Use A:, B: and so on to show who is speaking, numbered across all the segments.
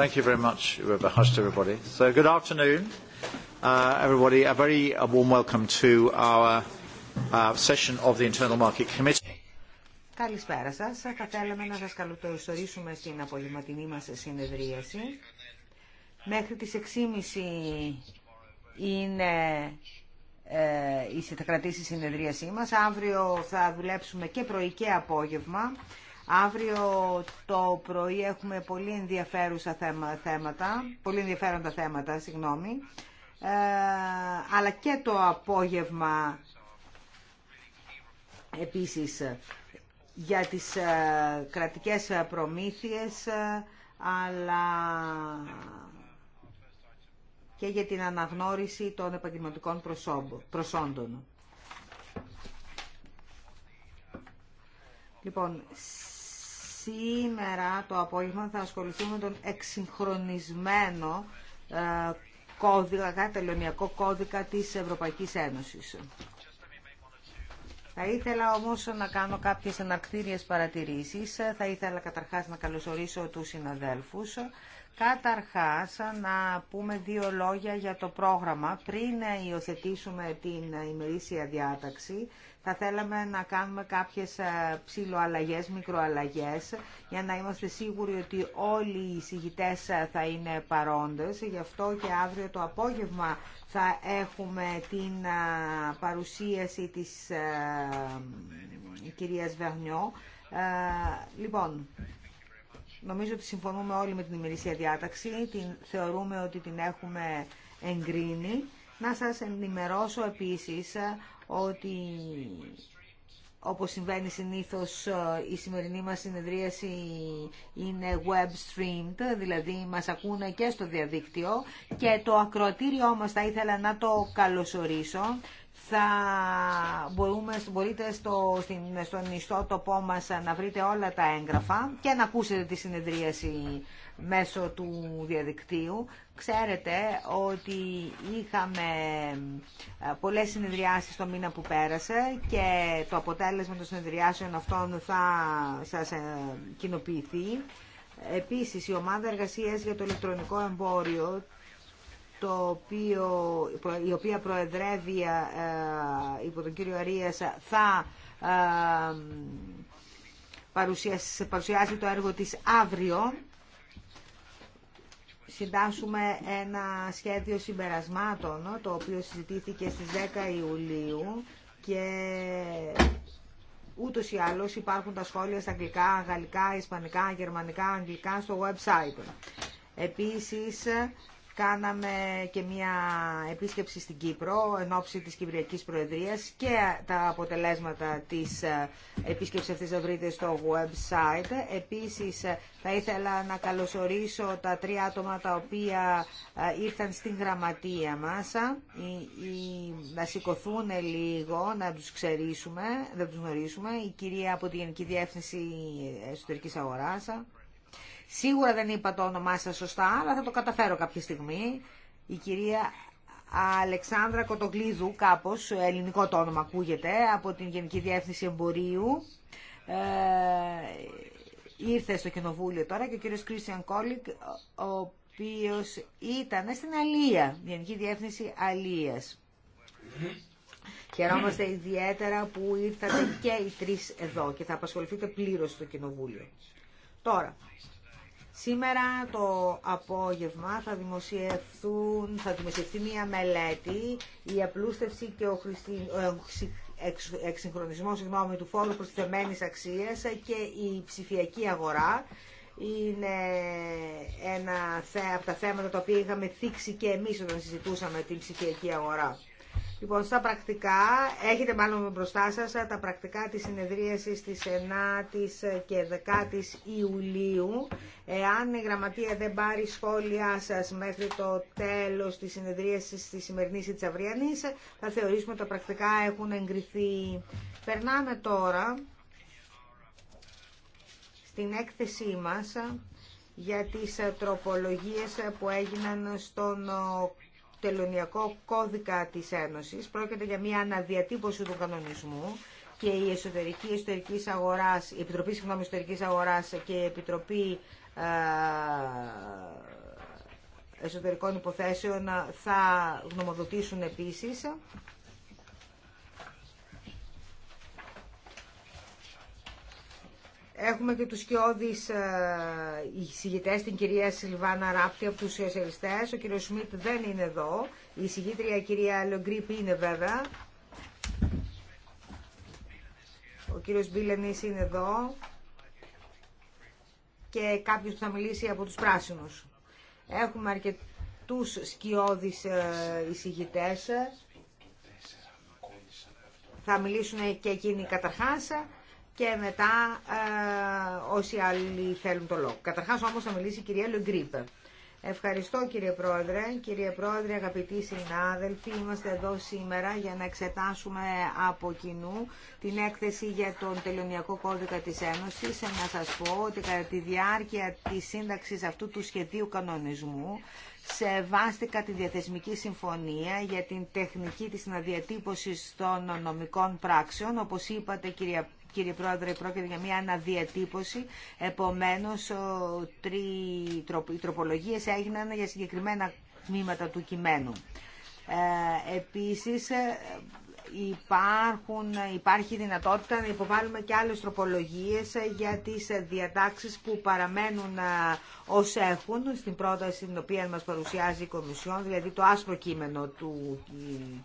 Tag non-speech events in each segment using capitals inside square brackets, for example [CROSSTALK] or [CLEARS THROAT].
A: Thank you very much, whoever hushed everybody. So good afternoon, uh, everybody. A very warm welcome to our uh, session of the Internal
B: Market Committee.
C: Καλησπέρα σας. Θα θέλαμε να σας καλωσορίσουμε στην απογευματινή μας συνεδρίαση. Μέχρι τις 6.30 είναι ε, θα κρατήσει η συνεδρίασή μας. Αύριο θα δουλέψουμε και πρωί και απόγευμα. Αύριο το πρωί έχουμε πολύ ενδιαφέρουσα θέματα, πολύ ενδιαφέροντα θέματα, συγγνώμη, ε, αλλά και το απόγευμα επίσης για τις ε, κρατικές προμήθειες, ε, αλλά και για την αναγνώριση των επαγγελματικών προσόντων. Λοιπόν, Σήμερα το απόγευμα θα ασχοληθούμε με τον εξυγχρονισμένο ε, κώδικα, τελωνιακό κώδικα της Ευρωπαϊκής Ένωσης. Θα ήθελα όμως να κάνω κάποιες ανακτήριες παρατηρήσεις. Θα ήθελα καταρχάς να καλωσορίσω τους συναδέλφους. Καταρχάς να πούμε δύο λόγια για το πρόγραμμα πριν υιοθετήσουμε την ημερήσια διάταξη θα θέλαμε να κάνουμε κάποιες ε, ψηλοαλλαγές, μικροαλλαγές, για να είμαστε σίγουροι ότι όλοι οι συγητές ε, θα είναι παρόντες. Γι' αυτό και αύριο το απόγευμα θα έχουμε την ε, παρουσίαση της κυρίας Βερνιό. Λοιπόν, νομίζω ότι συμφωνούμε όλοι με την ημερήσια διάταξη. Την θεωρούμε ότι την έχουμε εγκρίνει. Να σας ενημερώσω επίσης ότι όπως συμβαίνει συνήθως ε, η σημερινή μας συνεδρίαση είναι web streamed, δηλαδή μας ακούνε και στο διαδίκτυο και το ακροατήριό μας θα ήθελα να το καλωσορίσω. Θα μπορούμε, μπορείτε στο, στην, στον ιστότοπό μας να βρείτε όλα τα έγγραφα και να ακούσετε τη συνεδρίαση μέσω του διαδικτύου. Ξέρετε ότι είχαμε ε, πολλές συνεδριάσεις το μήνα που πέρασε και το αποτέλεσμα των συνεδριάσεων αυτών θα σας ε, κοινοποιηθεί. Επίσης, η ομάδα εργασίας για το ηλεκτρονικό εμπόριο, το οποίο, η οποία προεδρεύει ε, υπό τον κύριο Αρίας, θα παρουσιάσει, παρουσιάσει το έργο της αύριο συντάσσουμε ένα σχέδιο συμπερασμάτων, το οποίο συζητήθηκε στις 10 Ιουλίου και ούτως ή άλλως υπάρχουν τα σχόλια στα αγγλικά, γαλλικά, ισπανικά, γερμανικά, αγγλικά στο website. Επίσης, κάναμε και μια επίσκεψη στην Κύπρο εν ώψη της Κυπριακής Προεδρίας και τα αποτελέσματα της ε, επίσκεψης αυτής θα βρείτε στο website. Επίσης ε, θα ήθελα να καλωσορίσω τα τρία άτομα τα οποία ε, ήρθαν στην γραμματεία μας να σηκωθούν λίγο, να τους ξερίσουμε, να τους γνωρίσουμε. Η κυρία από τη Γενική Διεύθυνση Εσωτερικής Αγοράς, Σίγουρα δεν είπα το όνομά σας σωστά, αλλά θα το καταφέρω κάποια στιγμή. Η κυρία Αλεξάνδρα Κοτογλίδου, κάπως, ελληνικό το όνομα ακούγεται, από την Γενική Διεύθυνση Εμπορίου. Ε, ήρθε στο κοινοβούλιο τώρα και ο κύριος Κρίσιαν Κόλικ, ο οποίος ήταν στην Αλία, Γενική Διεύθυνση Αλίας. Χαιρόμαστε ιδιαίτερα που ήρθατε και οι τρεις εδώ και θα απασχοληθείτε πλήρως στο κοινοβούλιο. Τώρα, Σήμερα το απόγευμα θα, δημοσιευθούν, θα δημοσιευτεί μία μελέτη, η απλούστευση και ο, χρησι... του ε, εξυγχρονισμός συγγνώμη, του φόρου προστιθεμένης αξίας και η ψηφιακή αγορά. Είναι ένα από τα θέματα τα οποία είχαμε θίξει και εμείς όταν συζητούσαμε την ψηφιακή αγορά. Λοιπόν, στα πρακτικά, έχετε μάλλον μπροστά σα. τα πρακτικά της συνεδρίασης τη 9 η και 10 η Ιουλίου. Εάν η γραμματεία δεν πάρει σχόλιά σας μέχρι το τέλος της συνεδρίασης της σημερινή ή τη αυριανή, θα θεωρήσουμε ότι τα πρακτικά έχουν εγκριθεί. Περνάμε τώρα στην έκθεσή μας για τις τροπολογίες που έγιναν στον τελωνιακό κώδικα της Ένωσης. Πρόκειται για μια αναδιατύπωση του κανονισμού και η εσωτερική αγοράς, η Επιτροπή Συγγνώμη Εσωτερικής Αγοράς και η Επιτροπή ε, Εσωτερικών Υποθέσεων θα γνωμοδοτήσουν επίσης. Έχουμε και τους σκιώδεις ε, εισηγητές, την κυρία Σιλβάνα Ράπτη από τους σοσιαλιστές. Ο κύριος Σμιτ δεν είναι εδώ. Η εισηγήτρια κυρία Λεγκρίπη είναι βέβαια. Ο κύριος Μπίλενης είναι εδώ. Και κάποιος που θα μιλήσει από τους πράσινους. Έχουμε αρκετούς σκιώδεις ε, εισηγητές. Θα μιλήσουν και εκείνοι καταρχάς και μετά ε, όσοι άλλοι θέλουν το λόγο. Καταρχάς όμως θα μιλήσει η κυρία Λεγκρίπε. Ευχαριστώ κύριε Πρόεδρε. Κύριε Πρόεδρε, αγαπητοί συνάδελφοι, είμαστε εδώ σήμερα για να εξετάσουμε από κοινού την έκθεση για τον τελωνιακό κώδικα της Ένωσης. Ε, να σας πω ότι κατά τη διάρκεια της σύνταξης αυτού του σχεδίου κανονισμού σεβάστηκα τη διαθεσμική συμφωνία για την τεχνική της αναδιατύπωσης των νομικών πράξεων, όπως είπατε κυρία κύριε Πρόεδρε, πρόκειται για μια αναδιατύπωση. Επομένω, τρι, οι τροπολογίε έγιναν για συγκεκριμένα τμήματα του κειμένου. Ε, επίσης, ε, υπάρχουν, υπάρχει δυνατότητα να υποβάλουμε και άλλες τροπολογίες ε, για τις διατάξεις που παραμένουν ε, ως έχουν στην πρόταση την οποία μας παρουσιάζει η Κομισιόν, δηλαδή το άσπρο κείμενο του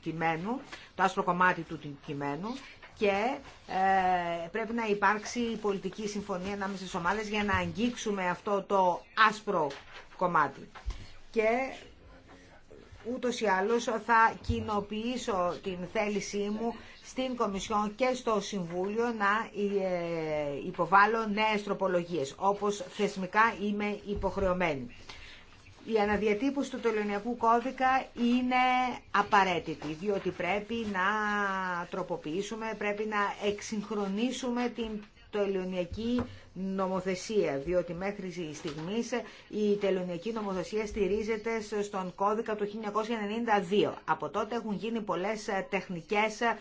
C: κειμένου, το άσπρο κομμάτι του κειμένου και ε, πρέπει να υπάρξει πολιτική συμφωνία ανάμεσα στις ομάδες για να αγγίξουμε αυτό το άσπρο κομμάτι. Και ούτως ή άλλως θα κοινοποιήσω την θέλησή μου στην Κομισιόν και στο Συμβούλιο να ε, υποβάλω νέες τροπολογίες, όπως θεσμικά είμαι υποχρεωμένη η αναδιατύπωση του τελωνιακού κώδικα είναι απαραίτητη, διότι πρέπει να τροποποιήσουμε, πρέπει να εξυγχρονίσουμε την τελωνιακή νομοθεσία, διότι μέχρι στιγμή η τελωνιακή νομοθεσία στηρίζεται στον κώδικα του 1992. Από τότε έχουν γίνει πολλές ε, τεχνικές ε,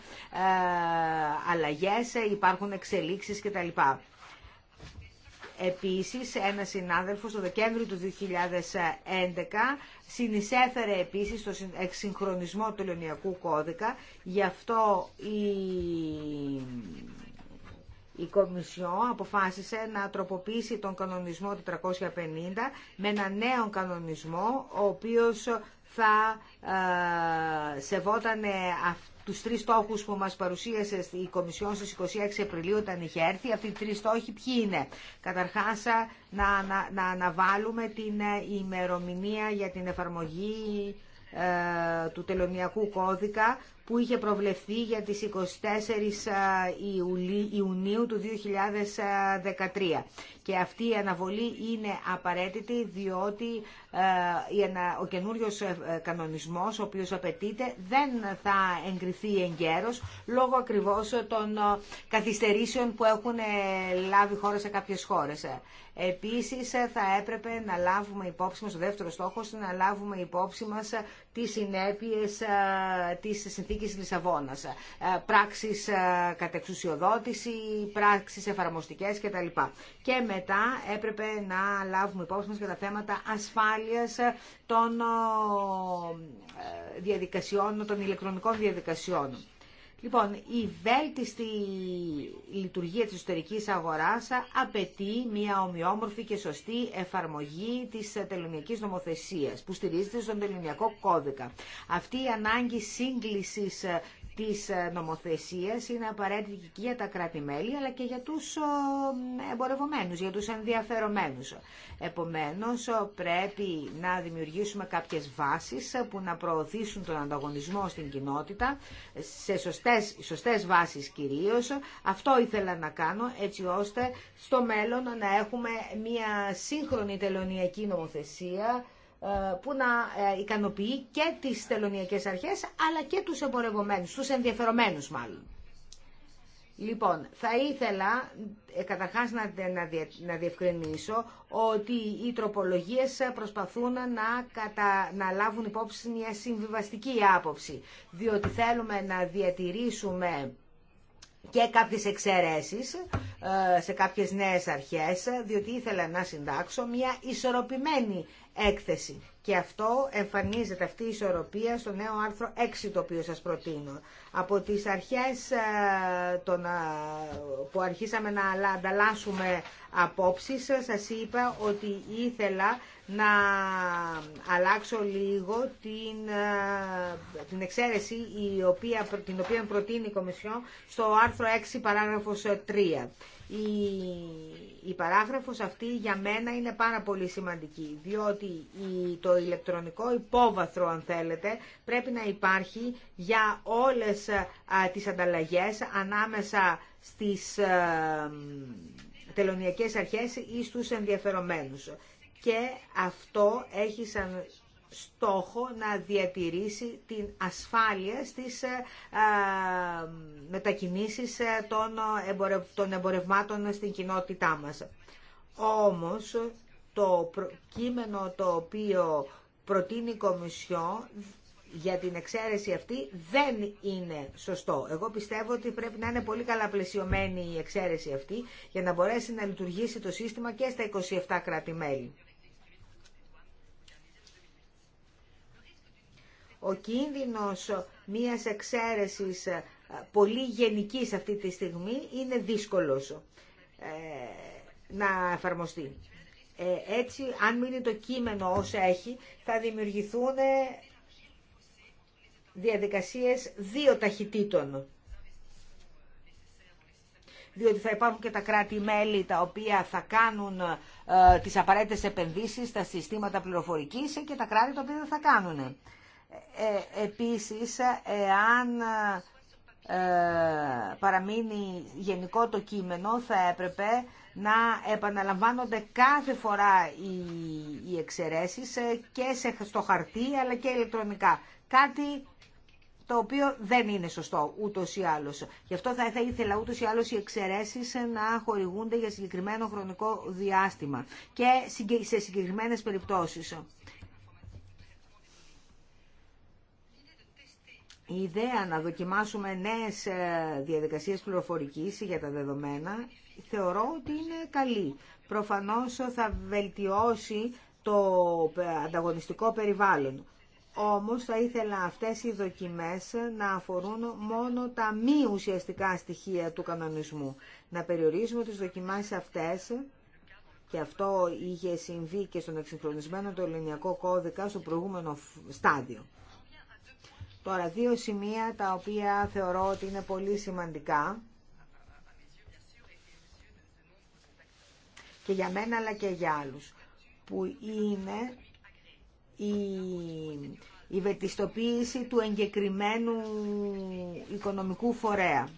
C: αλλαγές, ε, υπάρχουν εξελίξεις κτλ. Επίσης, ένας συνάδελφος το Δεκέμβριο του 2011 συνεισέφερε επίσης το εξυγχρονισμό του Ελληνιακού Κώδικα. Γι' αυτό η, η Κομισιό αποφάσισε να τροποποιήσει τον κανονισμό 450 με ένα νέο κανονισμό, ο οποίος θα ε, σεβόταν αυτό τους τρεις στόχους που μας παρουσίασε η Κομισιόν στις 26 Απριλίου όταν είχε έρθει. Αυτοί οι τρεις στόχοι ποιοι είναι. Καταρχάς να, να, να αναβάλουμε την ε, ημερομηνία για την εφαρμογή ε, του τελωνιακού κώδικα που είχε προβλεφθεί για τις 24 Ιουνίου του 2013. Και αυτή η αναβολή είναι απαραίτητη διότι ο καινούριος ε, κανονισμός ο οποίος απαιτείται δεν θα εγκριθεί εγκαίρως λόγω ακριβώς των καθυστερήσεων που έχουν ε, λάβει χώρα σε κάποιες χώρες. Επίσης ε, θα έπρεπε να λάβουμε υπόψη μας, ο δεύτερος στόχος, να λάβουμε υπόψη μας τις συνέπειες της συνθήκης συνθήκη Λισαβόνα. Ε, πράξεις ε, κατεξουσιοδότηση, πράξεις εφαρμοστικές κτλ. Και μετά έπρεπε να λάβουμε υπόψη μας για τα θέματα ασφάλειας ε, των διαδικασιών, των ηλεκτρονικών διαδικασιών. Λοιπόν, η βέλτιστη λειτουργία της εσωτερικής αγοράς απαιτεί μια ομοιόμορφη και σωστή εφαρμογή της τελωνιακής νομοθεσίας που στηρίζεται στον τελωνιακό κώδικα. Αυτή η ανάγκη σύγκλησης της ε, νομοθεσίας είναι απαραίτητη και για τα κράτη-μέλη αλλά και για τους ε, εμπορευομένους, για τους ενδιαφερομένους. Επομένως ε, πρέπει να δημιουργήσουμε κάποιες βάσεις που να προωθήσουν τον ανταγωνισμό στην κοινότητα σε σωστές, σωστές βάσεις κυρίως. Αυτό ήθελα να κάνω έτσι ώστε στο μέλλον να έχουμε μια σύγχρονη τελωνιακή νομοθεσία ε, που να ε, ικανοποιεί και τις τελωνιακές αρχές αλλά και τους εμπορευομένους, τους ενδιαφερομένους μάλλον. Λοιπόν, θα ήθελα ε, καταρχάς να, να, διευκρινίσω ότι οι τροπολογίες προσπαθούν να, κατα, να λάβουν υπόψη μια συμβιβαστική άποψη, διότι θέλουμε να διατηρήσουμε και κάποιες εξαιρέσεις σε κάποιες νέες αρχές, διότι ήθελα να συντάξω μια ισορροπημένη έκθεση. Και αυτό εμφανίζεται αυτή η ισορροπία στο νέο άρθρο 6 το οποίο σας προτείνω. Από τις αρχές ε, που αρχίσαμε να ανταλλάσσουμε απόψεις σας είπα ότι ήθελα να αλλάξω λίγο την, ε, την εξαίρεση η οποία, την οποία προτείνει η Κομισιόν στο άρθρο 6 παράγραφος 3. Η, η παράγραφος αυτή για μένα είναι πάρα πολύ σημαντική, διότι το ηλεκτρονικό υπόβαθρο, αν θέλετε, πρέπει να υπάρχει για όλες α, τις ανταλλαγές ανάμεσα στις α, τελωνιακές αρχές ή στους ενδιαφερομένους. Και αυτό έχει σαν στόχο να διατηρήσει την ασφάλεια στις ε, ε, μετακινήσεις ε, των εμπορευμάτων στην κοινότητά μας. Όμως, το κείμενο το οποίο προτείνει η Κομισιό για την εξαίρεση αυτή δεν είναι σωστό. Εγώ πιστεύω ότι πρέπει να είναι πολύ καλά πλαισιωμένη η εξαίρεση αυτή για να μπορέσει να λειτουργήσει το σύστημα και στα 27 κράτη-μέλη. Ο κίνδυνος μιας εξαίρεσης ε, πολύ γενικής αυτή τη στιγμή είναι δύσκολος ε, να εφαρμοστεί. Ε, έτσι, αν μείνει το κείμενο όσο έχει, θα δημιουργηθούν ε, διαδικασίες δύο ταχυτήτων. Διότι θα υπάρχουν και τα κράτη-μέλη τα οποία θα κάνουν ε, τις απαραίτητες επενδύσεις στα συστήματα πληροφορικής και τα κράτη τα οποία δεν θα κάνουν. Ε, επίσης, εάν ε, παραμείνει γενικό το κείμενο, θα έπρεπε να επαναλαμβάνονται κάθε φορά οι, οι εξαιρέσεις ε, και σε, στο χαρτί αλλά και ηλεκτρονικά. Κάτι το οποίο δεν είναι σωστό ούτως ή άλλως. Γι' αυτό θα, ήθελα ούτω ή άλλως οι εξαιρέσεις ε, να χορηγούνται για συγκεκριμένο χρονικό διάστημα και σε συγκεκριμένες περιπτώσεις. η ιδέα να δοκιμάσουμε νέες ε, διαδικασίες πληροφορικής για τα δεδομένα θεωρώ ότι είναι καλή. Προφανώς θα βελτιώσει το ε, ανταγωνιστικό περιβάλλον. Όμως θα ήθελα αυτές οι δοκιμές να αφορούν μόνο τα μη ουσιαστικά στοιχεία του κανονισμού. Να περιορίζουμε τις δοκιμάσεις αυτές και αυτό είχε συμβεί και στον εξυγχρονισμένο το ελληνιακό κώδικα στο προηγούμενο στάδιο. Τώρα δύο σημεία τα οποία θεωρώ ότι είναι πολύ σημαντικά και για μένα αλλά και για άλλους που είναι η, η του εγκεκριμένου οικονομικού φορέα.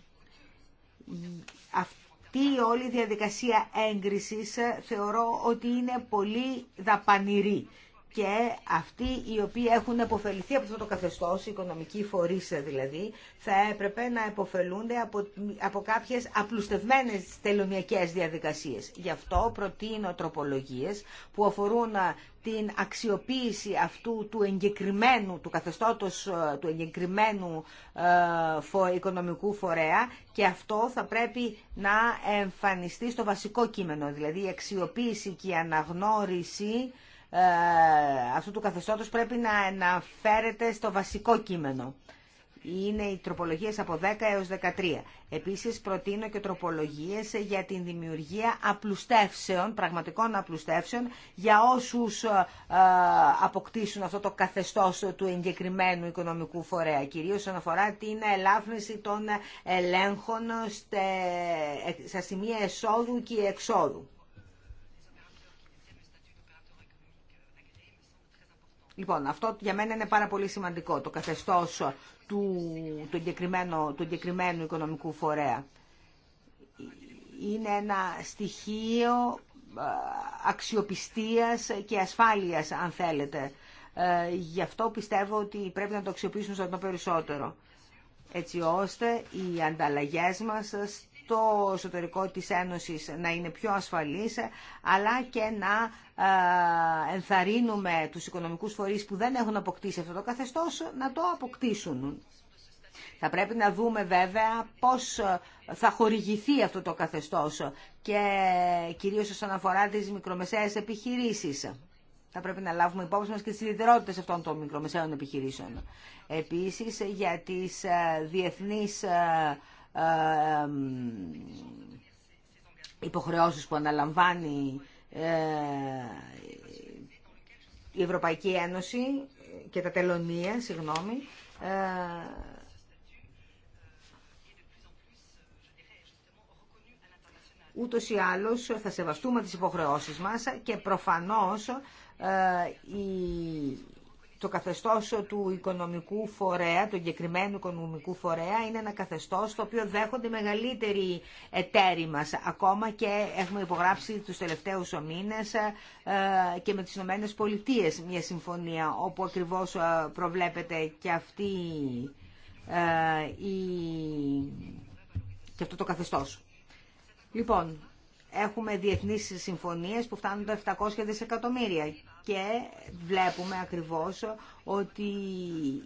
C: Αυτή όλη η όλη διαδικασία έγκρισης θεωρώ ότι είναι πολύ δαπανηρή και αυτοί οι οποίοι έχουν επωφεληθεί από αυτό το καθεστώς, οικονομική οικονομικοί ε, δηλαδή, θα έπρεπε να επωφελούνται από, από κάποιες απλουστευμένες τελωνιακές διαδικασίες. Γι' αυτό προτείνω τροπολογίες που αφορούν ε, την αξιοποίηση αυτού του εγκεκριμένου, του καθεστώτος ε, του εγκεκριμένου οικονομικού φορέα και αυτό θα πρέπει να εμφανιστεί στο βασικό κείμενο, δηλαδή η αξιοποίηση και η αναγνώριση ε, αυτού του καθεστώτος πρέπει να αναφέρεται στο βασικό κείμενο. Είναι οι τροπολογίες από 10 έως 13. Επίσης προτείνω και τροπολογίες για την δημιουργία απλουστεύσεων, πραγματικών απλουστεύσεων, για όσους ε, αποκτήσουν αυτό το καθεστώς του εγκεκριμένου οικονομικού φορέα, κυρίως αναφορά την ελάφρυνση των ελέγχων σε ε, σημεία εσόδου και εξόδου. Λοιπόν, αυτό για μένα είναι πάρα πολύ σημαντικό, το καθεστώς του, του, εγκεκριμένου, του οικονομικού φορέα. Είναι ένα στοιχείο ε, αξιοπιστίας και ασφάλειας, αν θέλετε. Ε, γι' αυτό πιστεύω ότι πρέπει να το αξιοποιήσουμε σαν το περισσότερο έτσι ώστε οι ανταλλαγές μας το εσωτερικό της Ένωσης να είναι πιο ασφαλής, αλλά και να ε, ενθαρρύνουμε τους οικονομικούς φορείς που δεν έχουν αποκτήσει αυτό το καθεστώς να το αποκτήσουν. Θα πρέπει να δούμε βέβαια πώς θα χορηγηθεί αυτό το καθεστώς και κυρίως όσον αφορά τις μικρομεσαίες επιχειρήσεις. Θα πρέπει να λάβουμε υπόψη μας και τις ιδιαιτερότητες αυτών των μικρομεσαίων επιχειρήσεων. Επίσης για τις ε, διεθνείς ε, ε, ε, υποχρεώσεις που αναλαμβάνει ε, η Ευρωπαϊκή Ένωση και τα τελωνία, συγγνώμη, ούτως ή άλλως θα σεβαστούμε τις υποχρεώσεις μας και προφανώς η το καθεστώς του οικονομικού φορέα, του εγκεκριμένου οικονομικού φορέα, είναι ένα καθεστώς το οποίο δέχονται μεγαλύτεροι εταίροι μα Ακόμα και έχουμε υπογράψει τους τελευταίους μήνες ε, και με τις Ηνωμένε Πολιτείες μια συμφωνία, όπου ακριβώς ε, προβλέπεται και αυτή ε, η... και αυτό το καθεστώς. Λοιπόν, έχουμε διεθνείς συμφωνίες που φτάνουν τα 700 δισεκατομμύρια και βλέπουμε ακριβώς ότι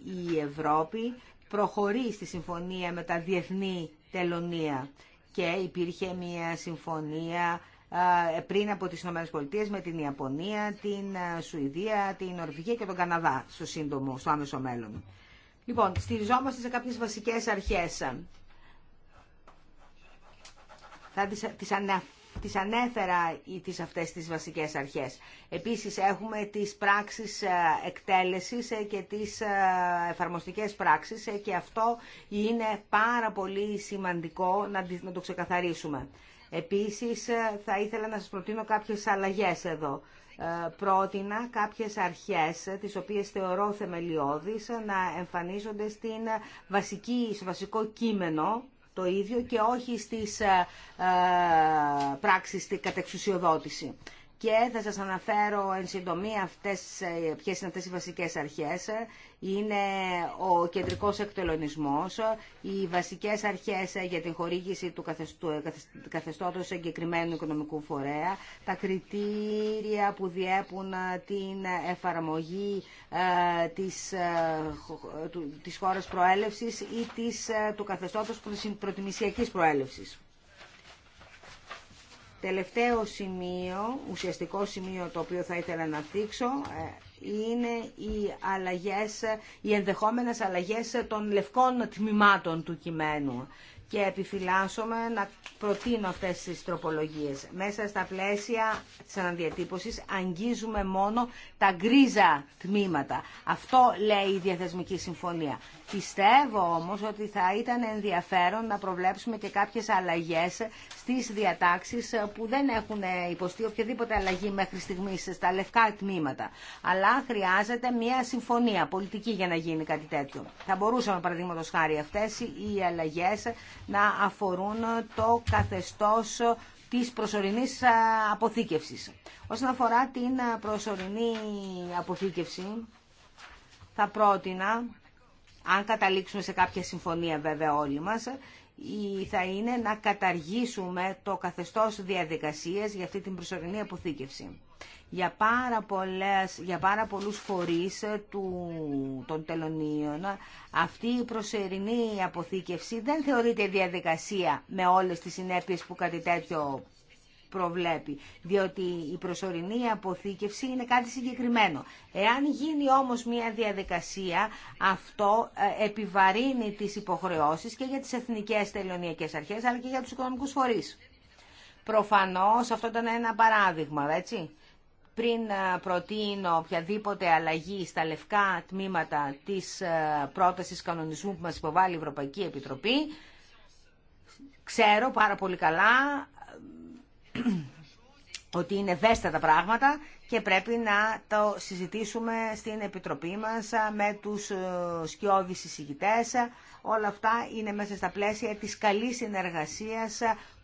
C: η Ευρώπη προχωρεί στη συμφωνία με τα διεθνή τελωνία και υπήρχε μια συμφωνία πριν από τις ΗΠΑ με την Ιαπωνία, την Σουηδία, την Νορβηγία και τον Καναδά στο σύντομο, στο άμεσο μέλλον. Λοιπόν, στηριζόμαστε σε κάποιες βασικές αρχές. Θα τις, τις ανέφερα ή τις αυτές τις βασικές αρχές. Επίσης έχουμε τις πράξεις ε, εκτέλεσης ε, και τις ε, εφαρμοστικές πράξεις και αυτό είναι πάρα πολύ σημαντικό να το ξεκαθαρίσουμε. Επίσης θα ήθελα να σας προτείνω κάποιες αλλαγές εδώ πρότεινα κάποιες αρχές τις οποίες θεωρώ θεμελιώδεις να εμφανίζονται στην βασική, στο βασικό κείμενο το ίδιο και όχι στις ε, ε, πράξεις κατεξουσιοδότηση και θα σας αναφέρω εν συντομία αυτές, ε, ποιες είναι αυτές οι βασικές αρχές. Είναι ο κεντρικός εκτελονισμός, οι βασικές αρχές ε, για την χορήγηση του ε, καθεστώτος εγκεκριμένου οικονομικού φορέα, τα κριτήρια που διέπουν την εφαρμογή της, της χώρας προέλευσης ή της, του καθεστώτος προτιμησιακής προέλευσης. Τελευταίο σημείο, ουσιαστικό σημείο το οποίο θα ήθελα να δείξω, ε, είναι οι, αλλαγές, οι ενδεχόμενες αλλαγές των λευκών τμήματων του κειμένου και επιφυλάσσομαι να προτείνω αυτές τις τροπολογίες. Μέσα στα πλαίσια της αναδιατύπωσης αγγίζουμε μόνο τα γκρίζα τμήματα. Αυτό λέει η Διαθεσμική Συμφωνία. Πιστεύω όμως ότι θα ήταν ενδιαφέρον να προβλέψουμε και κάποιες αλλαγές στις διατάξεις που δεν έχουν υποστεί οποιαδήποτε αλλαγή μέχρι στιγμής στα λευκά τμήματα. Αλλά χρειάζεται μια συμφωνία πολιτική για να γίνει κάτι τέτοιο. Θα μπορούσαμε παραδείγματος χάρη αυτές οι αλλαγές να αφορούν το καθεστώς της προσωρινής αποθήκευσης. Όσον αφορά την προσωρινή αποθήκευση, θα πρότεινα αν καταλήξουμε σε κάποια συμφωνία βέβαια όλοι μας, θα είναι να καταργήσουμε το καθεστώς διαδικασίας για αυτή την προσωρινή αποθήκευση. Για πάρα, πολλές, για πάρα πολλούς φορείς του, των τελωνίων, αυτή η προσωρινή αποθήκευση δεν θεωρείται διαδικασία με όλες τις συνέπειες που κάτι τέτοιο προβλέπει, διότι η προσωρινή αποθήκευση είναι κάτι συγκεκριμένο. Εάν γίνει όμως μια διαδικασία, αυτό ε, επιβαρύνει τις υποχρεώσεις και για τις εθνικές τελωνιακές αρχές, αλλά και για τους οικονομικούς φορείς. Προφανώς αυτό ήταν ένα παράδειγμα, έτσι. Πριν ε, προτείνω οποιαδήποτε αλλαγή στα λευκά τμήματα της ε, πρότασης κανονισμού που μας υποβάλλει η Ευρωπαϊκή Επιτροπή, ξέρω πάρα πολύ καλά [CLEARS THROAT] ότι είναι ευαίσθητα τα πράγματα και πρέπει να το συζητήσουμε στην Επιτροπή μας με τους ε, σκιώδεις συζητητές. Όλα αυτά είναι μέσα στα πλαίσια της καλής συνεργασίας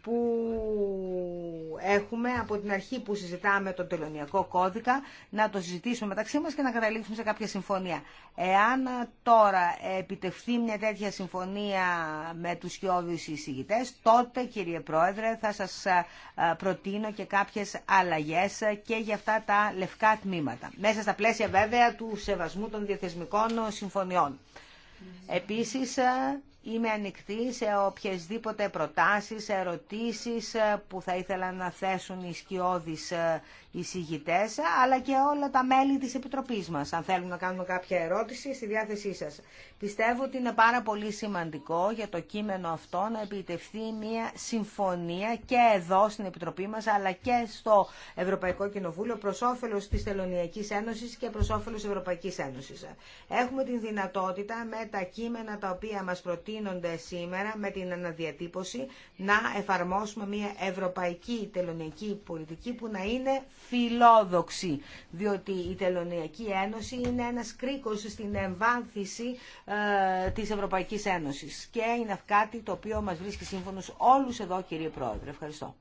C: που έχουμε από την αρχή που συζητάμε τον τελωνιακό κώδικα, να το συζητήσουμε μεταξύ μας και να καταλήξουμε σε κάποια συμφωνία. Εάν τώρα επιτευχθεί μια τέτοια συμφωνία με τους σκιώδους εισηγητές, τότε κύριε Πρόεδρε θα σας ε, προτείνω και κάποιες αλλαγές και για αυτά τα λευκά τμήματα. Μέσα στα πλαίσια βέβαια του σεβασμού των διαθεσμικών συμφωνιών. Επίσης, ε, Είμαι ανοιχτή σε οποιασδήποτε προτάσεις, ερωτήσεις ε, που θα ήθελα να θέσουν οι σκιώδεις ε, εισηγητές, αλλά και όλα τα μέλη της Επιτροπής μας. Αν θέλουν να κάνουμε κάποια ερώτηση, στη διάθεσή σας. Πιστεύω ότι είναι πάρα πολύ σημαντικό για το κείμενο αυτό να επιτευχθεί μια συμφωνία και εδώ στην Επιτροπή μας, αλλά και στο Ευρωπαϊκό Κοινοβούλιο, προς όφελος της Τελωνιακής Ένωσης και προς όφελος της Ευρωπαϊκής Ένωσης. Έχουμε την δυνατότητα με τα κείμενα τα οποία μας προτείνονται σήμερα, με την αναδιατύπωση, να εφαρμόσουμε μια ευρωπαϊκή τελωνιακή πολιτική που να είναι φιλόδοξη, διότι η Τελωνιακή Ένωση είναι ένας κρίκος στην εμβάνθηση ε, της Ευρωπαϊκής Ένωσης και είναι κάτι το οποίο μας βρίσκει σύμφωνος όλους εδώ κύριε Πρόεδρε. Ευχαριστώ.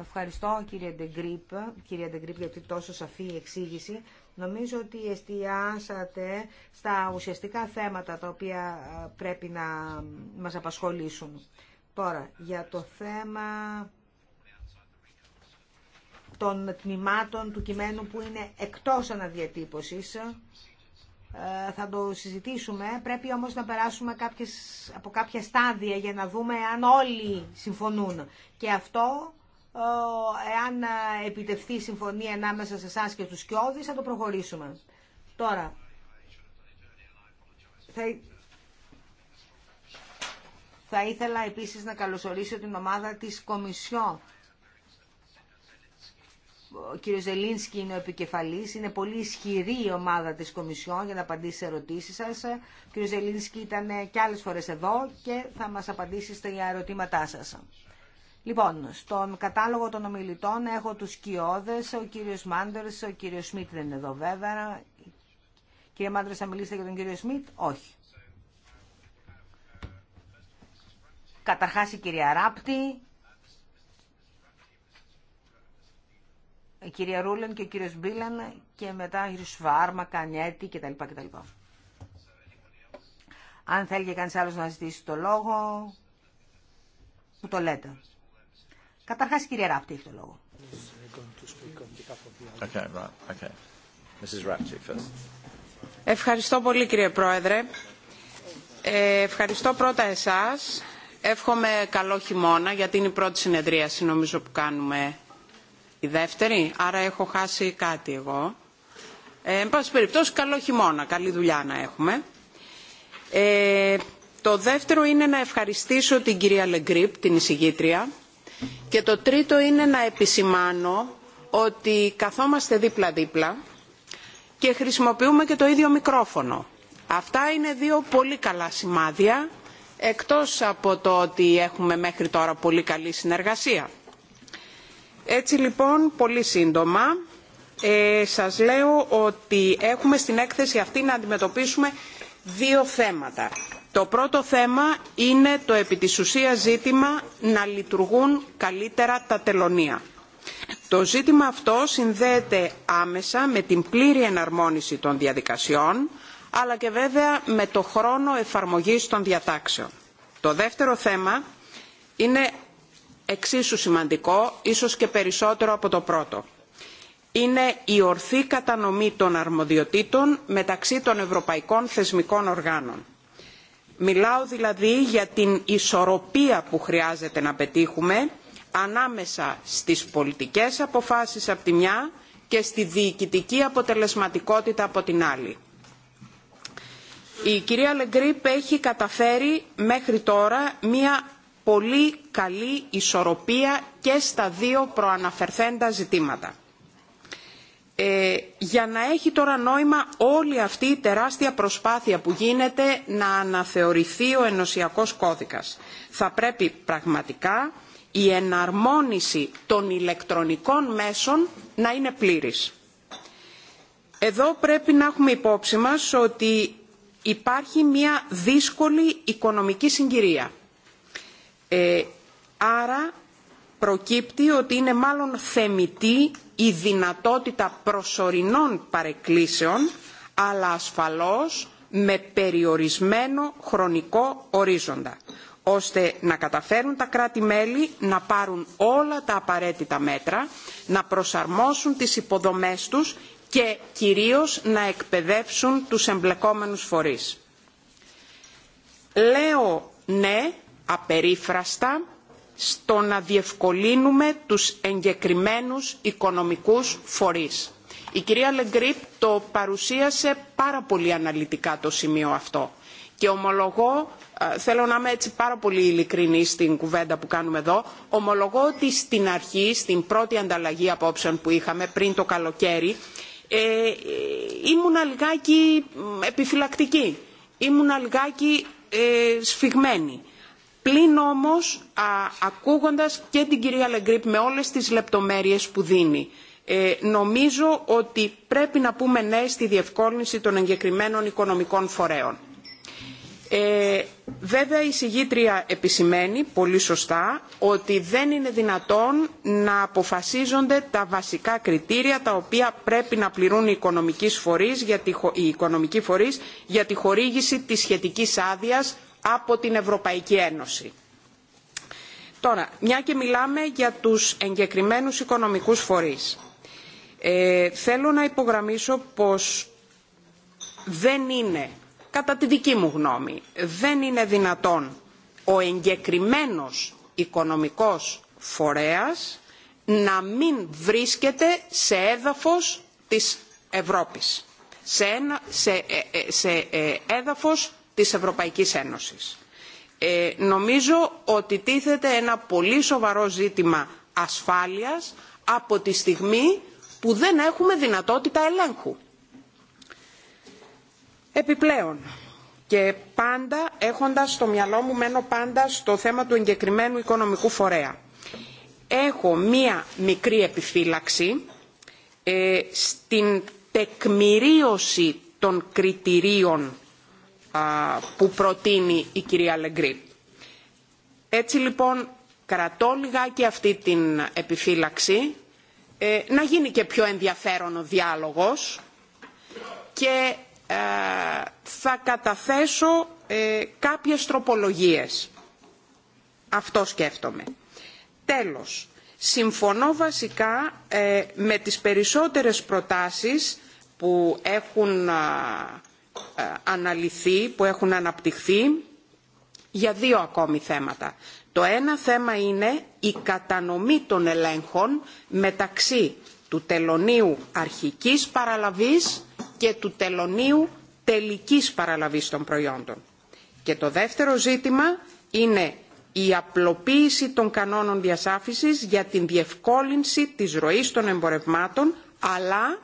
C: Ευχαριστώ κύριε Ντεγκρίπ, κύριε Ντεγκρίπ για την τόσο σαφή εξήγηση. Νομίζω ότι εστιάσατε στα ουσιαστικά θέματα τα οποία ε, πρέπει να μας απασχολήσουν. Τώρα, για το θέμα των τμήματων του κειμένου που είναι εκτός αναδιατύπωσης. Ε, θα το συζητήσουμε. Πρέπει όμως να περάσουμε κάποιες, από κάποια στάδια για να δούμε αν όλοι συμφωνούν. Και αυτό, ε, εάν επιτευχθεί συμφωνία ανάμεσα σε εσά και τους Κιώδης, θα το προχωρήσουμε. Τώρα, θα... θα ήθελα επίσης να καλωσορίσω την ομάδα της Κομισιό ο κύριος Ζελίνσκι είναι ο επικεφαλής, είναι πολύ ισχυρή η ομάδα της Κομισιόν για να απαντήσει σε ερωτήσεις σας. Ο κύριος Ζελίνσκι ήταν και άλλες φορές εδώ και θα μας απαντήσει στα ερωτήματά σας. Λοιπόν, στον κατάλογο των ομιλητών έχω τους Κιώδες, ο κύριος Μάντερς, ο κύριος Σμιτ δεν είναι εδώ βέβαια. Κύριε Μάντερ, θα μιλήσετε για τον κύριο Σμιτ. Όχι. Καταρχάς η κυρία Ράπτη, κυρία Ρούλεν και ο κύριος Μπίλαν και μετά κύριος Βάρμα, Κανιέτη κτλ. κτλ. Αν θέλει και κανείς άλλος να ζητήσει το λόγο, που το λέτε. Καταρχάς η κυρία Ράπτη έχει το λόγο.
A: Okay, right. okay. Mrs. Rapti, first.
D: Ευχαριστώ πολύ κύριε Πρόεδρε. Ε, ευχαριστώ πρώτα εσάς. Εύχομαι καλό χειμώνα γιατί είναι η πρώτη συνεδρίαση νομίζω που κάνουμε η δεύτερη, άρα έχω χάσει κάτι εγώ. Ε, εν πάση περιπτώσει, καλό χειμώνα, καλή δουλειά να έχουμε. Ε, το δεύτερο είναι να ευχαριστήσω την κυρία Λεγκρίπ, την εισηγήτρια. Και το τρίτο είναι να επισημάνω ότι καθόμαστε δίπλα-δίπλα και χρησιμοποιούμε και το ίδιο μικρόφωνο. Αυτά είναι δύο πολύ καλά σημάδια, εκτός από το ότι έχουμε μέχρι τώρα πολύ καλή συνεργασία. Έτσι λοιπόν, πολύ σύντομα, ε, σας λέω ότι έχουμε στην έκθεση αυτή να αντιμετωπίσουμε δύο θέματα. Το πρώτο θέμα είναι το επί της ουσίας ζήτημα να λειτουργούν καλύτερα τα τελωνία. Το ζήτημα αυτό συνδέεται άμεσα με την πλήρη εναρμόνιση των διαδικασιών, αλλά και βέβαια με το χρόνο εφαρμογής των διατάξεων. Το δεύτερο θέμα είναι εξίσου σημαντικό, ίσως και περισσότερο από το πρώτο. Είναι η ορθή κατανομή των αρμοδιοτήτων μεταξύ των ευρωπαϊκών θεσμικών οργάνων. Μιλάω δηλαδή για την ισορροπία που χρειάζεται να πετύχουμε ανάμεσα στις πολιτικές αποφάσεις από τη μια και στη διοικητική αποτελεσματικότητα από την άλλη. Η κυρία Λεγκρίπ έχει καταφέρει μέχρι τώρα μία πολύ καλή ισορροπία και στα δύο προαναφερθέντα ζητήματα. Ε, για να έχει τώρα νόημα όλη αυτή η τεράστια προσπάθεια που γίνεται να αναθεωρηθεί ο ενωσιακός κώδικας. Θα πρέπει πραγματικά η εναρμόνιση των ηλεκτρονικών μέσων να είναι πλήρης. Εδώ πρέπει να έχουμε υπόψη μας ότι υπάρχει μια δύσκολη οικονομική συγκυρία ε, άρα προκύπτει ότι είναι μάλλον θεμητή η δυνατότητα προσωρινών παρεκκλήσεων, αλλά ασφαλώς με περιορισμένο χρονικό ορίζοντα, ώστε να καταφέρουν τα κράτη-μέλη να πάρουν όλα τα απαραίτητα μέτρα, να προσαρμόσουν τις υποδομές τους και κυρίως να εκπαιδεύσουν τους εμπλεκόμενους φορείς. Λέω ναι απερίφραστα στο να διευκολύνουμε τους εγκεκριμένους οικονομικούς φορείς. Η κυρία Λεγκρίπ το παρουσίασε πάρα πολύ αναλυτικά το σημείο αυτό και ομολογώ, ε, θέλω να είμαι έτσι πάρα πολύ ειλικρινή στην κουβέντα που κάνουμε εδώ, ομολογώ ότι στην αρχή, στην πρώτη ανταλλαγή απόψεων που είχαμε πριν το καλοκαίρι, ε, ε, ήμουνα λιγάκι επιφυλακτική, ήμουνα λιγάκι σφιγμένη πλην όμως α, ακούγοντας και την κυρία Λεγκρίπ με όλες τις λεπτομέρειες που δίνει. Ε, νομίζω ότι πρέπει να πούμε ναι στη διευκόλυνση των εγκεκριμένων οικονομικών φορέων. Ε, βέβαια η συγγήτρια επισημαίνει πολύ σωστά ότι δεν είναι δυνατόν να αποφασίζονται τα βασικά κριτήρια τα οποία πρέπει να πληρούν οι οικονομικοί φορείς για τη, οι φορείς για τη χορήγηση της σχετικής άδειας από την Ευρωπαϊκή Ένωση. Τώρα, μια και μιλάμε για τους εγκεκριμένους οικονομικούς φορείς. Ε, θέλω να υπογραμμίσω πως δεν είναι, κατά τη δική μου γνώμη, δεν είναι δυνατόν ο εγκεκριμένος οικονομικός φορέας να μην βρίσκεται σε έδαφος της Ευρώπης, σε, σε ε, ε, έδαφος της Ευρωπαϊκής Ένωσης. Ε, νομίζω ότι τίθεται ένα πολύ σοβαρό ζήτημα ασφάλειας από τη στιγμή που δεν έχουμε δυνατότητα ελέγχου. Επιπλέον, και πάντα έχοντας στο μυαλό μου, μένω πάντα στο θέμα του εγκεκριμένου οικονομικού φορέα. Έχω μία μικρή επιφύλαξη ε, στην τεκμηρίωση των κριτηρίων που προτείνει η κυρία Λεγκρή. Έτσι λοιπόν κρατώ λιγάκι αυτή την επιφύλαξη, ε, να γίνει και πιο ενδιαφέρον ο διάλογος και ε, θα καταθέσω ε, κάποιες τροπολογίες. Αυτό σκέφτομαι. Τέλος, συμφωνώ βασικά με τις περισσότερες προτάσεις που έχουν ε, αναλυθεί, που έχουν αναπτυχθεί για δύο ακόμη θέματα. Το ένα θέμα είναι η κατανομή των ελέγχων μεταξύ του τελωνίου αρχικής παραλαβής και του τελωνίου τελικής παραλαβής των προϊόντων. Και το δεύτερο ζήτημα είναι η απλοποίηση των κανόνων διασάφησης για την διευκόλυνση της ροής των εμπορευμάτων, αλλά,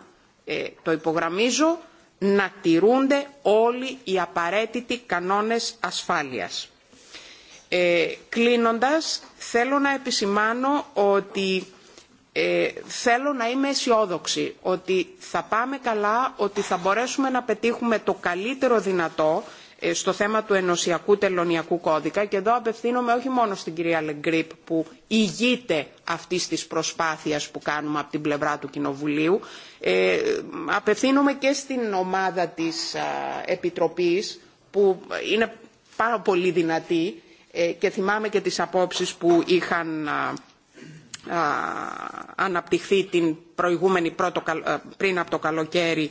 D: ε, το υπογραμμίζω, να τηρούνται όλοι οι απαραίτητοι κανόνες ασφάλειας. Ε, κλείνοντας, θέλω να επισημάνω ότι ε, θέλω να είμαι αισιόδοξη ότι θα πάμε καλά, ότι θα μπορέσουμε να πετύχουμε το καλύτερο δυνατό ε, στο θέμα του ενωσιακού τελωνιακού κώδικα και εδώ απευθύνομαι όχι μόνο στην κυρία Λεγκρίπ που ηγείται αυτής της προσπάθειας που κάνουμε από την πλευρά του Κοινοβουλίου ε, απευθύνομαι και στην ομάδα της Επιτροπής που είναι πάρα πολύ δυνατή ε, και θυμάμαι και τις απόψεις που είχαν αναπτυχθεί την προηγούμενη πριν από το καλοκαίρι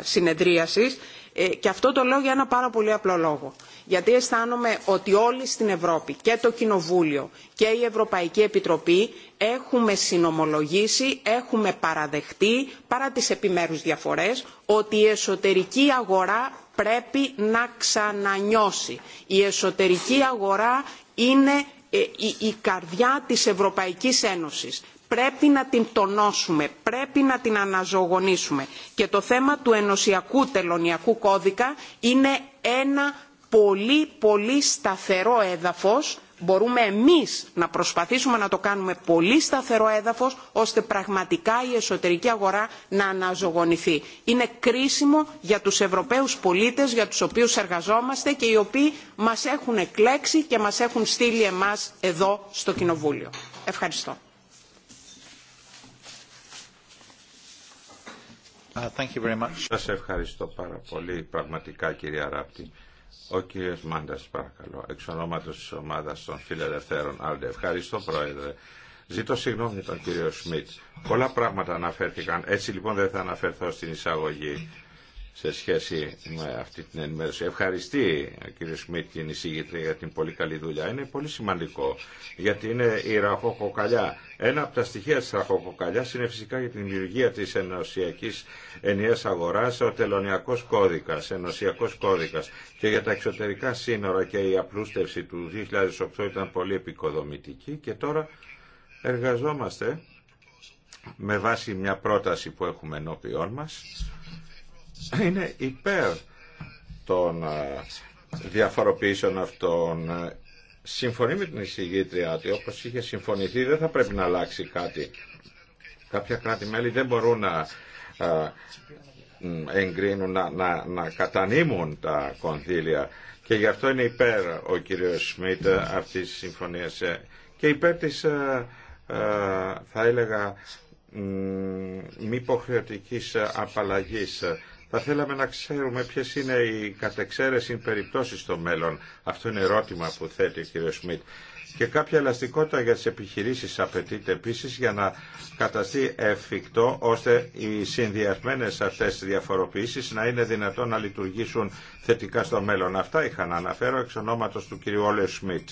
D: συνεδρίασης ε, και αυτό το λέω για ένα πάρα πολύ απλό λόγο. Γιατί αισθάνομαι ότι όλοι στην Ευρώπη, και το Κοινοβούλιο και η Ευρωπαϊκή Επιτροπή, έχουμε συνομολογήσει, έχουμε παραδεχτεί, παρά τις επιμέρους διαφορές, ότι η εσωτερική αγορά πρέπει να ξανανιώσει. Η εσωτερική αγορά είναι ε, η καρδιά της Ευρωπαϊκής Ένωσης πρέπει να την τονώσουμε, πρέπει να την αναζωογονήσουμε. Και το θέμα του ενωσιακού τελωνιακού κώδικα είναι ένα πολύ πολύ σταθερό έδαφος μπορούμε εμείς να προσπαθήσουμε να το κάνουμε πολύ σταθερό έδαφος ώστε πραγματικά η εσωτερική αγορά να αναζωογονηθεί. Είναι κρίσιμο για τους Ευρωπαίους πολίτες για τους οποίους εργαζόμαστε και οι οποίοι μας έχουν εκλέξει και μας έχουν στείλει εμάς εδώ στο Κοινοβούλιο. Ευχαριστώ.
E: Uh, thank Σας ευχαριστώ πάρα πολύ πραγματικά κύριε Αράπτη. Ο κύριος Μάντας παρακαλώ, εξ ονόματος της ομάδας των φιλελευθέρων Άλντε. Ευχαριστώ πρόεδρε. Ζήτω συγγνώμη τον κύριο Σμιτ. Πολλά πράγματα αναφέρθηκαν. Έτσι λοιπόν δεν θα αναφερθώ στην εισαγωγή σε σχέση με αυτή την ενημέρωση. Ευχαριστεί ο κ. Σμιτ την εισηγήτρια για την πολύ καλή δουλειά. Είναι πολύ σημαντικό γιατί είναι η ραχοκοκαλιά. Ένα από τα στοιχεία της ραχοκοκαλιάς είναι φυσικά για την δημιουργία της ενωσιακής ενιαίας αγοράς ο τελωνιακός κώδικας, ενωσιακός κώδικας και για τα εξωτερικά σύνορα και η απλούστευση του 2008 ήταν πολύ επικοδομητική και τώρα εργαζόμαστε με βάση μια πρόταση που έχουμε ενώπιόν μας [LAUGHS] είναι υπέρ των ε, διαφοροποιήσεων αυτών. Συμφωνεί με την εισηγήτρια ότι όπως είχε συμφωνηθεί δεν θα πρέπει να αλλάξει κάτι. Κάποια κράτη-μέλη δεν μπορούν να ε, εγκρίνουν, να, να, κατανείμουν τα κονδύλια και γι' αυτό είναι υπέρ ο κύριος Σμιτ αυτής της συμφωνίας ε, και υπέρ της θα έλεγα μη υποχρεωτικής απαλλαγής θα θέλαμε να ξέρουμε ποιε είναι οι κατεξαίρεση περιπτώσει στο μέλλον. Αυτό είναι ερώτημα που θέτει ο κ. Σμιτ. Και κάποια ελαστικότητα για τι επιχειρήσει απαιτείται επίση για να καταστεί εφικτό ώστε οι συνδυασμένες αυτές διαφοροποιήσει να είναι δυνατόν να λειτουργήσουν θετικά στο μέλλον. Αυτά είχα να αναφέρω εξ ονόματο του κ. Όλε Σμιτ.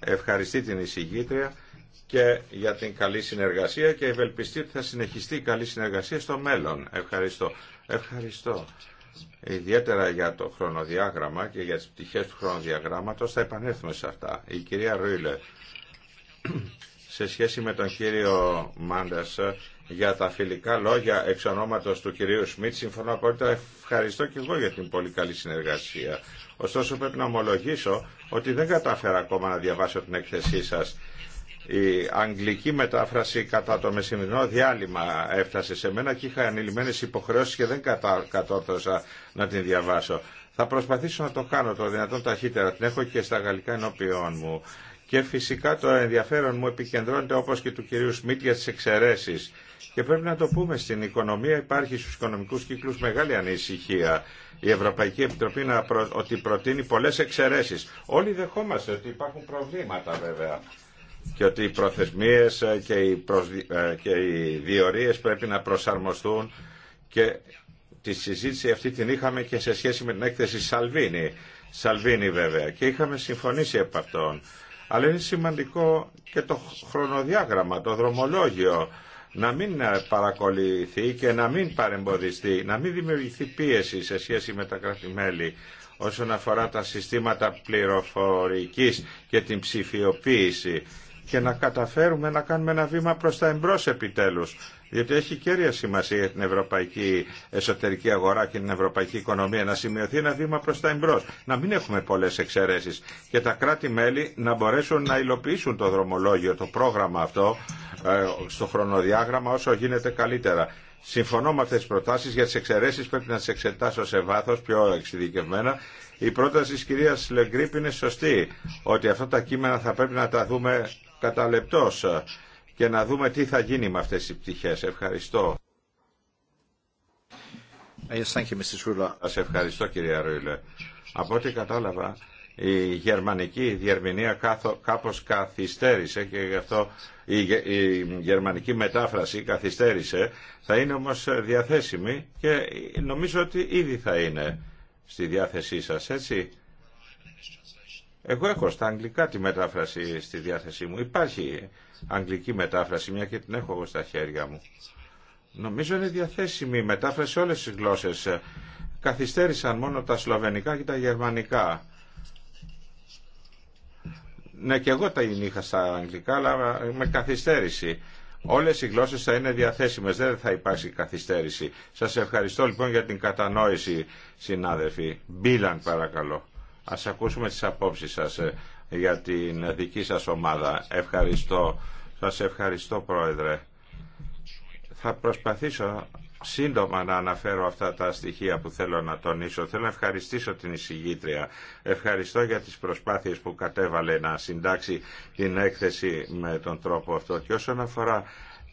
E: Ευχαριστεί την εισηγήτρια και για την καλή συνεργασία και ευελπιστεί ότι θα συνεχιστεί η καλή συνεργασία στο μέλλον. Ευχαριστώ. Ευχαριστώ. Ιδιαίτερα για το χρονοδιάγραμμα και για τις πτυχές του χρονοδιαγράμματος θα επανέλθουμε σε αυτά. Η κυρία Ρούιλε, σε σχέση με τον κύριο Μάντας, για τα φιλικά λόγια εξ ονόματος του κυρίου Σμιτ, συμφωνώ απόλυτα, ευχαριστώ και εγώ για την πολύ καλή συνεργασία. Ωστόσο πρέπει να ομολογήσω ότι δεν κατάφερα ακόμα να διαβάσω την έκθεσή σας η αγγλική μετάφραση κατά το μεσημερινό διάλειμμα έφτασε σε μένα και είχα ανηλυμένες υποχρεώσεις και δεν κατα... κατόρθωσα να την διαβάσω. Θα προσπαθήσω να το κάνω το δυνατόν ταχύτερα. Την έχω και στα γαλλικά ενώπιόν μου. Και φυσικά το ενδιαφέρον μου επικεντρώνεται όπως και του κυρίου Σμίτ για τι εξαιρέσεις. Και πρέπει να το πούμε, στην οικονομία υπάρχει στους οικονομικούς κύκλους μεγάλη ανησυχία. Η Ευρωπαϊκή Επιτροπή να προ... ότι προτείνει πολλές εξαιρέσεις. Όλοι δεχόμαστε ότι υπάρχουν προβλήματα βέβαια και ότι οι προθεσμίες ε, και οι, προσδι... Ε, διορίες πρέπει να προσαρμοστούν και τη συζήτηση αυτή την είχαμε και σε σχέση με την έκθεση Σαλβίνη. Σαλβίνη βέβαια και είχαμε συμφωνήσει επ' αυτόν. Αλλά είναι σημαντικό και το χρονοδιάγραμμα, το δρομολόγιο να μην ε, παρακολουθεί και να μην παρεμποδιστεί, να μην δημιουργηθεί πίεση σε σχέση με τα κράτη-μέλη όσον αφορά τα συστήματα πληροφορικής και την ψηφιοποίηση και να καταφέρουμε να κάνουμε ένα βήμα προς τα εμπρός επιτέλους. Διότι έχει κέρια σημασία για την ευρωπαϊκή εσωτερική αγορά και την ευρωπαϊκή οικονομία να σημειωθεί ένα βήμα προς τα εμπρός. Να μην έχουμε πολλές εξαιρέσεις και τα κράτη-μέλη να μπορέσουν να υλοποιήσουν το δρομολόγιο, το πρόγραμμα αυτό ε, στο χρονοδιάγραμμα όσο γίνεται καλύτερα. Συμφωνώ με αυτέ τι προτάσει για τις εξαιρέσει πρέπει να τις εξετάσω σε βάθο πιο εξειδικευμένα. Η πρόταση τη κυρία Λεγκρίπ είναι σωστή ότι αυτά τα κείμενα θα πρέπει να τα δούμε καταλεπτός ε, και να δούμε τι θα γίνει με αυτές τις πτυχές. Ευχαριστώ. Σας ευχαριστώ κυρία Ρούιλε. Από ό,τι κατάλαβα η γερμανική διερμηνία κάπως καθυστέρησε και γι' αυτό η γερμανική μετάφραση καθυστέρησε. Θα είναι όμως διαθέσιμη και νομίζω ότι ήδη θα είναι στη διάθεσή σας, έτσι. Εγώ έχω στα αγγλικά τη μετάφραση στη διάθεσή μου. Υπάρχει αγγλική μετάφραση, μια και την έχω εγώ στα χέρια μου. Νομίζω είναι διαθέσιμη η μετάφραση σε όλες τις γλώσσες. Καθυστέρησαν μόνο τα σλοβενικά και τα γερμανικά. Ναι, και εγώ τα είχα στα αγγλικά, αλλά με καθυστέρηση. Όλες οι γλώσσες θα είναι διαθέσιμες, δεν θα υπάρξει καθυστέρηση. Σας ευχαριστώ λοιπόν για την κατανόηση, συνάδελφοι. Μπίλαν παρακαλώ. Ας ακούσουμε τις απόψεις σας ε, για την δική σας ομάδα. Ευχαριστώ. Σας ευχαριστώ Πρόεδρε. Θα προσπαθήσω σύντομα να αναφέρω αυτά τα στοιχεία που θέλω να τονίσω. Θέλω να ευχαριστήσω την εισηγήτρια. Ευχαριστώ για τις προσπάθειες που κατέβαλε να συντάξει την έκθεση με τον τρόπο αυτό. Και όσον αφορά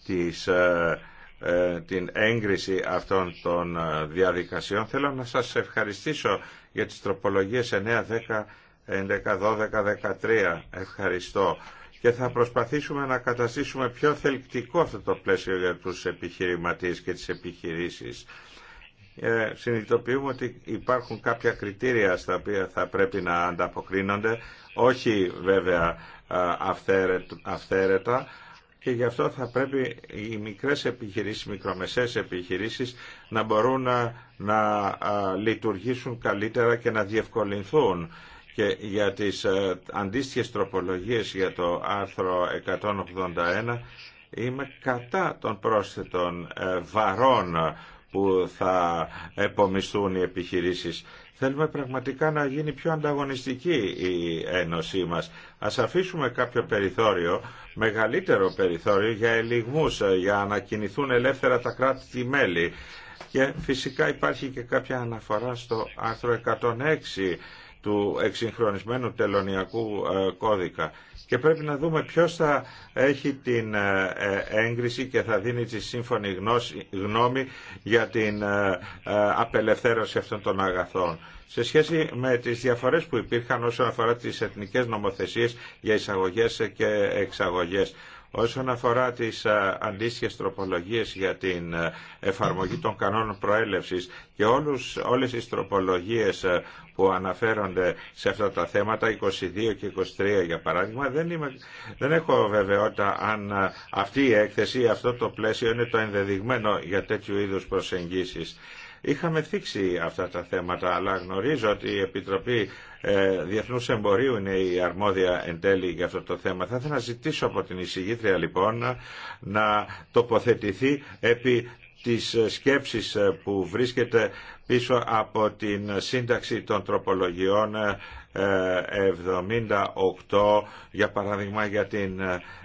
E: τις, ε, ε, την έγκριση αυτών των διαδικασιών, θέλω να σας ευχαριστήσω για τις τροπολογίες 9, 10, 11, 12, 13. Ευχαριστώ. Και θα προσπαθήσουμε να καταστήσουμε πιο θελκτικό αυτό το πλαίσιο για τους επιχειρηματίες και τις επιχειρήσεις. Ε, συνειδητοποιούμε ότι υπάρχουν κάποια κριτήρια στα οποία θα πρέπει να ανταποκρίνονται, όχι βέβαια αυθαίρετα, και γι' αυτό θα πρέπει οι μικρές επιχειρήσεις, οι μικρομεσαίες επιχειρήσεις να μπορούν να, λειτουργήσουν καλύτερα και να διευκολυνθούν. Και για τις ε, αντίστοιχες τροπολογίες για το άρθρο 181 είμαι κατά των πρόσθετων ε, βαρών που θα επομισθούν οι επιχειρήσεις. Θέλουμε πραγματικά να γίνει πιο ανταγωνιστική η Ένωσή μας. Ας αφήσουμε κάποιο περιθώριο, μεγαλύτερο περιθώριο για ελιγμούς, ε, για να κινηθούν ελεύθερα τα κράτη-μέλη. Και φυσικά υπάρχει και κάποια αναφορά στο άρθρο 106 του εξυγχρονισμένου τελωνιακού ε, κώδικα. Και πρέπει να δούμε ποιος θα έχει την ε, ε, έγκριση και θα δίνει τη σύμφωνη γνώμη για την απελευθέρωση αυτών των αγαθών. Σε σχέση με τις διαφορές που υπήρχαν όσον αφορά τις εθνικές νομοθεσίες για εισαγωγές και εξαγωγές. Όσον αφορά τις αντίστοιχε τροπολογίες για την εφαρμογή των κανόνων προέλευσης και όλους, όλες τις που αναφέρονται σε αυτά τα θέματα, 22 και 23 για παράδειγμα, δεν, δεν έχω βεβαιότητα αν αυτή η έκθεση, αυτό το πλαίσιο είναι το ενδεδειγμένο για τέτοιου είδους προσεγγίσεις. Είχαμε θίξει αυτά τα θέματα, αλλά γνωρίζω ότι η Επιτροπή ε, Διεθνούς Εμπορίου είναι η αρμόδια εν τέλει για αυτό το θέμα. Θα ήθελα να ζητήσω από την εισηγήτρια λοιπόν να τοποθετηθεί επί της σκέψης που βρίσκεται πίσω από την σύνταξη των τροπολογιών 78 ε, για παράδειγμα για την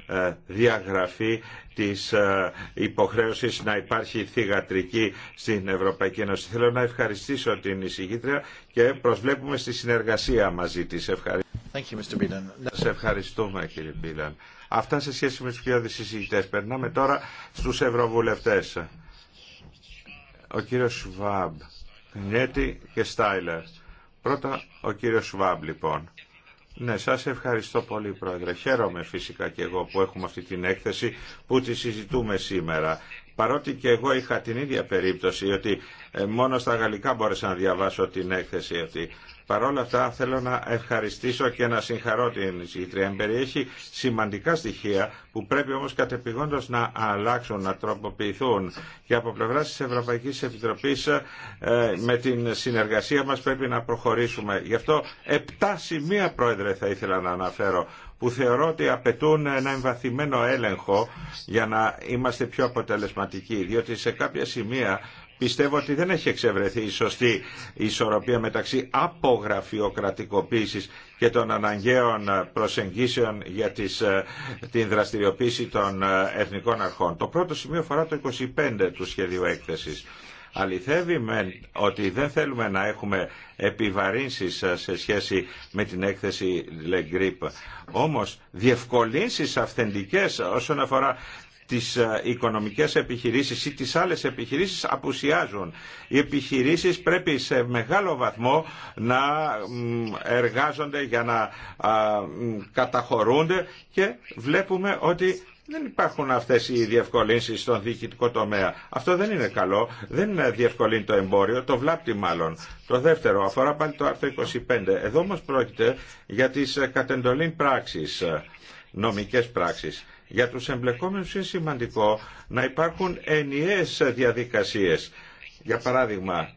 E: ε, διαγραφή της ε, υποχρέωσης να υπάρχει θηγατρική στην Ευρωπαϊκή Ένωση. Θέλω να ευχαριστήσω την εισηγήτρια και προσβλέπουμε στη συνεργασία μαζί της. Σας ευχαριστούμε κύριε Μπίλαν. Αυτά σε σχέση με τους πιο εισηγητές. Περνάμε τώρα στους ευρωβουλευτές. Ο κύριος Σουβάμπ, Νιέτη και Στάιλερ. Πρώτα ο κύριος Σουβάμπ λοιπόν. Ναι, σας ευχαριστώ πολύ Πρόεδρε. Χαίρομαι φυσικά και εγώ που έχουμε αυτή την έκθεση που τη συζητούμε σήμερα. Παρότι και εγώ είχα την ίδια περίπτωση ότι ε, μόνο στα γαλλικά μπόρεσα να διαβάσω την έκθεση αυτή. Παρ' όλα αυτά θέλω να ευχαριστήσω και να συγχαρώ την εισηγητρία. Περιέχει σημαντικά στοιχεία που πρέπει όμως κατεπηγόντως να αλλάξουν, να τροποποιηθούν. Και από πλευρά της Ευρωπαϊκής Επιτροπής ε, με την συνεργασία μας πρέπει να προχωρήσουμε. Γι' αυτό επτά σημεία πρόεδρε θα ήθελα να αναφέρω που θεωρώ ότι απαιτούν ένα εμβαθυμένο έλεγχο για να είμαστε πιο αποτελεσματικοί. Διότι σε κάποια σημεία Πιστεύω ότι δεν έχει εξευρεθεί η σωστή ισορροπία μεταξύ απογραφειοκρατικοποίησης και των αναγκαίων προσεγγίσεων για τις, ε, την δραστηριοποίηση των ε, εθνικών αρχών. Το πρώτο σημείο αφορά το 25 του σχεδίου έκθεσης. Αληθεύει με ότι δεν θέλουμε να έχουμε επιβαρύνσεις ε, σε σχέση με την έκθεση Le Grip. Όμως διευκολύνσεις αυθεντικές όσον αφορά τις ε, οικονομικές επιχειρήσεις ή τις άλλες επιχειρήσεις απουσιάζουν. Οι επιχειρήσεις πρέπει σε μεγάλο βαθμό να εργάζονται για να καταχωρούνται και βλέπουμε ότι δεν υπάρχουν αυτές οι διευκολύνσεις στον διοικητικό τομέα. Αυτό δεν είναι καλό, δεν διευκολύνει το εμπόριο, το βλάπτει μάλλον. Το δεύτερο αφορά πάλι το άρθρο 25. Εδώ όμως πρόκειται για τις κατεντολήν πράξεις, νομικές πράξεις. Για τους εμπλεκόμενους είναι σημαντικό να υπάρχουν ενιαίες διαδικασίες. Για παράδειγμα,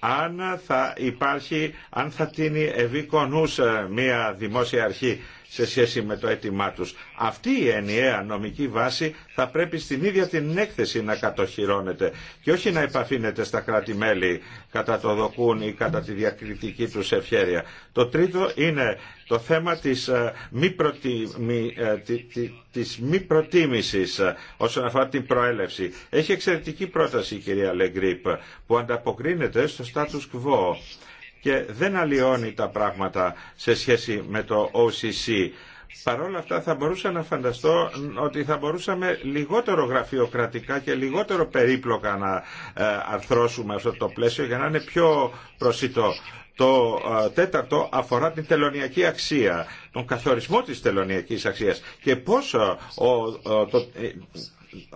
E: αν θα υπάρχει, αν θα τίνει ευήκονους ε, μια δημόσια αρχή σε σχέση με το αίτημά τους. Αυτή η ενιαία νομική βάση θα πρέπει στην ίδια την έκθεση να κατοχυρώνεται και όχι να επαφήνεται στα κράτη-μέλη κατά το δοκούν ή κατά τη διακριτική τους ευχέρεια. Το τρίτο είναι το θέμα της ε, μη, προτι... Ε, της προτίμησης ε, όσον αφορά την προέλευση. Έχει εξαιρετική πρόταση η κυρία Λεγκρίπ που ανταποκρίνεται στο status quo και δεν αλλοιώνει τα πράγματα σε σχέση με το OCC. Παρόλα όλα αυτά θα μπορούσα να φανταστώ ότι θα μπορούσαμε λιγότερο γραφειοκρατικά και λιγότερο περίπλοκα να ε, αρθρώσουμε αυτό το πλαίσιο για να είναι πιο προσιτό. Το ε, τέταρτο αφορά την τελωνιακή αξία, τον καθορισμό της τελωνιακής αξίας και πόσο ε,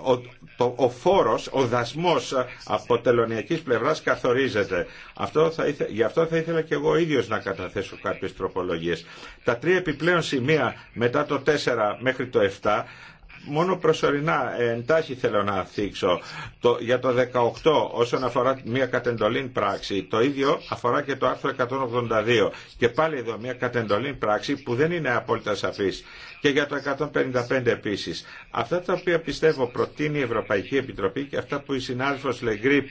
E: ο, το, ο φόρος, ο δασμός ε, από τελωνιακής πλευράς καθορίζεται. Αυτό θα ήθε, γι' αυτό θα ήθελα και εγώ ίδιος να καταθέσω κάποιες τροπολογίες. Τα τρία επιπλέον σημεία μετά το 4 μέχρι το 7 μόνο προσωρινά ε, εντάχει θέλω να θίξω το, για το 18 όσον αφορά μια κατεντολήν πράξη το ίδιο αφορά και το άρθρο 182 και πάλι εδώ μια κατεντολήν πράξη που δεν είναι απόλυτα σαφής και για το 155 επίση. Αυτά τα οποία πιστεύω προτείνει η Ευρωπαϊκή Επιτροπή και αυτά που η συνάδελφο Λεγκρίπ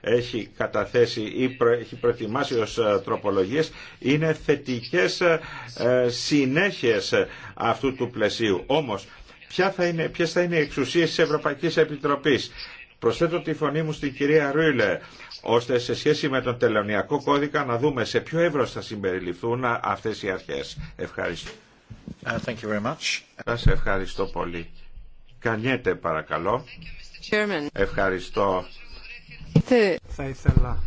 E: έχει καταθέσει ή έχει προετοιμάσει ως ε, τροπολογίες είναι θετικές ε, ε, συνέχειες αυτού του πλαισίου. Όμω, ποιε θα είναι, ποιες θα είναι οι εξουσίες τη Ευρωπαϊκής Επιτροπής. Προσθέτω τη φωνή μου στην κυρία Ρούιλε, ώστε σε σχέση με τον τελωνιακό κώδικα να δούμε σε ποιο εύρος θα συμπεριληφθούν αυτές οι αρχές. Ευχαριστώ. Uh, thank ευχαριστώ πολύ. Κανιέτε παρακαλώ. Ευχαριστώ.
B: Θα ήθελα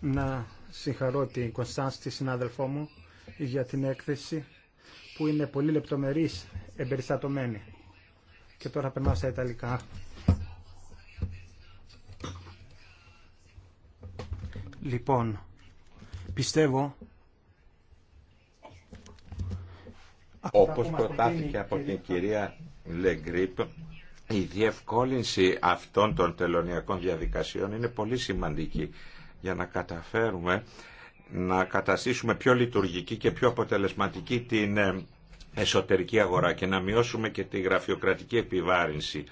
B: να συγχαρώ την Κωνσταντ, τη συνάδελφό μου, για την έκθεση που είναι πολύ λεπτομερής, εμπεριστατωμένη. Και τώρα περνάω στα Ιταλικά. Λοιπόν, πιστεύω
E: όπως προτάθηκε από την κυρία Λεγκρίπ, η διευκόλυνση αυτών των τελωνιακών διαδικασιών είναι πολύ σημαντική για να καταφέρουμε να καταστήσουμε πιο λειτουργική και πιο αποτελεσματική την ε, εσωτερική αγορά και να μειώσουμε και τη γραφειοκρατική επιβάρυνση.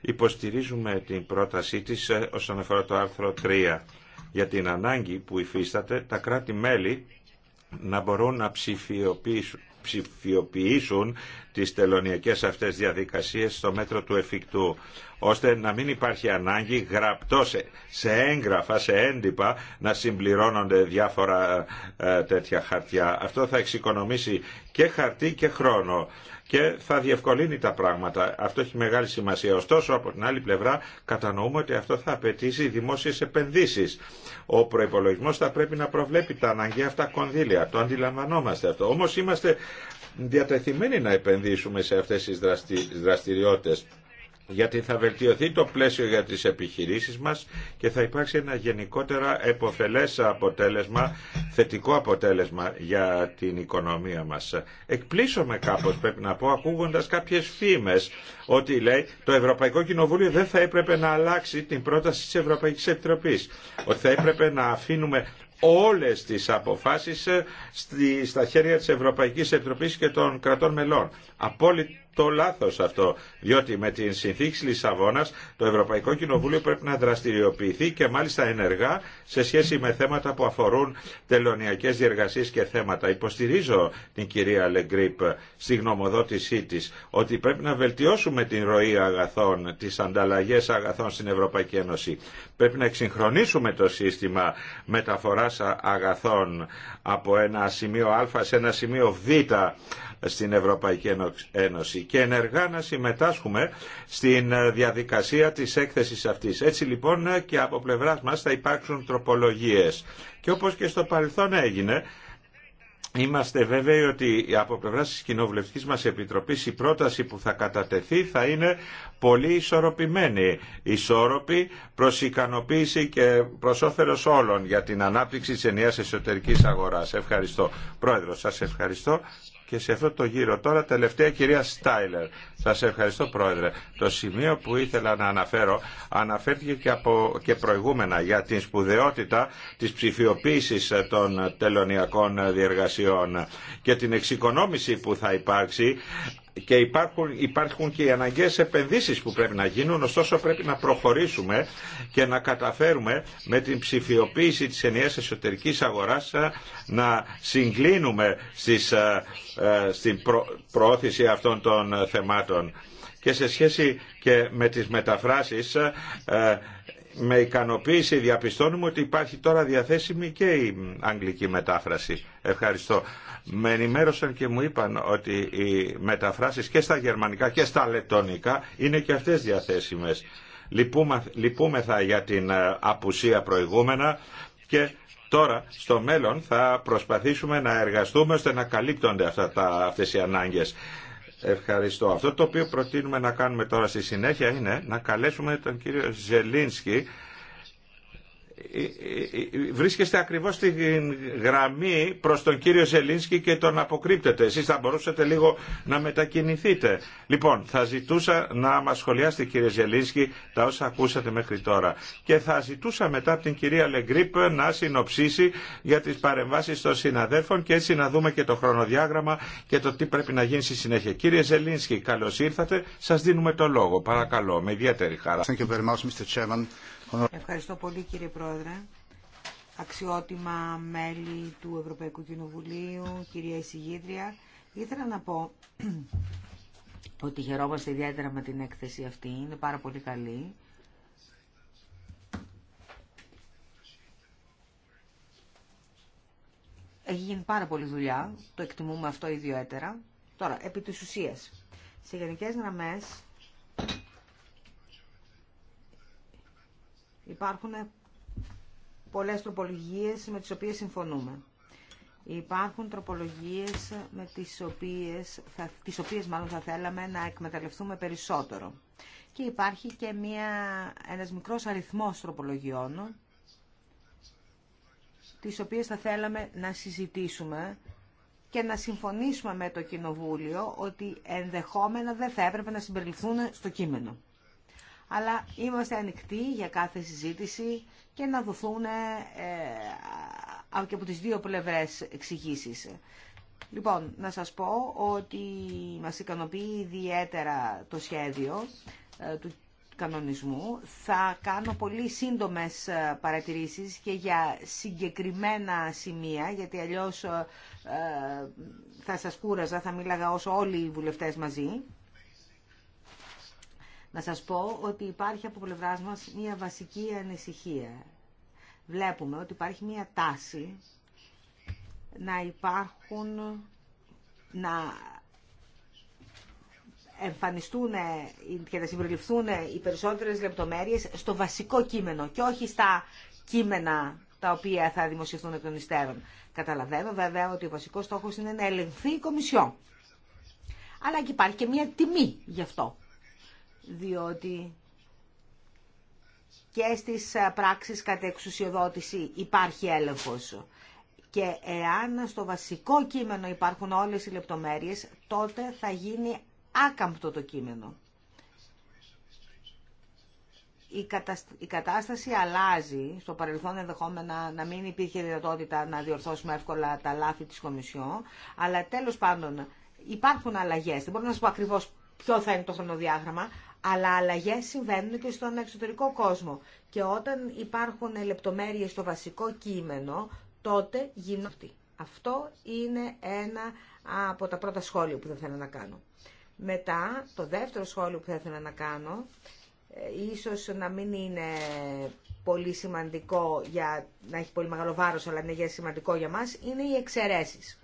E: Υποστηρίζουμε την πρότασή της ε, όσον αφορά το άρθρο 3 για την ανάγκη που υφίσταται τα κράτη-μέλη να μπορούν να ψηφιοποιήσουν ψηφιοποιήσουν τις τελωνιακές αυτές διαδικασίες στο μέτρο του εφικτού ώστε να μην υπάρχει ανάγκη γραπτό σε, έγγραφα, σε έντυπα να συμπληρώνονται διάφορα ε, τέτοια χαρτιά. Αυτό θα εξοικονομήσει και χαρτί και χρόνο και θα διευκολύνει τα πράγματα. Αυτό έχει μεγάλη σημασία. Ωστόσο, από την άλλη πλευρά, κατανοούμε ότι αυτό θα απαιτήσει δημόσιε επενδύσει. Ο προπολογισμό θα πρέπει να προβλέπει τα αναγκαία αυτά κονδύλια. Το αντιλαμβανόμαστε αυτό. Όμω είμαστε διατεθειμένοι να επενδύσουμε σε αυτές τι δραστηριότητε γιατί θα βελτιωθεί το πλαίσιο για τις επιχειρήσεις μας και θα υπάρξει ένα γενικότερα εποφελές αποτέλεσμα, θετικό αποτέλεσμα για την οικονομία μας. Εκπλήσωμε κάπως πρέπει να πω ακούγοντας κάποιες φήμες ότι λέει το Ευρωπαϊκό Κοινοβούλιο δεν θα έπρεπε να αλλάξει την πρόταση της Ευρωπαϊκής Επιτροπής, ότι θα έπρεπε να αφήνουμε όλες τις αποφάσεις ε, στα χέρια της Ευρωπαϊκής Επιτροπής και των κρατών μελών. Απόλυτο λάθος αυτό, διότι με την συνθήκη Λισαβόνας το Ευρωπαϊκό Κοινοβούλιο πρέπει να δραστηριοποιηθεί και μάλιστα ενεργά σε σχέση με θέματα που αφορούν τελωνιακές διεργασίες και θέματα. Υποστηρίζω την κυρία Λεγκρίπ στη γνωμοδότησή της ότι πρέπει να βελτιώσουμε την ροή αγαθών, τις ανταλλαγές αγαθών στην Ευρωπαϊκή Ένωση. Πρέπει να εξυγχρονίσουμε το σύστημα μεταφοράς αγαθών από ένα σημείο Α σε ένα σημείο Β στην Ευρωπαϊκή Ένωση και ενεργά να συμμετάσχουμε στην ε, διαδικασία της έκθεσης αυτής. Έτσι λοιπόν ε, και από πλευράς μας θα υπάρξουν τροπολογίες. Και όπως και στο παρελθόν έγινε, Είμαστε βέβαιοι ότι από πλευρά τη κοινοβουλευτική μα επιτροπή η πρόταση που θα κατατεθεί θα είναι πολύ ισορροπημένη. Ισόρροπη προ ικανοποίηση και προ όφελο όλων για την ανάπτυξη τη ενιαία εσωτερική αγορά. Ευχαριστώ. Πρόεδρο, σα ευχαριστώ και σε αυτό το γύρο. Τώρα τελευταία κυρία Στάιλερ. Σας ευχαριστώ πρόεδρε. Το σημείο που ήθελα να αναφέρω αναφέρθηκε και, από, και προηγούμενα για την σπουδαιότητα της ψηφιοποίησης των τελωνιακών διεργασιών και την εξοικονόμηση που θα υπάρξει και υπάρχουν, και οι αναγκαίες επενδύσεις που πρέπει να γίνουν, ωστόσο πρέπει να προχωρήσουμε και να καταφέρουμε με την ψηφιοποίηση της ενιαίας εσωτερικής αγοράς ε, να συγκλίνουμε ε, ε, στην προώθηση αυτών των θεμάτων και σε σχέση και με τις μεταφράσεις με ικανοποίηση διαπιστώνουμε ότι υπάρχει τώρα διαθέσιμη και η αγγλική μετάφραση. Ευχαριστώ. Με ενημέρωσαν και μου είπαν ότι οι μεταφράσεις και στα γερμανικά και στα λετωνικά είναι και αυτές διαθέσιμες. λυπούμεθα για την ε, απουσία προηγούμενα και τώρα στο μέλλον θα προσπαθήσουμε να εργαστούμε ώστε να καλύπτονται αυτά τα, αυτές οι ανάγκες. Ευχαριστώ. Αυτό το οποίο προτείνουμε να κάνουμε τώρα στη συνέχεια είναι να καλέσουμε τον κύριο Ζελίνσκι βρίσκεστε ακριβώς στην γραμμή προς τον κύριο Ζελίνσκι και τον αποκρύπτετε. Εσείς θα μπορούσατε λίγο να μετακινηθείτε. Λοιπόν, θα ζητούσα να μας σχολιάσετε κύριε Ζελίνσκι τα όσα ακούσατε μέχρι τώρα. Και θα ζητούσα μετά από την κυρία Λεγκρίπ να συνοψίσει για τις παρεμβάσεις των συναδέλφων και έτσι να δούμε και το χρονοδιάγραμμα και το τι πρέπει να γίνει στη συνέχεια. Κύριε Ζελίνσκι, καλώς ήρθατε. Σας δίνουμε το λόγο. Παρακαλώ, με ιδιαίτερη χαρά.
C: Ευχαριστώ πολύ κύριε Πρόεδρε. Αξιότιμα μέλη του Ευρωπαϊκού Κοινοβουλίου, κυρία Εισηγήτρια, ήθελα να πω [CLEARS THROAT] ότι χαιρόμαστε ιδιαίτερα με την έκθεση αυτή, είναι πάρα πολύ καλή. Έχει γίνει πάρα πολύ δουλειά, το εκτιμούμε αυτό ιδιαίτερα. Τώρα, επί της ουσίας, σε γενικές γραμμές Υπάρχουν πολλές τροπολογίες με τις οποίες συμφωνούμε. Υπάρχουν τροπολογίες με τις οποίες, θα, τις οποίες μάλλον θα θέλαμε να εκμεταλλευτούμε περισσότερο. Και υπάρχει και μια, ένας μικρός αριθμός τροπολογιών, τις οποίες θα θέλαμε να συζητήσουμε και να συμφωνήσουμε με το Κοινοβούλιο ότι ενδεχόμενα δεν θα έπρεπε να συμπεριληφθούν στο κείμενο αλλά είμαστε ανοιχτοί για κάθε συζήτηση και να δοθούν ε, και από τις δύο πλευρές εξηγήσει. Λοιπόν, να σας πω ότι μας ικανοποιεί ιδιαίτερα το σχέδιο ε, του κανονισμού. Θα κάνω πολύ σύντομες ε, παρατηρήσεις και για συγκεκριμένα σημεία, γιατί αλλιώς ε, θα σας κούραζα, θα μίλαγα όσο όλοι οι βουλευτές μαζί να σας πω ότι υπάρχει από πλευρά μας μια βασική ανησυχία. Βλέπουμε ότι υπάρχει μια τάση να υπάρχουν, να εμφανιστούν και να συμπεριληφθούν οι περισσότερες λεπτομέρειες στο βασικό κείμενο και όχι στα κείμενα τα οποία θα δημοσιευθούν εκ των υστέρων. Καταλαβαίνω βέβαια ότι ο βασικό στόχος είναι να ελεγχθεί η Κομισιόν. Αλλά και υπάρχει και μια τιμή γι' αυτό διότι και στις ε, πράξεις κατά εξουσιοδότηση υπάρχει έλεγχος. Και εάν στο βασικό κείμενο υπάρχουν όλες οι λεπτομέρειες, τότε θα γίνει άκαμπτο το κείμενο. Η κατάσταση αλλάζει. Στο παρελθόν ενδεχόμενα να μην υπήρχε δυνατότητα να διορθώσουμε εύκολα τα λάθη της Κομισιό. αλλά τέλος πάντων υπάρχουν αλλαγές. Δεν μπορώ να σας πω ακριβώς ποιο θα είναι το χρονοδιάγραμμα, αλλά αλλαγέ συμβαίνουν και στον εξωτερικό κόσμο. Και όταν υπάρχουν λεπτομέρειες στο βασικό κείμενο, τότε γίνονται. Αυτό είναι ένα από τα πρώτα σχόλια που θα ήθελα να κάνω. Μετά, το δεύτερο σχόλιο που θα ήθελα να κάνω, ε, ίσως να μην είναι πολύ σημαντικό για να έχει πολύ μεγάλο βάρος, αλλά είναι σημαντικό για μας, είναι οι εξαιρέσεις.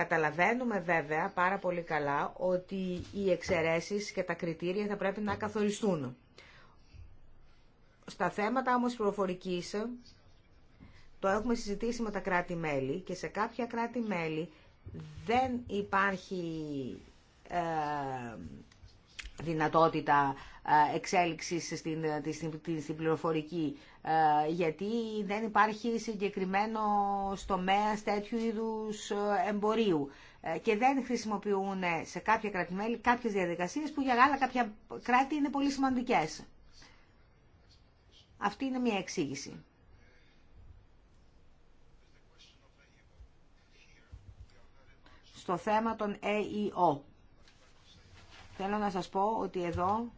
C: Καταλαβαίνουμε βέβαια πάρα πολύ καλά ότι οι εξαιρέσεις και τα κριτήρια θα πρέπει να καθοριστούν. Στα θέματα όμως προφορικής, το έχουμε συζητήσει με τα κράτη-μέλη και σε κάποια κράτη-μέλη δεν υπάρχει ε, δυνατότητα ε, εξέλιξης στην, ε, στην, στην πληροφορική ε, γιατί δεν υπάρχει συγκεκριμένο στομέα τέτοιου είδους ε, εμπορίου ε, και δεν χρησιμοποιούν σε κάποια κρατημέλη κάποιες διαδικασίες που για άλλα κάποια κράτη είναι πολύ σημαντικές. Αυτή είναι μια εξήγηση. Στο θέμα των ΑΕΟ. Θέλω να σας πω ότι εδώ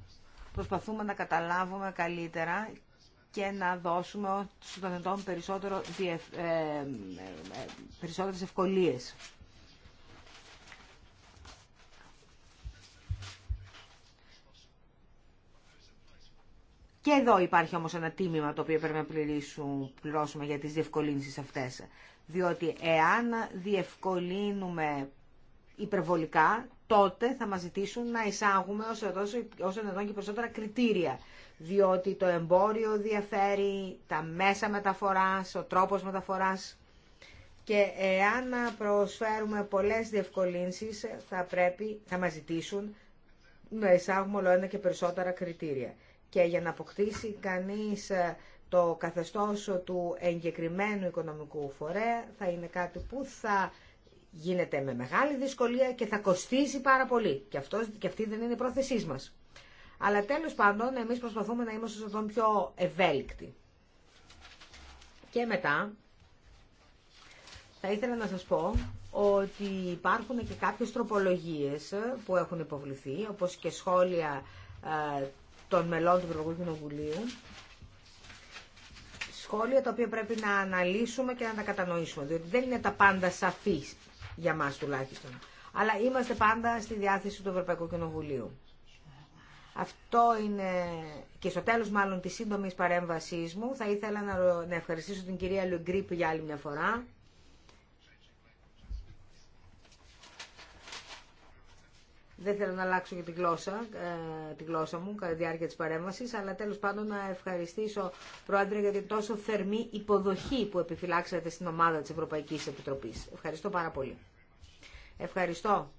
C: προσπαθούμε να καταλάβουμε καλύτερα και να δώσουμε στους δυνατόν περισσότερο ευκολίε. Ε, ε, περισσότερες ευκολίες. Και εδώ υπάρχει όμως ένα τίμημα το οποίο πρέπει να πληρώσουμε για τις διευκολύνσεις αυτές. Διότι εάν διευκολύνουμε υπερβολικά, τότε θα μας ζητήσουν να εισάγουμε όσο εδώ και περισσότερα κριτήρια διότι το εμπόριο διαφέρει, τα μέσα μεταφοράς, ο τρόπος μεταφοράς και εάν προσφέρουμε πολλές διευκολύνσεις θα πρέπει, θα μας ζητήσουν να εισάγουμε όλο ένα και περισσότερα κριτήρια. Και για να αποκτήσει κανείς ε, το καθεστώς του εγκεκριμένου οικονομικού φορέα θα είναι κάτι που θα γίνεται με μεγάλη δυσκολία και θα κοστίσει πάρα πολύ. Και, και αυτή δεν είναι η πρόθεσή μας. Αλλά τέλος πάντων εμείς προσπαθούμε να είμαστε στον πιο ευέλικτοι. Και μετά θα ήθελα να σας πω ότι υπάρχουν και κάποιες τροπολογίες που έχουν υποβληθεί, όπως και σχόλια ε, των μελών του Ευρωπαϊκού Κοινοβουλίου, σχόλια τα οποία πρέπει να αναλύσουμε και να τα κατανοήσουμε, διότι δεν είναι τα πάντα σαφή για μας τουλάχιστον. Αλλά είμαστε πάντα στη διάθεση του Ευρωπαϊκού Κοινοβουλίου. Αυτό είναι και στο τέλος μάλλον της σύντομη παρέμβασής μου. Θα ήθελα να, ευχαριστήσω την κυρία Λουγκρίπ για άλλη μια φορά. Δεν θέλω να αλλάξω και τη γλώσσα, ε, τη γλώσσα μου κατά τη διάρκεια της παρέμβασης, αλλά τέλος πάντων να ευχαριστήσω, Πρόεδρε, για την τόσο θερμή υποδοχή που επιφυλάξατε στην ομάδα της Ευρωπαϊκής Επιτροπής. Ευχαριστώ πάρα πολύ. Ευχαριστώ,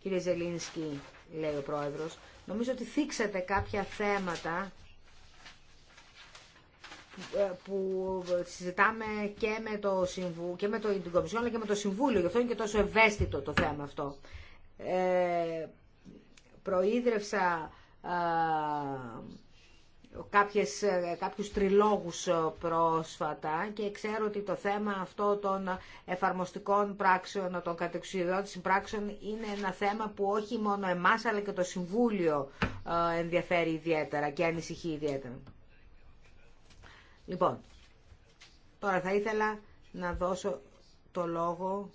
C: κύριε Ζελίνσκι λέει ο Πρόεδρος. Νομίζω ότι θίξατε κάποια θέματα ε, που συζητάμε και με, το Συμβου, και με το, την Κομισιόν αλλά και με το Συμβούλιο. Γι' αυτό είναι και τόσο ευαίσθητο το θέμα αυτό. Ε, προείδρευσα κάποιες, ε, κάποιους τριλόγους ε, πρόσφατα και ξέρω ότι το θέμα αυτό των εφαρμοστικών πράξεων, των κατεξουδότησης πράξεων είναι ένα θέμα που όχι μόνο εμάς αλλά και το Συμβούλιο ε, ενδιαφέρει ιδιαίτερα και ανησυχεί ιδιαίτερα. Λοιπόν, τώρα θα ήθελα να δώσω το λόγο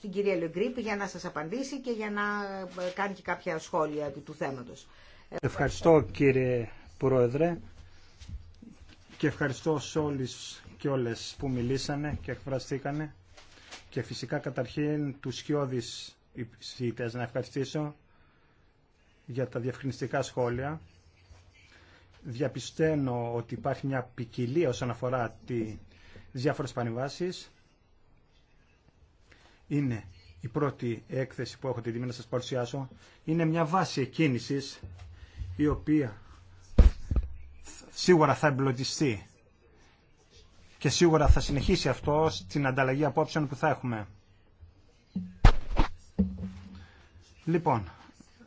C: την κυρία Λεγκρίπη, για να σας απαντήσει και για να ε, κάνει και κάποια σχόλια του θέματος.
B: Ευχαριστώ κύριε Πρόεδρε και ευχαριστώ σε όλες και όλες που μιλήσανε και εκφραστήκανε και φυσικά καταρχήν τους σκιώδης υπησίτες να ευχαριστήσω για τα διευκρινιστικά σχόλια. Διαπιστένω ότι υπάρχει μια ποικιλία όσον αφορά τις διάφορες πανεβάσεις είναι η πρώτη έκθεση που έχω την τιμή να σας παρουσιάσω. Είναι μια βάση εκκίνησης η οποία σίγουρα θα εμπλωτιστεί και σίγουρα θα συνεχίσει αυτό στην ανταλλαγή απόψεων που θα έχουμε. Λοιπόν,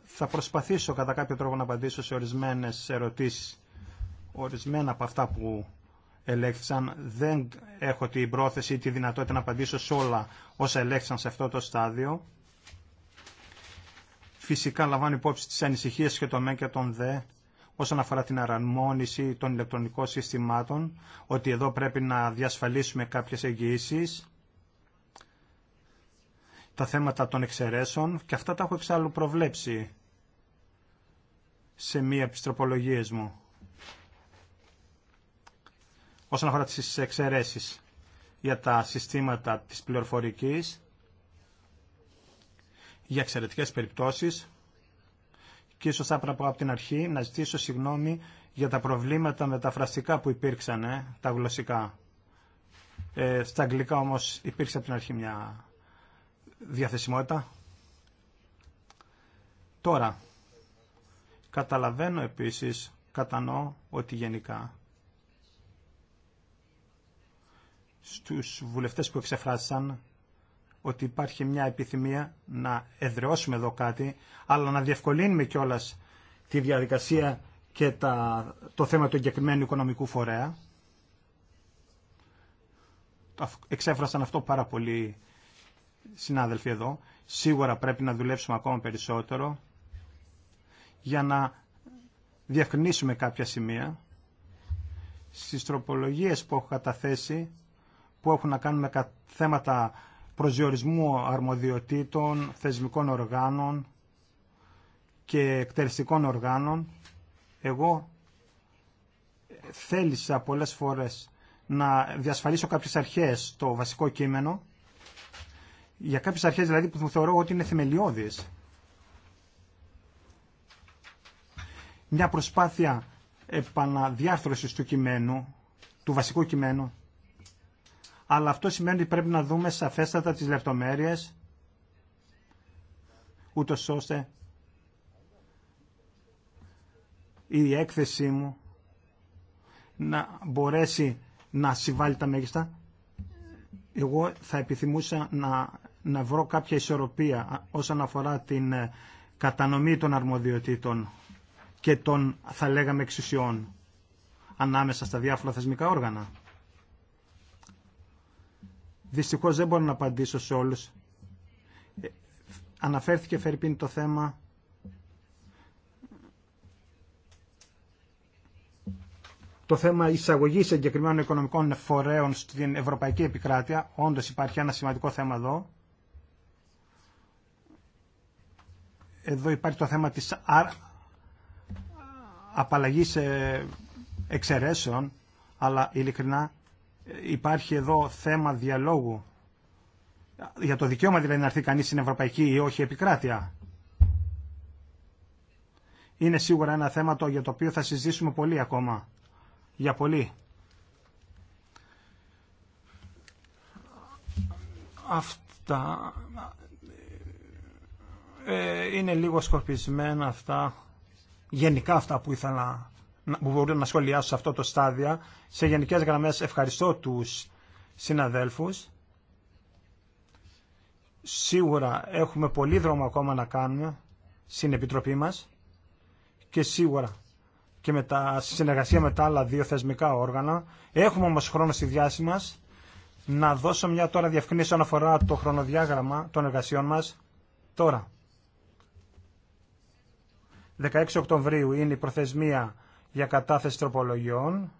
B: θα προσπαθήσω κατά κάποιο τρόπο να απαντήσω σε ορισμένες ερωτήσεις, ορισμένα από αυτά που ελέγχθησαν. Δεν έχω την πρόθεση ή τη δυνατότητα να απαντήσω σε όλα όσα ελέγχθησαν σε αυτό το στάδιο. Φυσικά λαμβάνω υπόψη τις ανησυχίες και το μεν και των δε όσον αφορά την αραμόνιση των ηλεκτρονικών συστημάτων, ότι εδώ πρέπει να διασφαλίσουμε κάποιες εγγυήσεις, τα θέματα των εξαιρέσεων και αυτά τα έχω εξάλλου προβλέψει σε μία επιστροπολογίες μου όσον αφορά τις εξαιρέσεις για τα συστήματα της πληροφορικής, για εξαιρετικές περιπτώσεις και ίσως θα πρέπει από την αρχή να ζητήσω συγγνώμη για τα προβλήματα μεταφραστικά που υπήρξαν, τα γλωσσικά. Ε, στα αγγλικά όμως υπήρξε από την αρχή μια διαθεσιμότητα. Τώρα, καταλαβαίνω επίσης, κατανοώ ότι γενικά στους βουλευτές που εξεφράσαν ότι υπάρχει μια επιθυμία να εδραιώσουμε εδώ κάτι, αλλά να διευκολύνουμε κιόλα τη διαδικασία και τα, το θέμα του εγκεκριμένου οικονομικού φορέα. Εξέφρασαν αυτό πάρα πολλοί συνάδελφοι εδώ. Σίγουρα πρέπει να δουλέψουμε ακόμα περισσότερο για να διευκρινίσουμε κάποια σημεία. Στις τροπολογίες που έχω καταθέσει που έχουν να κάνουν με θέματα προσδιορισμού αρμοδιοτήτων, θεσμικών οργάνων και εκτελεστικών οργάνων. Εγώ θέλησα πολλές φορές να διασφαλίσω κάποιες αρχές το βασικό κείμενο, για κάποιες αρχές δηλαδή που θεωρώ ότι είναι θεμελιώδεις. Μια προσπάθεια επαναδιάρθρωσης του κειμένου, του βασικού κειμένου, αλλά αυτό σημαίνει ότι πρέπει να δούμε σαφέστατα τις λεπτομέρειες, ούτω ώστε η έκθεσή μου να μπορέσει να συμβάλλει τα μέγιστα. Εγώ θα επιθυμούσα να, να βρω κάποια ισορροπία όσον αφορά την ε, κατανομή των αρμοδιοτήτων και των, θα λέγαμε, εξουσιών ανάμεσα στα διάφορα θεσμικά όργανα. Δυστυχώ δεν μπορώ να απαντήσω σε όλους. Ε, αναφέρθηκε Φερπίν το θέμα το θέμα εισαγωγή συγκεκριμένων οικονομικών φορέων στην ευρωπαϊκή επικράτεια. Όντω υπάρχει ένα σημαντικό θέμα εδώ. Εδώ υπάρχει το θέμα της απαλλαγής ε, εξαιρέσεων, αλλά ειλικρινά υπάρχει εδώ θέμα διαλόγου για το δικαίωμα δηλαδή να έρθει κανείς στην Ευρωπαϊκή ή όχι επικράτεια. Είναι σίγουρα ένα θέμα το, για το οποίο θα συζητήσουμε πολύ ακόμα. Για πολύ. Αυτά ε, είναι λίγο σκορπισμένα αυτά, γενικά αυτά που ήθελα που μπορούν να σχολιάσουν σε αυτό το στάδιο. Σε γενικές γραμμές ευχαριστώ τους συναδέλφους. Σίγουρα έχουμε πολύ δρόμο ακόμα να κάνουμε στην Επιτροπή μας και σίγουρα και με τα, συνεργασία με τα άλλα δύο θεσμικά όργανα. Έχουμε όμως χρόνο στη διάση μας να δώσω μια τώρα διευκρίνηση όσον αφορά το χρονοδιάγραμμα των εργασιών μας τώρα. 16 Οκτωβρίου είναι η προθεσμία για κατάθεση τροπολογιών.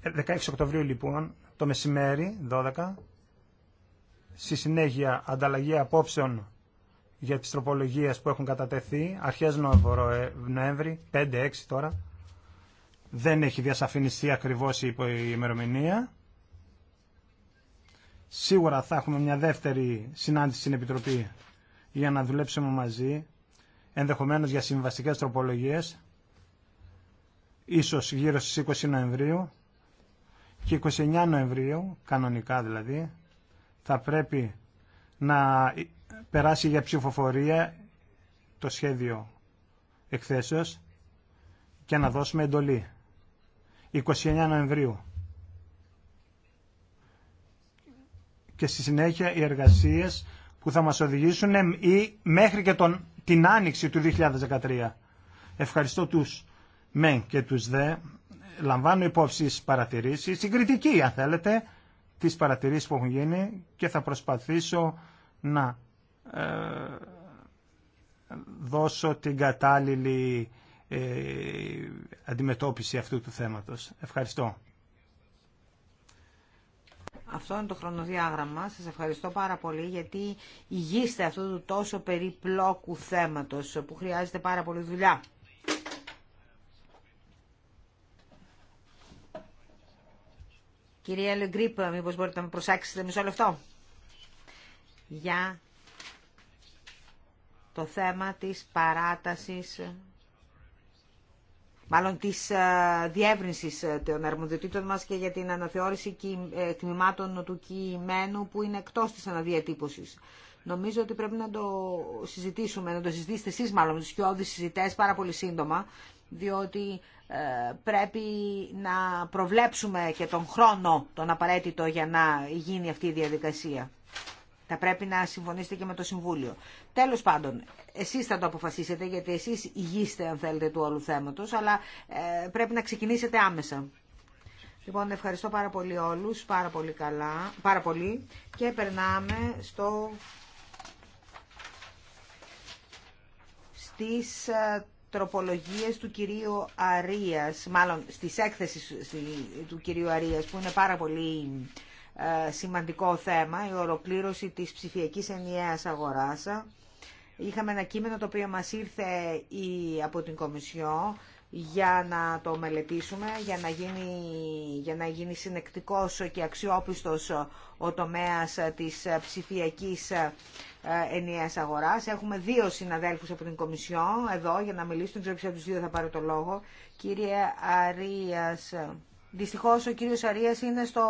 B: Ε, 16 Οκτωβρίου λοιπόν το μεσημέρι 12 στη συνέχεια ανταλλαγή απόψεων για τις τροπολογίες που έχουν κατατεθεί αρχές ε, Νοέμβρη 5-6 τώρα δεν έχει διασαφινιστεί ακριβώς η ημερομηνία σίγουρα θα έχουμε μια δεύτερη συνάντηση στην Επιτροπή για να δουλέψουμε μαζί Ενδεχομένω για συμβαστικέ τροπολογίες, ίσως γύρω στις 20 Νοεμβρίου και 29 Νοεμβρίου, κανονικά δηλαδή, θα πρέπει να ε, περάσει για ψηφοφορία το σχέδιο εκθέσεως και να δώσουμε εντολή. 29 Νοεμβρίου. Και στη συνέχεια οι εργασίες που θα μας οδηγήσουν ή μέχρι και τον την άνοιξη του 2013. Ευχαριστώ τους με και τους δε. Λαμβάνω υπόψη τις παρατηρήσεις, συγκριτική αν θέλετε, τις παρατηρήσεις που έχουν γίνει και θα προσπαθήσω να ε, δώσω την κατάλληλη ε, αντιμετώπιση αυτού του θέματος. Ευχαριστώ.
C: Αυτό είναι το χρονοδιάγραμμα. Σας ευχαριστώ πάρα πολύ γιατί ηγείστε αυτού του τόσο περιπλόκου θέματος που χρειάζεται πάρα πολύ δουλειά. Κυρία Λεγκρίπ, μήπως μπορείτε να με προσάξετε μισό λεπτό για το θέμα της παράτασης μάλλον της ε, διεύρυνσης ε, των αρμοδιοτήτων μας και για την αναθεώρηση ε, τμήματων του κειμένου που είναι εκτός της αναδιατύπωσης. Νομίζω ότι πρέπει να το συζητήσουμε, να το συζητήσετε εσείς μάλλον με τους συζητές πάρα πολύ σύντομα, διότι πρέπει να προβλέψουμε και τον χρόνο τον απαραίτητο για να γίνει αυτή η διαδικασία. Θα πρέπει να συμφωνήσετε και με το Συμβούλιο. Τέλος πάντων, εσείς θα το αποφασίσετε, γιατί εσείς ηγείστε, αν θέλετε, του όλου θέματος, αλλά ε, πρέπει να ξεκινήσετε άμεσα. Λοιπόν, ευχαριστώ πάρα πολύ όλου. πάρα πολύ καλά, πάρα πολύ και περνάμε στο... στις ε, τροπολογίες του κυρίου Αρίας, μάλλον στις έκθεσεις του κυρίου Αρίας που είναι πάρα πολύ σημαντικό θέμα, η ολοκλήρωση της ψηφιακής ενιαίας αγοράς. Είχαμε ένα κείμενο το οποίο μας ήρθε από την Κομισιό για να το μελετήσουμε, για να γίνει, για να γίνει συνεκτικός και αξιόπιστος ο τομέας της ψηφιακής ε, ενιαίας αγοράς. Έχουμε δύο συναδέλφους από την Κομισιό εδώ για να μιλήσουν, ξέρω του δύο θα το λόγο. Κύριε Αρίας, Δυστυχώς ο κύριος Αρίας είναι στο,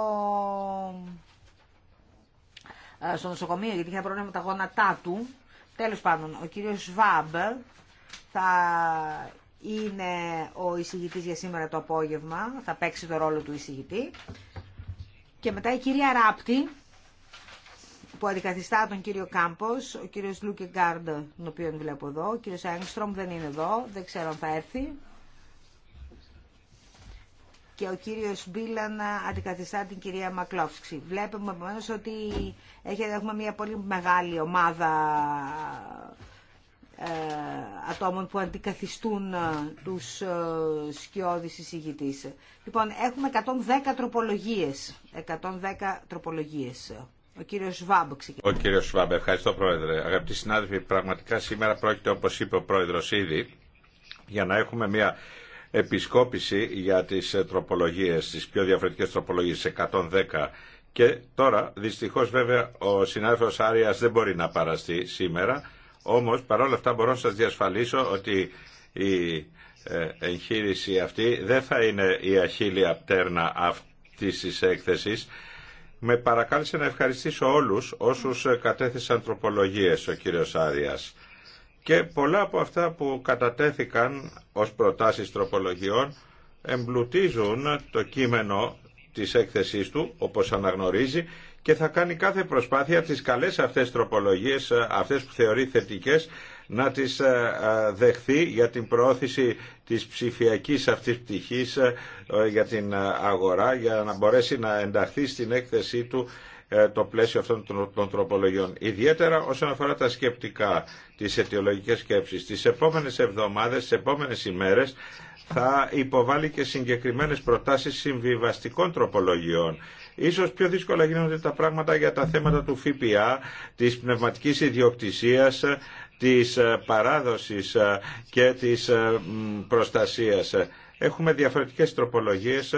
C: ε, στο νοσοκομείο γιατί είχε πρόβλημα με τα γόνατά του. Τέλος πάντων, ο κύριος Σβάμπ θα είναι ο εισηγητής για σήμερα το απόγευμα, θα παίξει το ρόλο του εισηγητή. Και μετά η κυρία Ράπτη, που αντικαθιστά τον κύριο Κάμπος, ο κύριος Λούκε Γκάρντ, τον οποίο βλέπω εδώ, ο κύριος Άγκστρομ δεν είναι εδώ, δεν ξέρω αν θα έρθει και ο κύριος Μπίλαν αντικαθιστά την κυρία Μακλόφσκη. Βλέπουμε επομένως ότι έχουμε μια πολύ μεγάλη ομάδα ε, ατόμων που αντικαθιστούν ε, τους ε, σκιώδεις εισηγητής. Λοιπόν, έχουμε 110 τροπολογίες. 110 τροπολογίες. Ο κύριος Σβάμπ ξεκινάει. Ο
E: κύριος Σβάμπ, ευχαριστώ πρόεδρε. Αγαπητοί συνάδελφοι, πραγματικά σήμερα πρόκειται όπως είπε ο πρόεδρος ήδη για να έχουμε μια επισκόπηση για τις ε, τροπολογίες, τις πιο διαφορετικές τροπολογίες 110 και τώρα δυστυχώς βέβαια ο συνάδελφος Άριας δεν μπορεί να παραστεί σήμερα όμως παρόλα αυτά μπορώ να σας διασφαλίσω ότι η ε, εγχείρηση αυτή δεν θα είναι η αχίλια πτέρνα αυτής της έκθεσης με παρακάλεσε να ευχαριστήσω όλους όσους ε, κατέθεσαν τροπολογίες ο κύριος Άριας και πολλά από αυτά που κατατέθηκαν ως προτάσεις τροπολογιών εμπλουτίζουν το κείμενο της έκθεσής του, όπως αναγνωρίζει, και θα κάνει κάθε προσπάθεια τις καλές αυτές τροπολογίες, αυτές που θεωρεί θετικές, να τις ε, ε, δεχθεί για την προώθηση της ψηφιακής αυτής πτυχής ε, για την αγορά, για να μπορέσει να ενταχθεί στην έκθεσή του ε, το πλαίσιο αυτών των τροπολογιών. Ιδιαίτερα όσον αφορά τα σκεπτικά, τις αιτιολογικές σκέψεις. Τις επόμενες εβδομάδες, τις επόμενες ημέρες θα υποβάλει και συγκεκριμένες προτάσεις συμβιβαστικών τροπολογιών. Ίσως πιο δύσκολα γίνονται τα πράγματα για τα θέματα του ΦΠΑ, της πνευματικής ιδιοκτησίας, της ε, παράδοσης ε, και της προστασίας. Έχουμε διαφορετικές τροπολογίες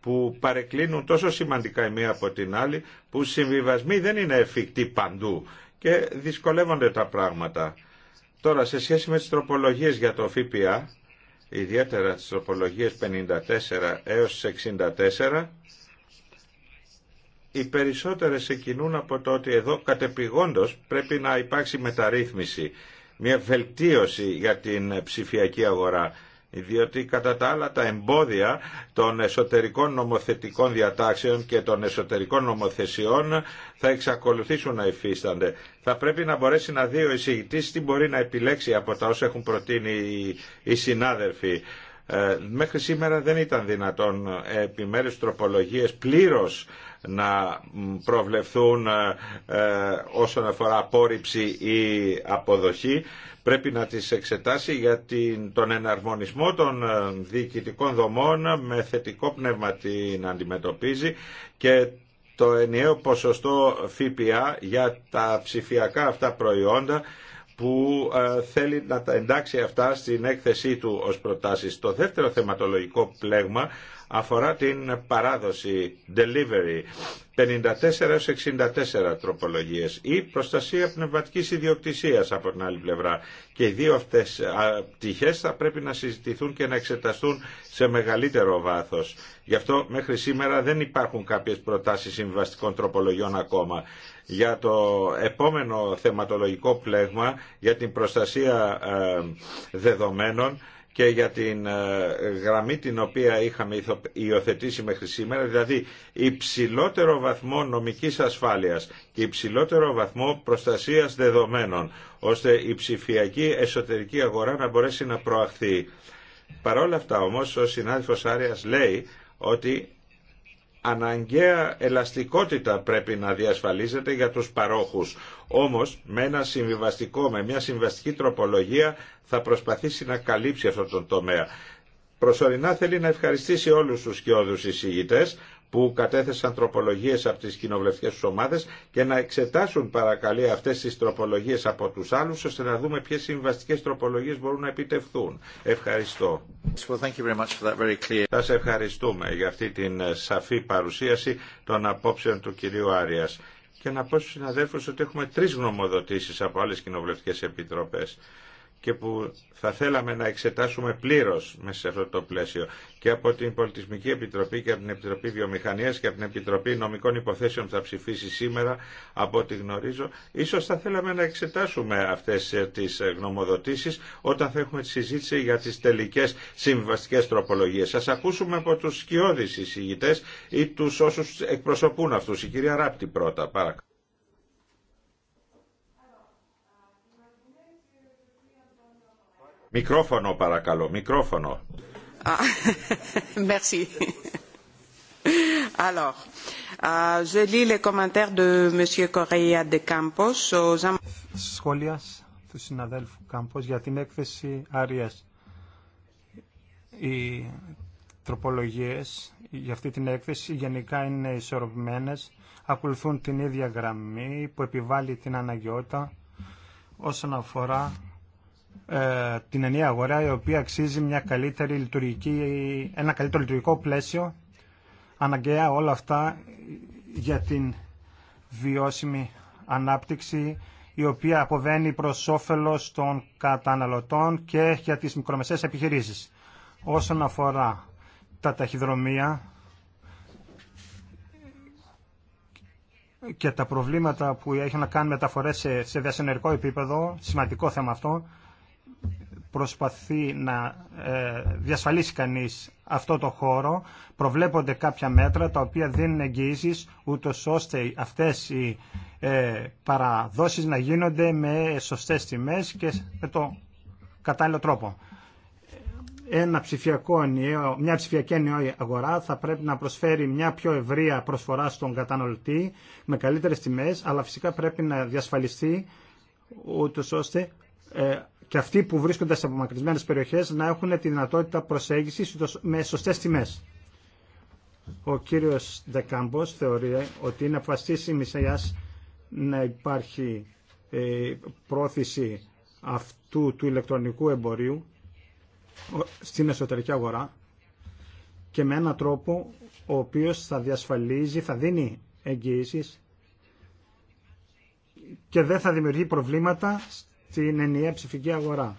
E: που παρεκκλίνουν τόσο σημαντικά η μία από την άλλη που συμβιβασμοί δεν είναι εφικτοί παντού και δυσκολεύονται τα πράγματα. Τώρα σε σχέση με τις τροπολογίες για το ΦΠΑ, ιδιαίτερα τις τροπολογίες 54 έως 64, οι περισσότερες εκκινούν από το ότι εδώ κατεπηγόντως πρέπει να υπάρξει μεταρρύθμιση, μια βελτίωση για την ψηφιακή αγορά διότι κατά τα άλλα τα εμπόδια των εσωτερικών νομοθετικών διατάξεων και των εσωτερικών νομοθεσιών θα εξακολουθήσουν να υφίστανται. Θα πρέπει να μπορέσει να δει ο εισηγητής τι μπορεί να επιλέξει από τα όσα έχουν προτείνει οι συνάδελφοι. Ε, μέχρι σήμερα δεν ήταν δυνατόν επιμέρους τροπολογίες πλήρως να προβλεφθούν ε, ε, όσον αφορά απόρριψη ή αποδοχή πρέπει να τις εξετάσει για τον εναρμονισμό των ε, διοικητικών δομών με θετικό πνεύμα την αντιμετωπίζει και το ενιαίο ποσοστό ΦΠΑ για τα ψηφιακά αυτά προϊόντα που ε, θέλει να τα εντάξει αυτά στην έκθεσή του ως προτάσεις. Το δεύτερο θεματολογικό πλέγμα αφορά την παράδοση, delivery, 54 64 τροπολογίες ή προστασία πνευματικής ιδιοκτησίας από την άλλη πλευρά. Και οι δύο αυτές πτυχές θα πρέπει να συζητηθούν και να εξεταστούν σε μεγαλύτερο βάθος. Γι' αυτό μέχρι σήμερα δεν υπάρχουν κάποιες προτάσεις συμβαστικών τροπολογιών ακόμα. Για το επόμενο θεματολογικό πλέγμα για την προστασία ε, δεδομένων και για την ε, γραμμή την οποία είχαμε υιοθετήσει μέχρι σήμερα, δηλαδή υψηλότερο βαθμό νομικής ασφάλειας και υψηλότερο βαθμό προστασίας δεδομένων, ώστε η ψηφιακή εσωτερική αγορά να μπορέσει να προαχθεί. Παρ' όλα αυτά όμως ο συνάδελφος Άριας λέει ότι αναγκαία ελαστικότητα πρέπει να διασφαλίζεται για τους παρόχους. Όμως με ένα συμβιβαστικό, με μια συμβαστική τροπολογία θα προσπαθήσει να καλύψει αυτό το τομέα. Προσωρινά θέλει να ευχαριστήσει όλους τους σκιώδους εισηγητές που κατέθεσαν τροπολογίε από τις κοινοβουλευτικέ του ομάδες και να εξετάσουν παρακαλεί αυτές τις τροπολογίε από τους άλλους ώστε να δούμε ποιε συμβαστικέ τροπολογίε μπορούν να επιτευχθούν. Ευχαριστώ. Well, thank ευχαριστούμε για αυτή την ε, σαφή παρουσίαση των απόψεων του κυρίου Άριας. Και να πω στου συναδέλφου ότι έχουμε τρει γνωμοδοτήσει από άλλε κοινοβουλευτικέ επιτροπέ και που θα θέλαμε να εξετάσουμε πλήρως μέσα σε αυτό το πλαίσιο και από την Πολιτισμική Επιτροπή και από την Επιτροπή Βιομηχανίας και από την Επιτροπή Νομικών Υποθέσεων που θα ψηφίσει σήμερα από ό,τι γνωρίζω ίσως θα θέλαμε να εξετάσουμε αυτές ε, τις ε, γνωμοδοτήσεις όταν θα έχουμε τη συζήτηση για τις τελικές συμβαστικές τροπολογίες. Σας ακούσουμε από τους σκιώδεις εισηγητές ή τους όσους εκπροσωπούν αυτούς. Η κυρία Ράπτη πρώτα, παρακαλώ. Μικρόφωνο παρακαλώ, μικρόφωνο.
D: Merci. Alors, je Σχόλια του συναδέλφου Κάμπος για την έκθεση άρια.
B: Οι τροπολογίες για αυτή την έκθεση γενικά είναι ισορροπημένες, ακολουθούν την ίδια γραμμή που επιβάλλει την αναγκαιότητα όσον αφορά ε, την ενιαία αγορά η οποία αξίζει μια καλύτερη λειτουργική, ένα καλύτερο λειτουργικό πλαίσιο αναγκαία όλα αυτά για την βιώσιμη ανάπτυξη η οποία αποβαίνει προ όφελο των καταναλωτών και για τις μικρομεσαίες επιχειρήσεις. Όσον αφορά τα ταχυδρομεία και τα προβλήματα που έχουν να κάνουν μεταφορές σε, σε διασυνερικό επίπεδο, σημαντικό θέμα αυτό, προσπαθεί να ε, διασφαλίσει κανείς αυτό το χώρο, προβλέπονται κάποια μέτρα τα οποία δίνουν εγγυήσεις ούτως ώστε αυτές οι ε, παραδόσεις να γίνονται με σωστές τιμές και με το κατάλληλο τρόπο. Ένα ψηφιακό ενιαίο, μια ψηφιακή ενιαία αγορά θα πρέπει να προσφέρει μια πιο ευρεία προσφορά στον καταναλωτή με καλύτερες τιμές, αλλά φυσικά πρέπει να διασφαλιστεί ούτως ώστε ε, και αυτοί που βρίσκονται σε απομακρυσμένες περιοχές να έχουν τη δυνατότητα προσέγγισης με σωστέ τιμέ. Ο κύριος Δεκάμπος θεωρεί ότι είναι αποφασίσει η να υπάρχει ε, πρόθεση αυτού του ηλεκτρονικού εμπορίου στην εσωτερική αγορά και με έναν τρόπο ο οποίος θα διασφαλίζει, θα δίνει εγγύησεις και δεν θα δημιουργεί προβλήματα την ενιαία ψηφική αγορά.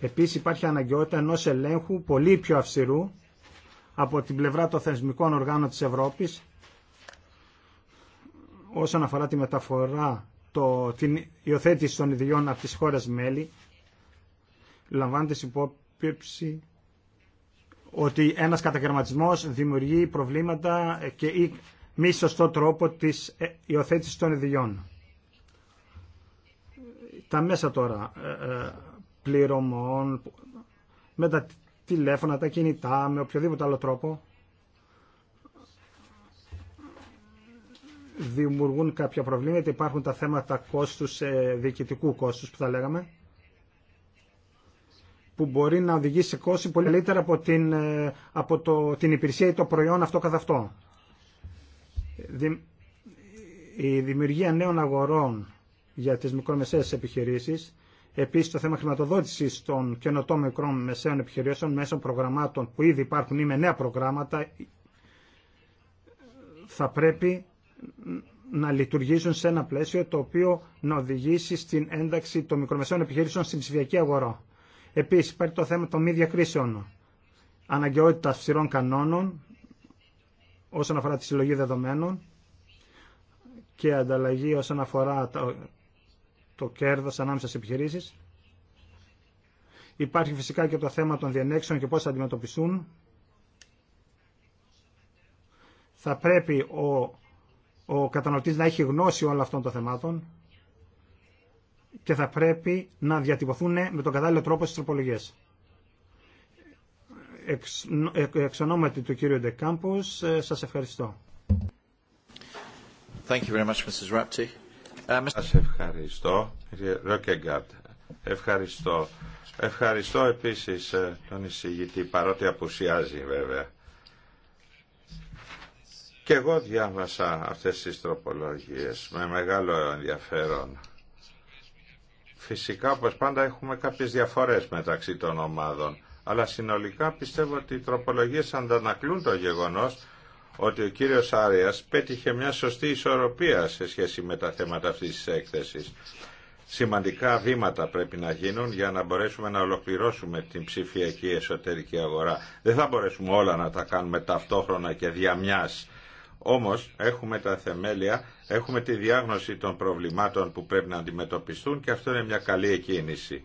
B: Επίσης υπάρχει αναγκαιότητα ενός ελέγχου πολύ πιο αυστηρού από την πλευρά των θεσμικών οργάνων της Ευρώπης όσον αφορά τη μεταφορά, το, την υιοθέτηση των ιδιών από τις χώρες μέλη λαμβάνεται υπόψη ότι ένας κατακαιρματισμός δημιουργεί προβλήματα και ή μη σωστό τρόπο της ε, υιοθέτηση των ιδιών. Τα μέσα τώρα ε, ε, πληρωμών, με τα τηλέφωνα, τα κινητά, με οποιοδήποτε άλλο τρόπο, δημιουργούν κάποια προβλήματα. Υπάρχουν τα θέματα κόστους, ε, διοικητικού κόστους που θα λέγαμε, που μπορεί να οδηγήσει σε κόστος πολύ καλύτερα από, την, από την υπηρεσία ή το προϊόν αυτό καθ' αυτό. Η δημιουργία νέων αγορών για τις μικρομεσαίες επιχειρήσεις. Επίσης το θέμα χρηματοδότησης των καινοτόμων μικρών μεσαίων επιχειρήσεων μέσω προγραμμάτων που ήδη υπάρχουν ή με νέα προγράμματα θα πρέπει να λειτουργήσουν σε ένα πλαίσιο το οποίο να οδηγήσει στην ένταξη των μικρομεσαίων επιχειρήσεων στην ψηφιακή αγορά. Επίσης υπάρχει το θέμα των μη διακρίσεων, αναγκαιότητα αυστηρών κανόνων όσον αφορά τη συλλογή δεδομένων και ανταλλαγή όσον αφορά το κέρδος ανάμεσα στις επιχειρήσεις. Υπάρχει φυσικά και το θέμα των διενέξεων και πώς θα αντιμετωπιστούν. Θα πρέπει ο, ο καταναλωτής να έχει γνώση όλων αυτών των θεμάτων και θα πρέπει να διατυπωθούν με τον κατάλληλο τρόπο στις τροπολογίες. Εξ, εξ ονόματι του κύριου Ντεκάμπους, ε, σας ευχαριστώ.
E: Thank you very much, Mrs. Rapti. Ε, Σας ευχαριστώ, κύριε Ρόκεγκαρτ. Ευχαριστώ. Ευχαριστώ επίσης ε, τον εισηγητή, παρότι απουσιάζει βέβαια. Και εγώ διάβασα αυτές τις τροπολογίες με μεγάλο ενδιαφέρον. Φυσικά, όπως πάντα, έχουμε κάποιες διαφορές μεταξύ των ομάδων. Αλλά συνολικά πιστεύω ότι οι τροπολογίες αντανακλούν το γεγονός ότι ο κύριος Άριας πέτυχε μια σωστή ισορροπία σε σχέση με τα θέματα αυτής της έκθεσης. Σημαντικά βήματα πρέπει να γίνουν για να μπορέσουμε να ολοκληρώσουμε την ψηφιακή εσωτερική αγορά. Δεν θα μπορέσουμε όλα να τα κάνουμε ταυτόχρονα και διαμιάς. Όμως έχουμε τα θεμέλια, έχουμε τη διάγνωση των προβλημάτων που πρέπει να αντιμετωπιστούν και αυτό είναι μια καλή εκκίνηση.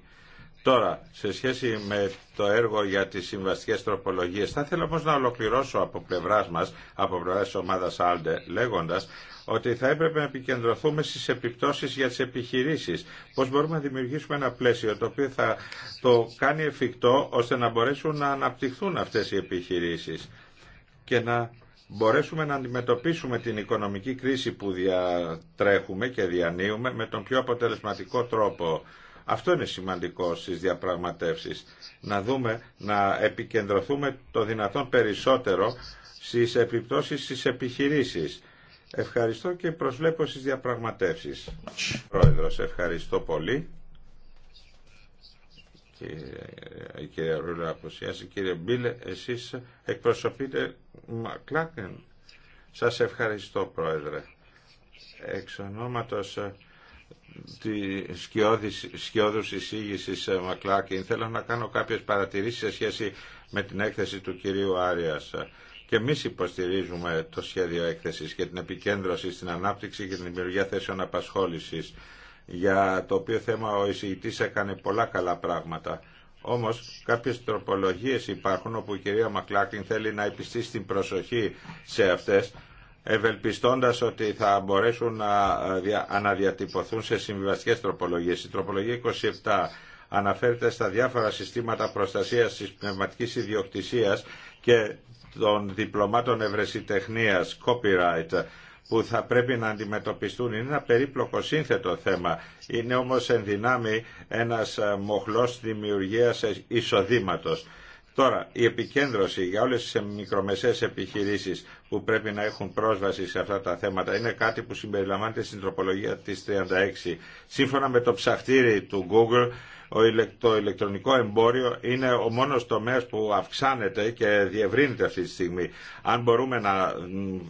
E: Τώρα, σε σχέση με το έργο για τι συμβαστικέ τροπολογίε, θα ήθελα όμω να ολοκληρώσω από πλευρά μα, από πλευρά τη ομάδας Άλντε, λέγοντα ότι θα έπρεπε να επικεντρωθούμε στι επιπτώσει για τι επιχειρήσει, πώ μπορούμε να δημιουργήσουμε ένα πλαίσιο το οποίο θα το κάνει εφικτό ώστε να μπορέσουν να αναπτυχθούν αυτέ οι επιχειρήσει και να μπορέσουμε να αντιμετωπίσουμε την οικονομική κρίση που διατρέχουμε και διανύουμε με τον πιο αποτελεσματικό τρόπο αυτό είναι σημαντικό στις διαπραγματεύσεις. Να δούμε, να επικεντρωθούμε το δυνατόν περισσότερο στις επιπτώσεις στις επιχειρήσεις. Ευχαριστώ και προσβλέπω στις διαπραγματεύσεις. Πρόεδρος, ευχαριστώ πολύ. Κύριε, η κυρία Ρούλα αποσιάζει. Κύριε Μπίλε, εσείς εκπροσωπείτε Μακλάκεν. Σας ευχαριστώ, Πρόεδρε. Εξ ονόματος ε, τη σκιώδους εισήγηση ε, Μακλάκιν θέλω να κάνω κάποιες παρατηρήσεις σε σχέση με την έκθεση του κυρίου Άριας. Και εμεί υποστηρίζουμε το σχέδιο έκθεσης και την επικέντρωση στην ανάπτυξη και την δημιουργία θέσεων απασχόλησης για το οποίο θέμα ο εισηγητή έκανε πολλά καλά πράγματα. Όμως κάποιες τροπολογίε υπάρχουν όπου η κυρία Μακλάκιν θέλει να επιστήσει την προσοχή σε αυτές ευελπιστώντας ότι θα μπορέσουν να ε, αναδιατυπωθούν σε συμβιβαστικές τροπολογίες. Η τροπολογία 27 αναφέρεται στα διάφορα συστήματα προστασίας της πνευματικής ιδιοκτησίας και των διπλωμάτων ευρεσιτεχνίας, copyright, που θα πρέπει να αντιμετωπιστούν. Είναι ένα περίπλοκο σύνθετο θέμα. Είναι όμως εν δυνάμει ένας ε, μοχλός δημιουργίας ε, εισοδήματος. Τώρα, η επικέντρωση για όλες τις μικρομεσαίες επιχειρήσεις που πρέπει να έχουν πρόσβαση σε αυτά τα θέματα είναι κάτι που συμπεριλαμβάνεται στην τροπολογία της 36. Σύμφωνα με το ψαχτήρι του Google, το ηλεκτρονικό εμπόριο είναι ο μόνος τομέας που αυξάνεται και διευρύνεται αυτή τη στιγμή. Αν μπορούμε να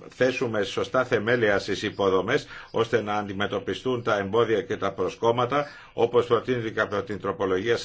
E: θέσουμε σωστά θεμέλια στις υποδομές ώστε να αντιμετωπιστούν τα εμπόδια και τα προσκόμματα όπως προτείνεται από την τροπολογία 41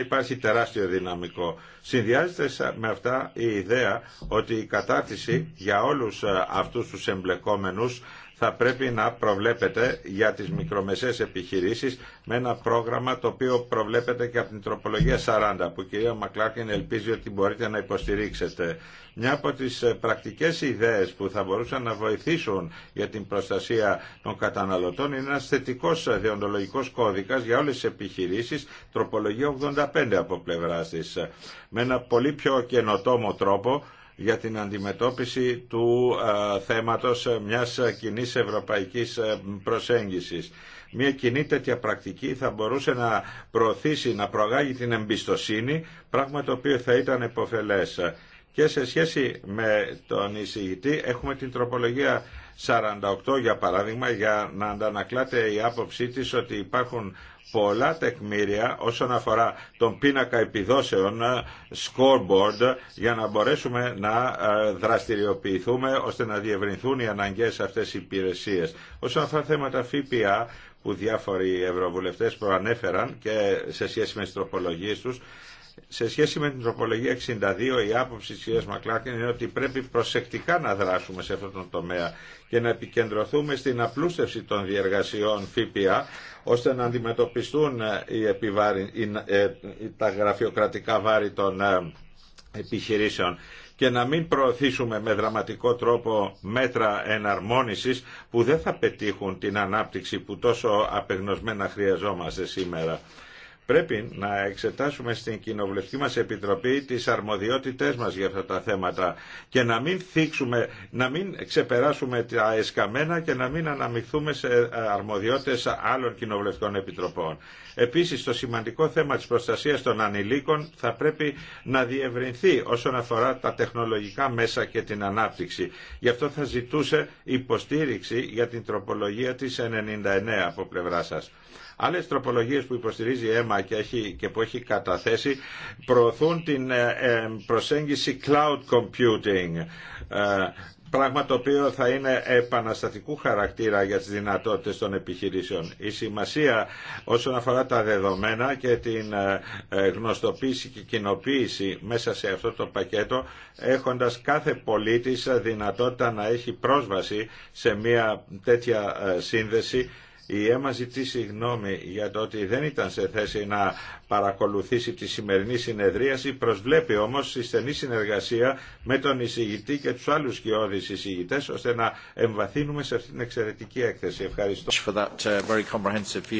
E: υπάρχει τεράστιο δυναμικό. Συνδυάζεται με αυτά η ιδέα ότι η κατάρτιση για όλους ε, αυτούς τους εμπλεκόμενους θα πρέπει να προβλέπεται για τις μικρομεσαίες επιχειρήσεις με ένα πρόγραμμα το οποίο προβλέπεται και από την τροπολογία 40 που η κυρία Μακλάκιν ελπίζει ότι μπορείτε να υποστηρίξετε. Μια από τις ε, πρακτικές ιδέες που θα μπορούσαν να βοηθήσουν για την προστασία των καταναλωτών είναι ένας θετικός ε, διοντολογικός κώδικας για όλες τις επιχειρήσεις, τροπολογία 85 από πλευράς της, ε, με ένα πολύ πιο καινοτόμο τρόπο για την αντιμετώπιση του ε, θέματος μιας κοινή ευρωπαϊκής ε, προσέγγισης. Μια κοινή τέτοια πρακτική θα μπορούσε να προωθήσει, να προαγάγει την εμπιστοσύνη, πράγμα το οποίο θα ήταν υποφελές. Και σε σχέση με τον εισηγητή έχουμε την τροπολογία 48 για παράδειγμα για να αντανακλάτε η άποψή της ότι υπάρχουν πολλά τεκμήρια όσον αφορά τον πίνακα επιδόσεων ε, scoreboard για να μπορέσουμε να ε, δραστηριοποιηθούμε ώστε να διευρυνθούν οι αναγκαίες αυτές οι υπηρεσίες. Όσον αφορά θέματα ΦΠΑ που διάφοροι ευρωβουλευτές προανέφεραν και σε σχέση με τις τροπολογίες τους, σε σχέση με την τροπολογία 62 η άποψη της κυρία είναι ότι πρέπει προσεκτικά να δράσουμε σε αυτόν τον τομέα και να επικεντρωθούμε στην απλούστευση των διεργασιών ΦΠΑ ώστε να αντιμετωπιστούν ε, οι επιβάρη, ε, τα γραφειοκρατικά βάρη των ε, επιχειρήσεων και να μην προωθήσουμε με δραματικό τρόπο μέτρα εναρμόνισης που δεν θα πετύχουν την ανάπτυξη που τόσο απεγνωσμένα χρειαζόμαστε σήμερα. Πρέπει να εξετάσουμε στην κοινοβουλευτική μας επιτροπή τις αρμοδιότητές μας για αυτά τα θέματα και να μην θίξουμε, να μην ξεπεράσουμε τα εσκαμμένα και να μην αναμειχθούμε σε ε, αρμοδιότητες άλλων κοινοβουλευτικών επιτροπών. Επίσης, το σημαντικό θέμα της προστασίας των ανηλίκων θα πρέπει να διευρυνθεί όσον αφορά τα τεχνολογικά μέσα και την ανάπτυξη. Γι' αυτό θα ζητούσε υποστήριξη για την τροπολογία της 99 από πλευρά σας. Άλλες τροπολογίες που υποστηρίζει η ΕΜΑ και, έχει, και που έχει καταθέσει προωθούν την ε, ε, προσέγγιση cloud computing ε, πράγμα το οποίο θα είναι επαναστατικού χαρακτήρα για τις δυνατότητες των επιχειρήσεων. Η σημασία όσον αφορά τα δεδομένα και την γνωστοποίηση και κοινοποίηση μέσα σε αυτό το πακέτο, έχοντας κάθε πολίτης δυνατότητα να έχει πρόσβαση σε μια τέτοια σύνδεση η ΕΜΑ ΕΕ ζητήσει συγγνώμη για το ότι δεν ήταν σε θέση να παρακολουθήσει τη σημερινή συνεδρίαση, προσβλέπει όμως στη στενή συνεργασία με τον εισηγητή και τους άλλους κοιόδης εισηγητές, ώστε να εμβαθύνουμε σε αυτή την εξαιρετική έκθεση. Ευχαριστώ. Uh,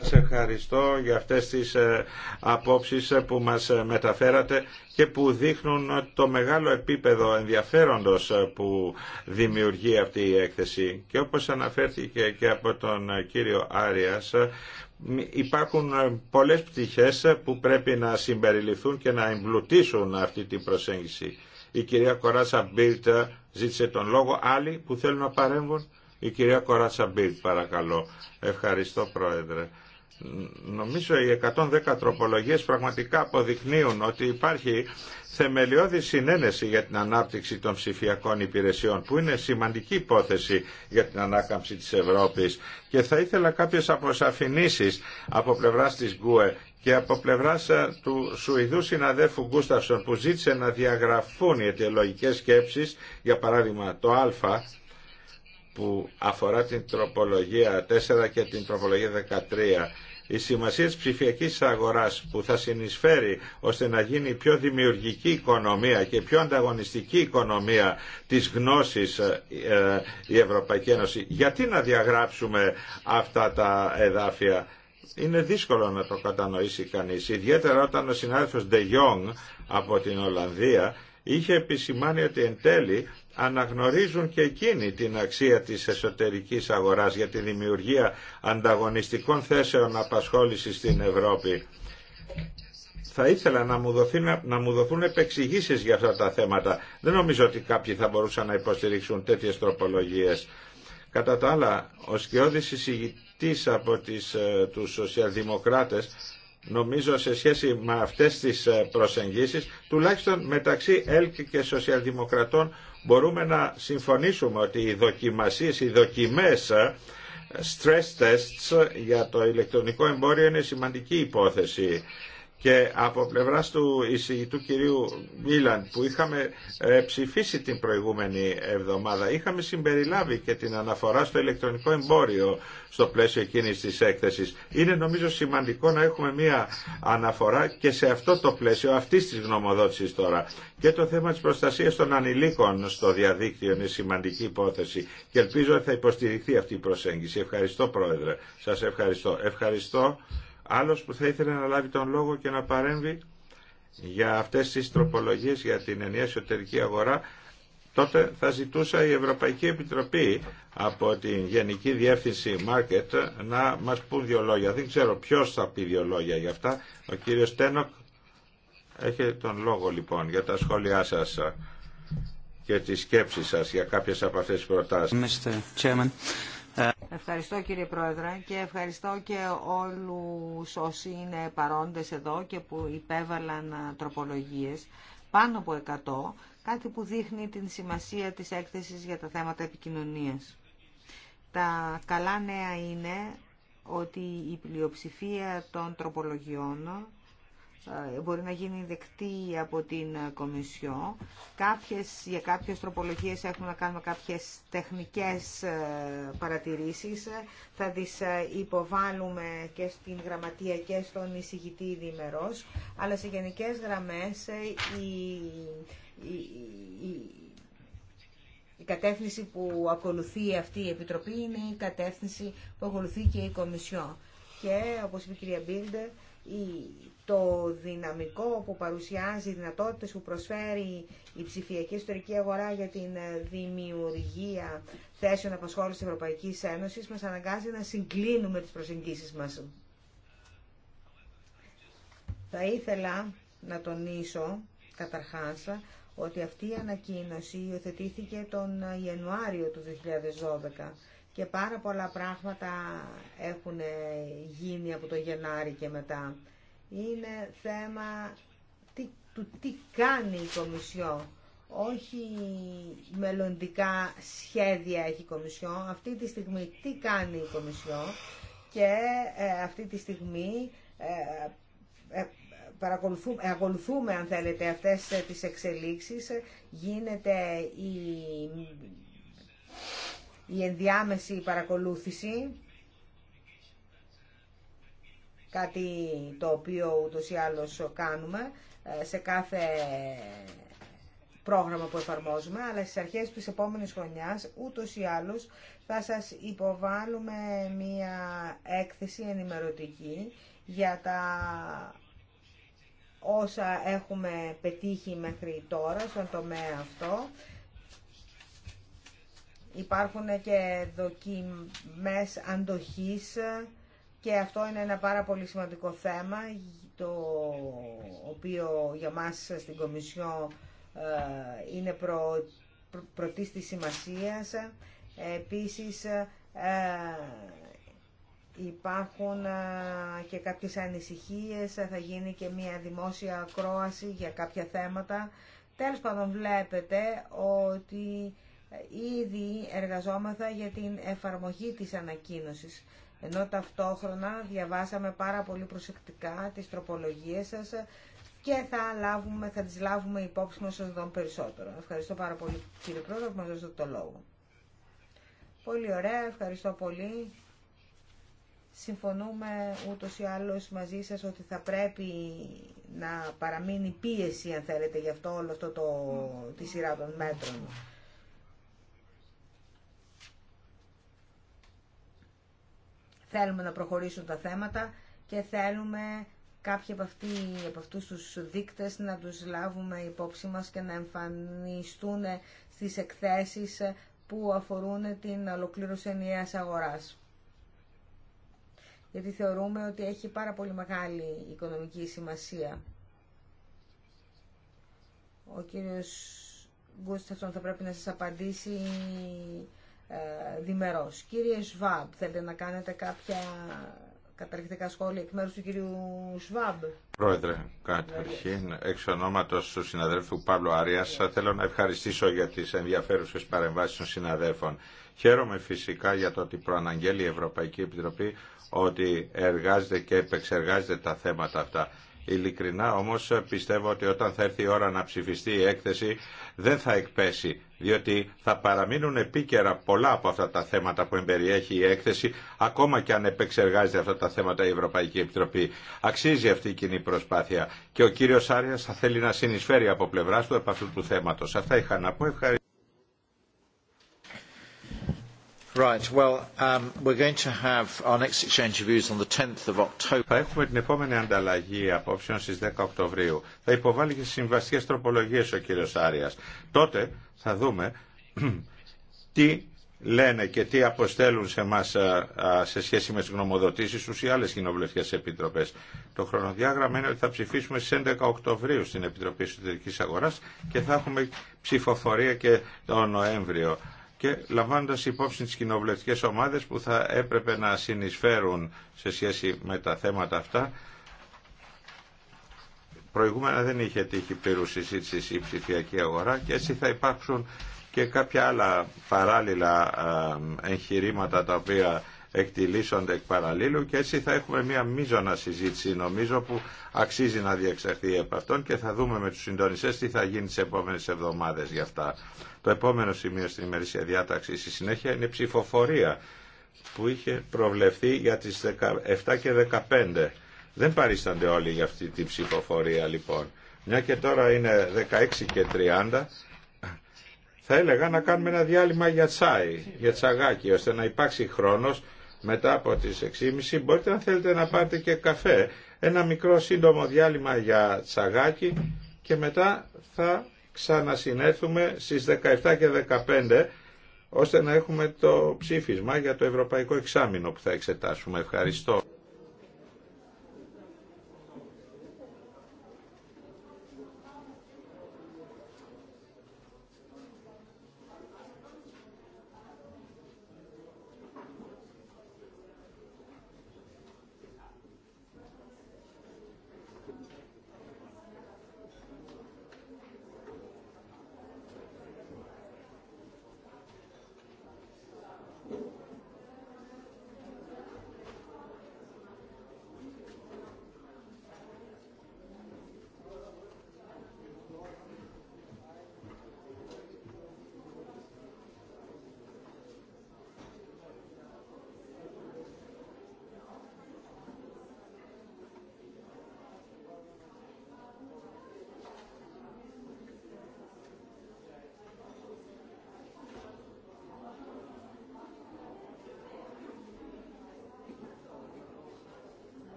E: σε ευχαριστώ για αυτές τις ε, απόψεις που μας ε, μεταφέρατε και που δείχνουν το μεγάλο επίπεδο ενδιαφέροντος ε, που δημιουργεί αυτή η έκθεση. Και όπως αναφέρθηκε και από τον ε, κύριο Άριας, ε, υπάρχουν πολλές πτυχές που πρέπει να συμπεριληφθούν και να εμπλουτίσουν αυτή την προσέγγιση. Η κυρία Κοράτσα Μπίλτ ζήτησε τον λόγο. Άλλοι που θέλουν να παρέμβουν. Η κυρία Κοράτσα Μπίλτ παρακαλώ. Ευχαριστώ Πρόεδρε. Νομίζω οι 110 τροπολογίες πραγματικά αποδεικνύουν ότι υπάρχει θεμελιώδη συνένεση για την ανάπτυξη των ψηφιακών υπηρεσιών που είναι σημαντική υπόθεση για την ανάκαμψη της Ευρώπης και θα ήθελα κάποιες αποσαφηνήσεις από πλευράς της ΓΚΟΕ και από πλευράς ε, του Σουηδού συναδέλφου Γκούσταυσον που ζήτησε να διαγραφούν οι αιτιολογικές σκέψεις, για παράδειγμα το Α, που αφορά την τροπολογία 4 και την τροπολογία 13 η σημασία της ψηφιακής αγοράς που θα συνεισφέρει ώστε να γίνει πιο δημιουργική οικονομία και πιο ανταγωνιστική οικονομία της γνώσης ε, ε, η Ευρωπαϊκή Ένωση. Γιατί να διαγράψουμε αυτά τα εδάφια. Είναι δύσκολο να το κατανοήσει κανείς, ιδιαίτερα όταν ο συνάδελφος De Jong από την Ολλανδία είχε επισημάνει ότι εν τέλει αναγνωρίζουν και εκείνοι την αξία της εσωτερικής αγοράς για τη δημιουργία ανταγωνιστικών θέσεων απασχόλησης στην Ευρώπη. Θα ήθελα να μου, δοθούν, να επεξηγήσεις για αυτά τα θέματα. Δεν νομίζω ότι κάποιοι θα μπορούσαν να υποστηρίξουν τέτοιες τροπολογίες. Κατά τα άλλα, ο σκιώδης εισηγητής από τις, ε, τους σοσιαλδημοκράτες νομίζω σε σχέση με αυτές τις ε, προσεγγίσεις, τουλάχιστον μεταξύ ΕΛΚ και Σοσιαλδημοκρατών μπορούμε να συμφωνήσουμε ότι οι δοκιμασίες, οι δοκιμές ε, stress tests για το ηλεκτρονικό εμπόριο είναι σημαντική υπόθεση και από πλευρά του εισηγητού κυρίου Μίλαν που είχαμε ε, ψηφίσει την προηγούμενη εβδομάδα είχαμε συμπεριλάβει και την αναφορά στο ηλεκτρονικό εμπόριο στο πλαίσιο εκείνης της έκθεσης. Είναι νομίζω σημαντικό να έχουμε μία αναφορά και σε αυτό το πλαίσιο αυτής της γνωμοδότησης τώρα. Και το θέμα της προστασίας των ανηλίκων στο διαδίκτυο είναι σημαντική υπόθεση και ελπίζω ότι θα υποστηριχθεί αυτή η προσέγγιση. Ευχαριστώ Πρόεδρε. Σας ευχαριστώ. Ευχαριστώ Άλλος που θα ήθελε να λάβει τον λόγο και να παρέμβει για αυτές τις τροπολογίες για την ενιαία εσωτερική αγορά, τότε θα ζητούσα η Ευρωπαϊκή Επιτροπή από την Γενική Διεύθυνση Market να μας πούν δύο λόγια. Δεν ξέρω ποιος θα πει δύο λόγια για αυτά. Ο κύριος Τένοκ έχει τον λόγο λοιπόν για τα σχόλιά σας και τις σκέψεις σας για κάποιες από αυτές τις προτάσεις.
C: Ευχαριστώ κύριε Πρόεδρε και ευχαριστώ και όλους όσοι είναι παρόντες εδώ και που υπέβαλαν τροπολογίες πάνω από 100, κάτι που δείχνει την σημασία της έκθεσης για τα θέματα επικοινωνίας. Τα καλά νέα είναι ότι η πλειοψηφία των τροπολογιών ε, μπορεί να γίνει δεκτή από την Κομισιό. Κάποιες, για κάποιες τροπολογίες έχουμε να κάνουμε κάποιες τεχνικές ε, παρατηρήσεις. Θα τις ε, υποβάλουμε και στην γραμματεία και στον εισηγητή διμερός. Αλλά σε γενικές γραμμές η, η, η, κατεύθυνση που ακολουθεί αυτή η Επιτροπή είναι η κατεύθυνση που ακολουθεί και η Κομισιό. Και, όπως είπε η κυρία το δυναμικό που παρουσιάζει, οι δυνατότητες που προσφέρει η ψηφιακή ιστορική αγορά για την ε, δημιουργία θέσεων απασχόλησης της Ευρωπαϊκής Ένωσης μας αναγκάζει να συγκλίνουμε τις προσεγγίσεις μας. Θα ήθελα να τονίσω καταρχάς ότι αυτή η ανακοίνωση υιοθετήθηκε τον Ιανουάριο του 2012 και πάρα πολλά πράγματα έχουν ε, γίνει από τον Γενάρη και μετά είναι θέμα του τι κάνει η Κομισιό. Όχι μελλοντικά σχέδια έχει η Κομισιό. Αυτή τη στιγμή τι κάνει η Κομισιό και ε, αυτή τη στιγμή ε, ε παρακολουθούμε, ε, ακολουθούμε αν θέλετε αυτές τις εξελίξεις γίνεται η, η ενδιάμεση παρακολούθηση κάτι το οποίο ούτως ή άλλως κάνουμε ε, σε κάθε πρόγραμμα που εφαρμόζουμε, αλλά στις αρχές της επόμενης χρονιάς ούτως ή άλλως θα σας υποβάλουμε μία έκθεση ενημερωτική για τα όσα έχουμε πετύχει μέχρι τώρα στον τομέα αυτό. Υπάρχουν και δοκιμές αντοχής και αυτό είναι ένα πάρα πολύ σημαντικό θέμα το οποίο για μας στην Κομισιό ε, είναι προ, προ, πρωτής Επίσης ε, υπάρχουν ε, και κάποιες ανησυχίες, θα γίνει και μια δημόσια ακρόαση για κάποια θέματα. Τέλος πάντων βλέπετε ότι ήδη εργαζόμαστε για την εφαρμογή της ανακοίνωσης. Ενώ ταυτόχρονα διαβάσαμε πάρα πολύ προσεκτικά τις τροπολογίες σας και θα, λάβουμε, θα τις λάβουμε υπόψη μας ως δόν περισσότερο. Ευχαριστώ πάρα πολύ κύριε Πρόεδρε που μας δώσετε το λόγο. Πολύ ωραία, ευχαριστώ πολύ. Συμφωνούμε ούτως ή άλλως μαζί σας ότι θα πρέπει να παραμείνει πίεση, αν θέλετε, γι' αυτό όλο αυτό το, τη σειρά των μέτρων. θέλουμε να προχωρήσουν τα θέματα και θέλουμε κάποιοι από, αυτοί, αυτούς τους δείκτες να τους λάβουμε υπόψη μας και να εμφανιστούν στις εκθέσεις που αφορούν την ολοκλήρωση ενιαίας αγοράς. Γιατί θεωρούμε ότι έχει πάρα πολύ μεγάλη οικονομική σημασία. Ο κύριος Γκούστασον θα πρέπει να σας απαντήσει ε, διμερός. Κύριε Σβάμπ, θέλετε να κάνετε κάποια καταρχητικά σχόλια εκ μέρους του κύριου Σβάμπ.
E: Πρόεδρε, καταρχήν, εξ ονόματος του συναδέλφου Παύλου Αρίας, ναι. θέλω να ευχαριστήσω για τις ενδιαφέρουσες παρεμβάσεις των συναδέλφων. Χαίρομαι φυσικά για το ότι προαναγγέλει η Ευρωπαϊκή Επιτροπή ότι εργάζεται και επεξεργάζεται τα θέματα αυτά. Ειλικρινά όμως πιστεύω ότι όταν θα έρθει η ώρα να ψηφιστεί η έκθεση δεν θα εκπέσει διότι θα παραμείνουν επίκαιρα πολλά από αυτά τα θέματα που εμπεριέχει η έκθεση, ακόμα και αν επεξεργάζεται αυτά τα θέματα η Ευρωπαϊκή Επιτροπή. Αξίζει αυτή η κοινή προσπάθεια και ο κύριος Άριας θα θέλει να συνεισφέρει από πλευράς του επ' αυτού του θέματος. Αυτά είχα να πω. Ευχαριστώ. Right, well, um, we're going to have our next exchange views on the 10th of October. Θα έχουμε την επόμενη ανταλλαγή απόψεων στις 10 Οκτωβρίου. Θα υποβάλει και συμβαστικές τροπολογίες ο κύριος Άριας. Τότε θα δούμε [CLEARS THROAT] τι λένε και τι αποστέλουν σε μας σε σχέση με τι γνωμοδοτήσει του ή άλλες κοινοβουλευτικέ επιτροπές. Το χρονοδιάγραμμα είναι ότι θα ψηφίσουμε στις 11 Οκτωβρίου στην Επιτροπή Εσωτερική Αγοράς και θα έχουμε ψηφοφορία και τον Νοέμβριο και λαμβάνοντας υπόψη τι κοινοβουλευτικέ ομάδε που θα έπρεπε να συνεισφέρουν σε σχέση με τα θέματα αυτά. Προηγούμενα δεν είχε τύχει πλήρου συζήτηση η ψηφιακή αγορά και έτσι θα υπάρξουν και κάποια άλλα παράλληλα εγχειρήματα τα οποία εκτιλήσονται εκ παραλίλου και έτσι θα έχουμε μια μείζωνα συζήτηση νομίζω που αξίζει να διεξαχθεί από αυτόν και θα δούμε με τους συντονιστέ τι θα γίνει τις επόμενες εβδομάδες για αυτά. Το επόμενο σημείο στην ημερήσια διάταξη στη συνέχεια είναι ψηφοφορία που είχε προβλεφθεί για τις 7 και 15. Δεν παρίστανται όλοι για αυτή την ψηφοφορία λοιπόν. Μια και τώρα είναι 16 και 30, θα έλεγα να κάνουμε ένα διάλειμμα για τσάι, για τσαγάκι, ώστε να υπάρξει χρόνος μετά από τις 6.30 μπορείτε αν θέλετε να πάρετε και καφέ, ένα μικρό σύντομο διάλειμμα για τσαγάκι και μετά θα ξανασυνέθουμε στις 17 και 15 ώστε να έχουμε το ψήφισμα για το Ευρωπαϊκό Εξάμεινο που θα εξετάσουμε. Ευχαριστώ.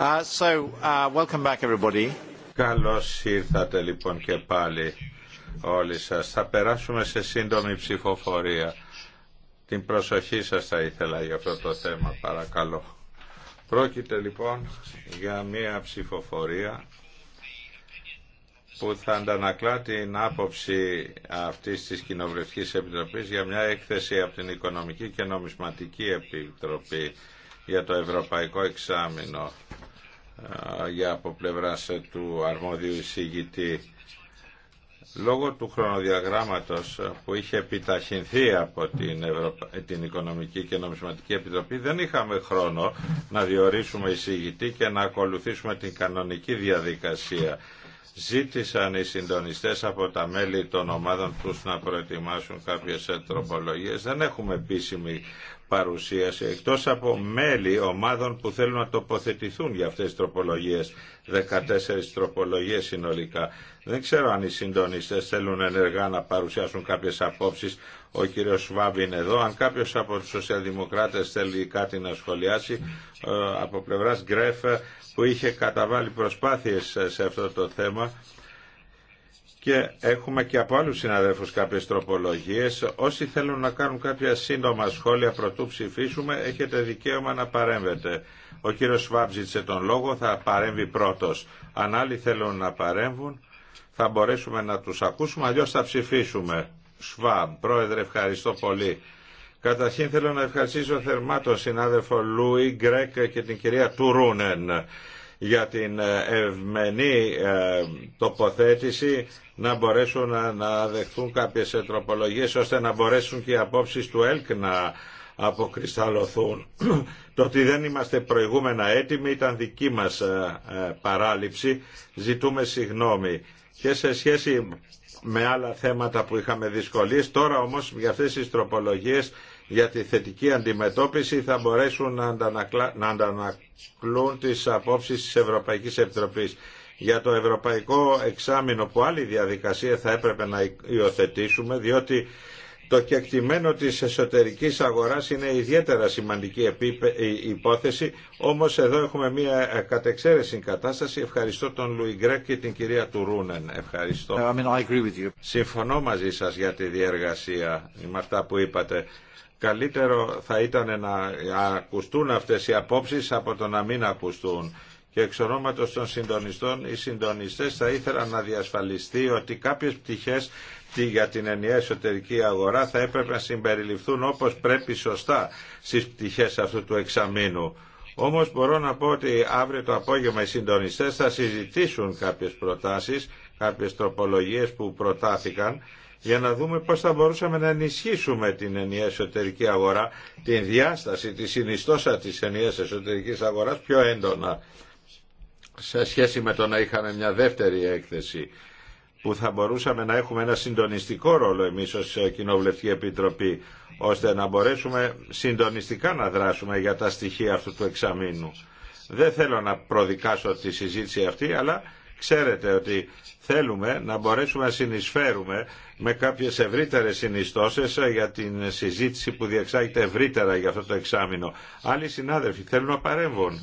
E: Uh, uh, Καλώς ήρθατε λοιπόν και πάλι όλοι σας. Θα περάσουμε σε σύντομη ψηφοφορία. Την προσοχή σας θα ήθελα για αυτό το θέμα παρακαλώ. Πρόκειται λοιπόν για μια ψηφοφορία που θα αντανακλά την άποψη αυτής της Κοινοβουλευτικής Επιτροπής για μια έκθεση από την Οικονομική και Νομισματική Επιτροπή για το Ευρωπαϊκό Εξάμεινο για από πλευρά του αρμόδιου εισηγητή. Λόγω του χρονοδιαγράμματος που είχε επιταχυνθεί από την, την Οικονομική και Νομισματική Επιτροπή δεν είχαμε χρόνο να διορίσουμε εισηγητή και να ακολουθήσουμε την κανονική διαδικασία. Ζήτησαν οι συντονιστές από τα μέλη των ομάδων τους να προετοιμάσουν κάποιες τροπολογίες. Δεν έχουμε επίσημη παρουσίαση εκτός από μέλη ομάδων που θέλουν να τοποθετηθούν για αυτές τις τροπολογίες 14 τροπολογίες συνολικά δεν ξέρω αν οι συντονιστές θέλουν ενεργά να παρουσιάσουν κάποιες απόψεις ο κύριος Σβάμπ είναι εδώ αν κάποιος από τους σοσιαλδημοκράτες θέλει κάτι να σχολιάσει ε, από πλευράς Γκρέφ που είχε καταβάλει προσπάθειες σε αυτό το θέμα και έχουμε και από άλλους συναδέλφους κάποιες τροπολογίες. Όσοι θέλουν να κάνουν κάποια σύντομα σχόλια προτού ψηφίσουμε, έχετε δικαίωμα να παρέμβετε. Ο κύριος Σβάμπ ζήτησε τον λόγο, θα παρέμβει πρώτος. Αν άλλοι θέλουν να παρέμβουν, θα μπορέσουμε να τους ακούσουμε, αλλιώς θα ψηφίσουμε. Σβάμπ, πρόεδρε, ευχαριστώ πολύ. Καταρχήν θέλω να ευχαριστήσω θερμά τον συνάδελφο Λούι Γκρέκ και την κυρία Τουρούνεν για την ε, ευμενή ε, τοποθέτηση να μπορέσουν να, δεχθούν κάποιες τροπολογίες ώστε να μπορέσουν και οι απόψεις του ΕΛΚ να αποκρισταλωθούν. [CLEARS THROAT] Το ότι δεν είμαστε προηγούμενα έτοιμοι ήταν δική μας ε, ε, παράληψη. Ζητούμε συγνώμη. Και σε σχέση με άλλα θέματα που είχαμε δυσκολίες, τώρα όμως για αυτές τις τροπολογίες για τη θετική αντιμετώπιση θα μπορέσουν να, αντανακλούν τις απόψεις της Ευρωπαϊκής Επιτροπής για το ευρωπαϊκό εξάμεινο που άλλη διαδικασία θα έπρεπε να υιοθετήσουμε διότι το κεκτημένο της εσωτερικής αγοράς είναι ιδιαίτερα σημαντική υπόθεση, όμως εδώ έχουμε μια κατεξαίρεση κατάσταση. Ευχαριστώ τον Λουι Γκρέκ και την κυρία Τουρούνεν. Ευχαριστώ. I mean, I agree with you. Συμφωνώ μαζί σας για τη διεργασία, με αυτά που είπατε. Καλύτερο θα ήταν να ακουστούν αυτές οι απόψεις από το να μην ακουστούν και εξ ονόματος των συντονιστών οι συντονιστές θα ήθελαν να διασφαλιστεί ότι κάποιες πτυχές για την ενιαία εσωτερική αγορά θα έπρεπε να συμπεριληφθούν όπως πρέπει σωστά στις πτυχές αυτού του εξαμήνου. Όμως μπορώ να πω ότι αύριο το απόγευμα οι συντονιστές θα συζητήσουν κάποιες προτάσεις, κάποιες τροπολογίες που προτάθηκαν για να δούμε πώς θα μπορούσαμε να ενισχύσουμε την ενιαία εσωτερική αγορά, την διάσταση, τη συνιστόσα της ενιαίας εσωτερικής αγοράς πιο έντονα σε σχέση με το να είχαμε μια δεύτερη έκθεση που θα μπορούσαμε να έχουμε ένα συντονιστικό ρόλο εμείς ως Κοινοβουλευτική Επιτροπή ώστε να μπορέσουμε συντονιστικά να δράσουμε για τα στοιχεία αυτού του εξαμήνου. Δεν θέλω να προδικάσω τη συζήτηση αυτή, αλλά ξέρετε ότι θέλουμε να μπορέσουμε να συνεισφέρουμε με κάποιες ευρύτερες συνιστώσεις για την συζήτηση που διεξάγεται ευρύτερα για αυτό το εξάμεινο. Άλλοι συνάδελφοι θέλουν να παρέμβουν.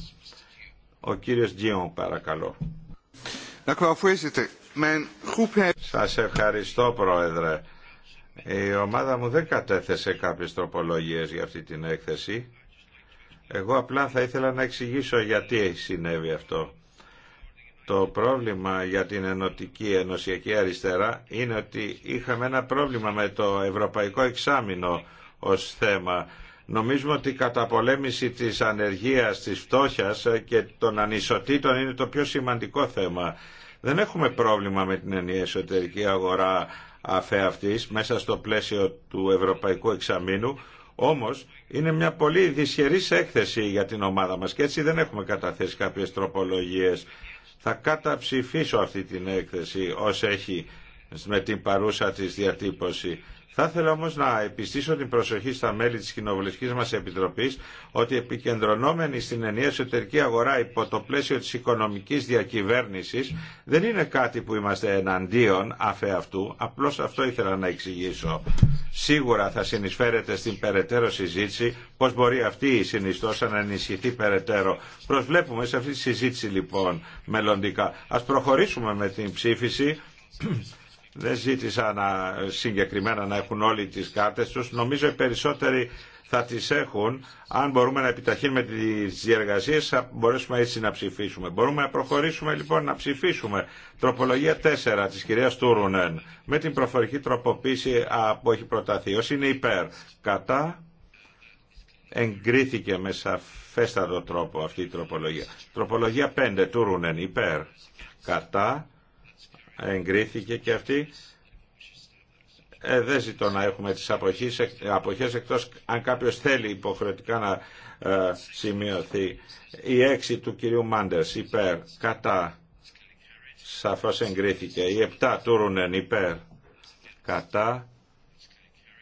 E: Ο κύριος Τζιον, παρακαλώ. Σας ευχαριστώ πρόεδρε. Η ομάδα μου δεν κατέθεσε κάποιες τροπολογίες για αυτή την έκθεση. Εγώ απλά θα ήθελα να εξηγήσω γιατί έχει συνέβη αυτό. Το πρόβλημα για την ενωτική ενωσιακή αριστερά είναι ότι είχαμε ένα πρόβλημα με το ευρωπαϊκό εξάμεινο ως θέμα Νομίζουμε ότι η καταπολέμηση της ανεργίας, της φτώχειας και των ανισοτήτων είναι το πιο σημαντικό θέμα. Δεν έχουμε πρόβλημα με την ενιαία εσωτερική αγορά αφέ αυτής μέσα στο πλαίσιο του Ευρωπαϊκού Εξαμήνου, όμως είναι μια πολύ δυσχερής έκθεση για την ομάδα μας και έτσι δεν έχουμε καταθέσει κάποιες τροπολογίες. Θα καταψηφίσω αυτή την έκθεση ως έχει με την παρούσα της διατύπωση. Θα ήθελα όμως να επιστήσω την προσοχή στα μέλη της Κοινοβουλευτικής μας Επιτροπής ότι επικεντρωνόμενοι στην ενιαία εσωτερική αγορά υπό το πλαίσιο της οικονομικής διακυβέρνησης δεν είναι κάτι που είμαστε εναντίον αφέ αυτού, απλώς αυτό ήθελα να εξηγήσω. Σίγουρα θα συνεισφέρετε στην περαιτέρω συζήτηση πώς μπορεί αυτή η συνιστόσα να ενισχυθεί περαιτέρω. Προσβλέπουμε σε αυτή τη συζήτηση λοιπόν μελλοντικά. Ας προχωρήσουμε με την ψήφιση δεν ζήτησα να, συγκεκριμένα να έχουν όλοι τις κάρτες τους. Νομίζω οι περισσότεροι θα τις έχουν. Αν μπορούμε να επιταχύνουμε τις διεργασίες θα μπορέσουμε έτσι να ψηφίσουμε. Μπορούμε να προχωρήσουμε λοιπόν να ψηφίσουμε. Τροπολογία 4 της κυρίας Τούρουνεν με την προφορική τροποποίηση που έχει προταθεί. Όσοι είναι υπέρ κατά εγκρίθηκε με σαφέστατο τρόπο αυτή η τροπολογία. Τροπολογία 5 Τούρουνεν υπέρ κατά εγκρίθηκε και αυτή. Ε, δεν ζητώ να έχουμε τις αποχές, αποχές εκτός αν κάποιος θέλει υποχρεωτικά να ε, σημειωθεί. Η 6 του κυρίου Μάντερς υπέρ, κατά, σαφώς εγκρίθηκε. Η 7 του Ρούνεν υπέρ, κατά,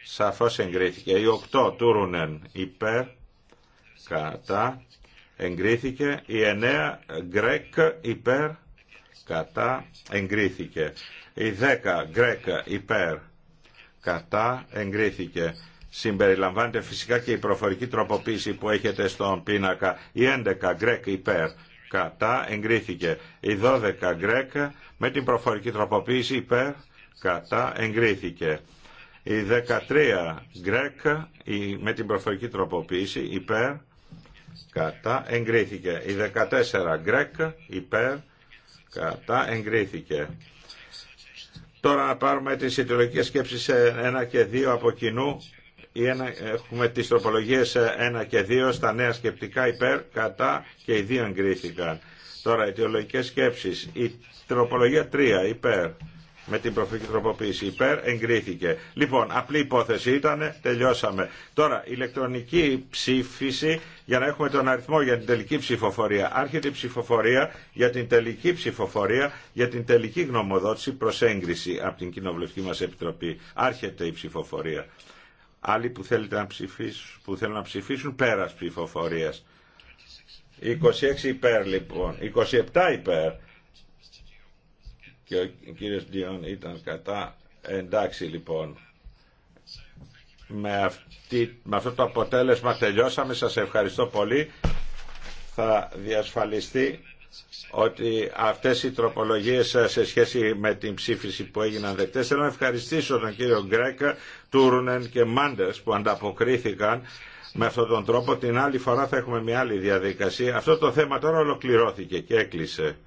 E: σαφώς εγκρίθηκε. Η 8 του Ρούνεν υπέρ, κατά, εγκρίθηκε. Η 9 Γκρέκ υπέρ, κατά εγκρίθηκε. Η 10 γκρέκ υπέρ κατά εγκρίθηκε. Συμπεριλαμβάνεται φυσικά και η προφορική τροποποίηση που έχετε στον πίνακα. Η 11 γκρέκ υπέρ κατά εγκρίθηκε. Η 12 γκρέκ με την προφορική τροποποίηση υπέρ κατά εγκρίθηκε. Η 13 γκρέκ με την προφορική τροποποίηση υπέρ κατά εγκρίθηκε. Η 14 γκρέκ υπέρ κατά εγκρίθηκε. Τώρα να πάρουμε τις ιδεολογικές σκέψεις 1 και 2 από κοινού. Ή έχουμε τις τροπολογίες 1 και 2 στα νέα σκεπτικά υπέρ, κατά και οι δύο εγκρίθηκαν. Τώρα, αιτιολογικές σκέψεις. Η τροπολογία 3 υπέρ, με την προφορική τροποποίηση υπέρ εγκρίθηκε. Λοιπόν, απλή υπόθεση ήταν, τελειώσαμε. Τώρα, ηλεκτρονική ψήφιση για να έχουμε τον αριθμό για την τελική ψηφοφορία. Άρχεται η ψηφοφορία για την τελική ψηφοφορία, για την τελική γνωμοδότηση προ έγκριση από την Κοινοβουλευτική μα Επιτροπή. Άρχεται η ψηφοφορία. Άλλοι που, θέλετε να ψηφίσουν, που θέλουν να ψηφίσουν πέρα ψηφοφορία. 26 υπέρ λοιπόν, 27 υπέρ και ο κύριος Ντιόν ήταν κατά. Εντάξει λοιπόν, με, αυτή, με αυτό το αποτέλεσμα τελειώσαμε. Σας ευχαριστώ πολύ. Θα διασφαλιστεί ότι αυτές οι τροπολογίες σε σχέση με την ψήφιση που έγιναν δεκτές θέλω να ευχαριστήσω τον κύριο Γκρέκα, Τούρουνεν και Μάντες που ανταποκρίθηκαν με αυτόν τον τρόπο την άλλη φορά θα έχουμε μια άλλη διαδικασία αυτό το θέμα τώρα ολοκληρώθηκε και έκλεισε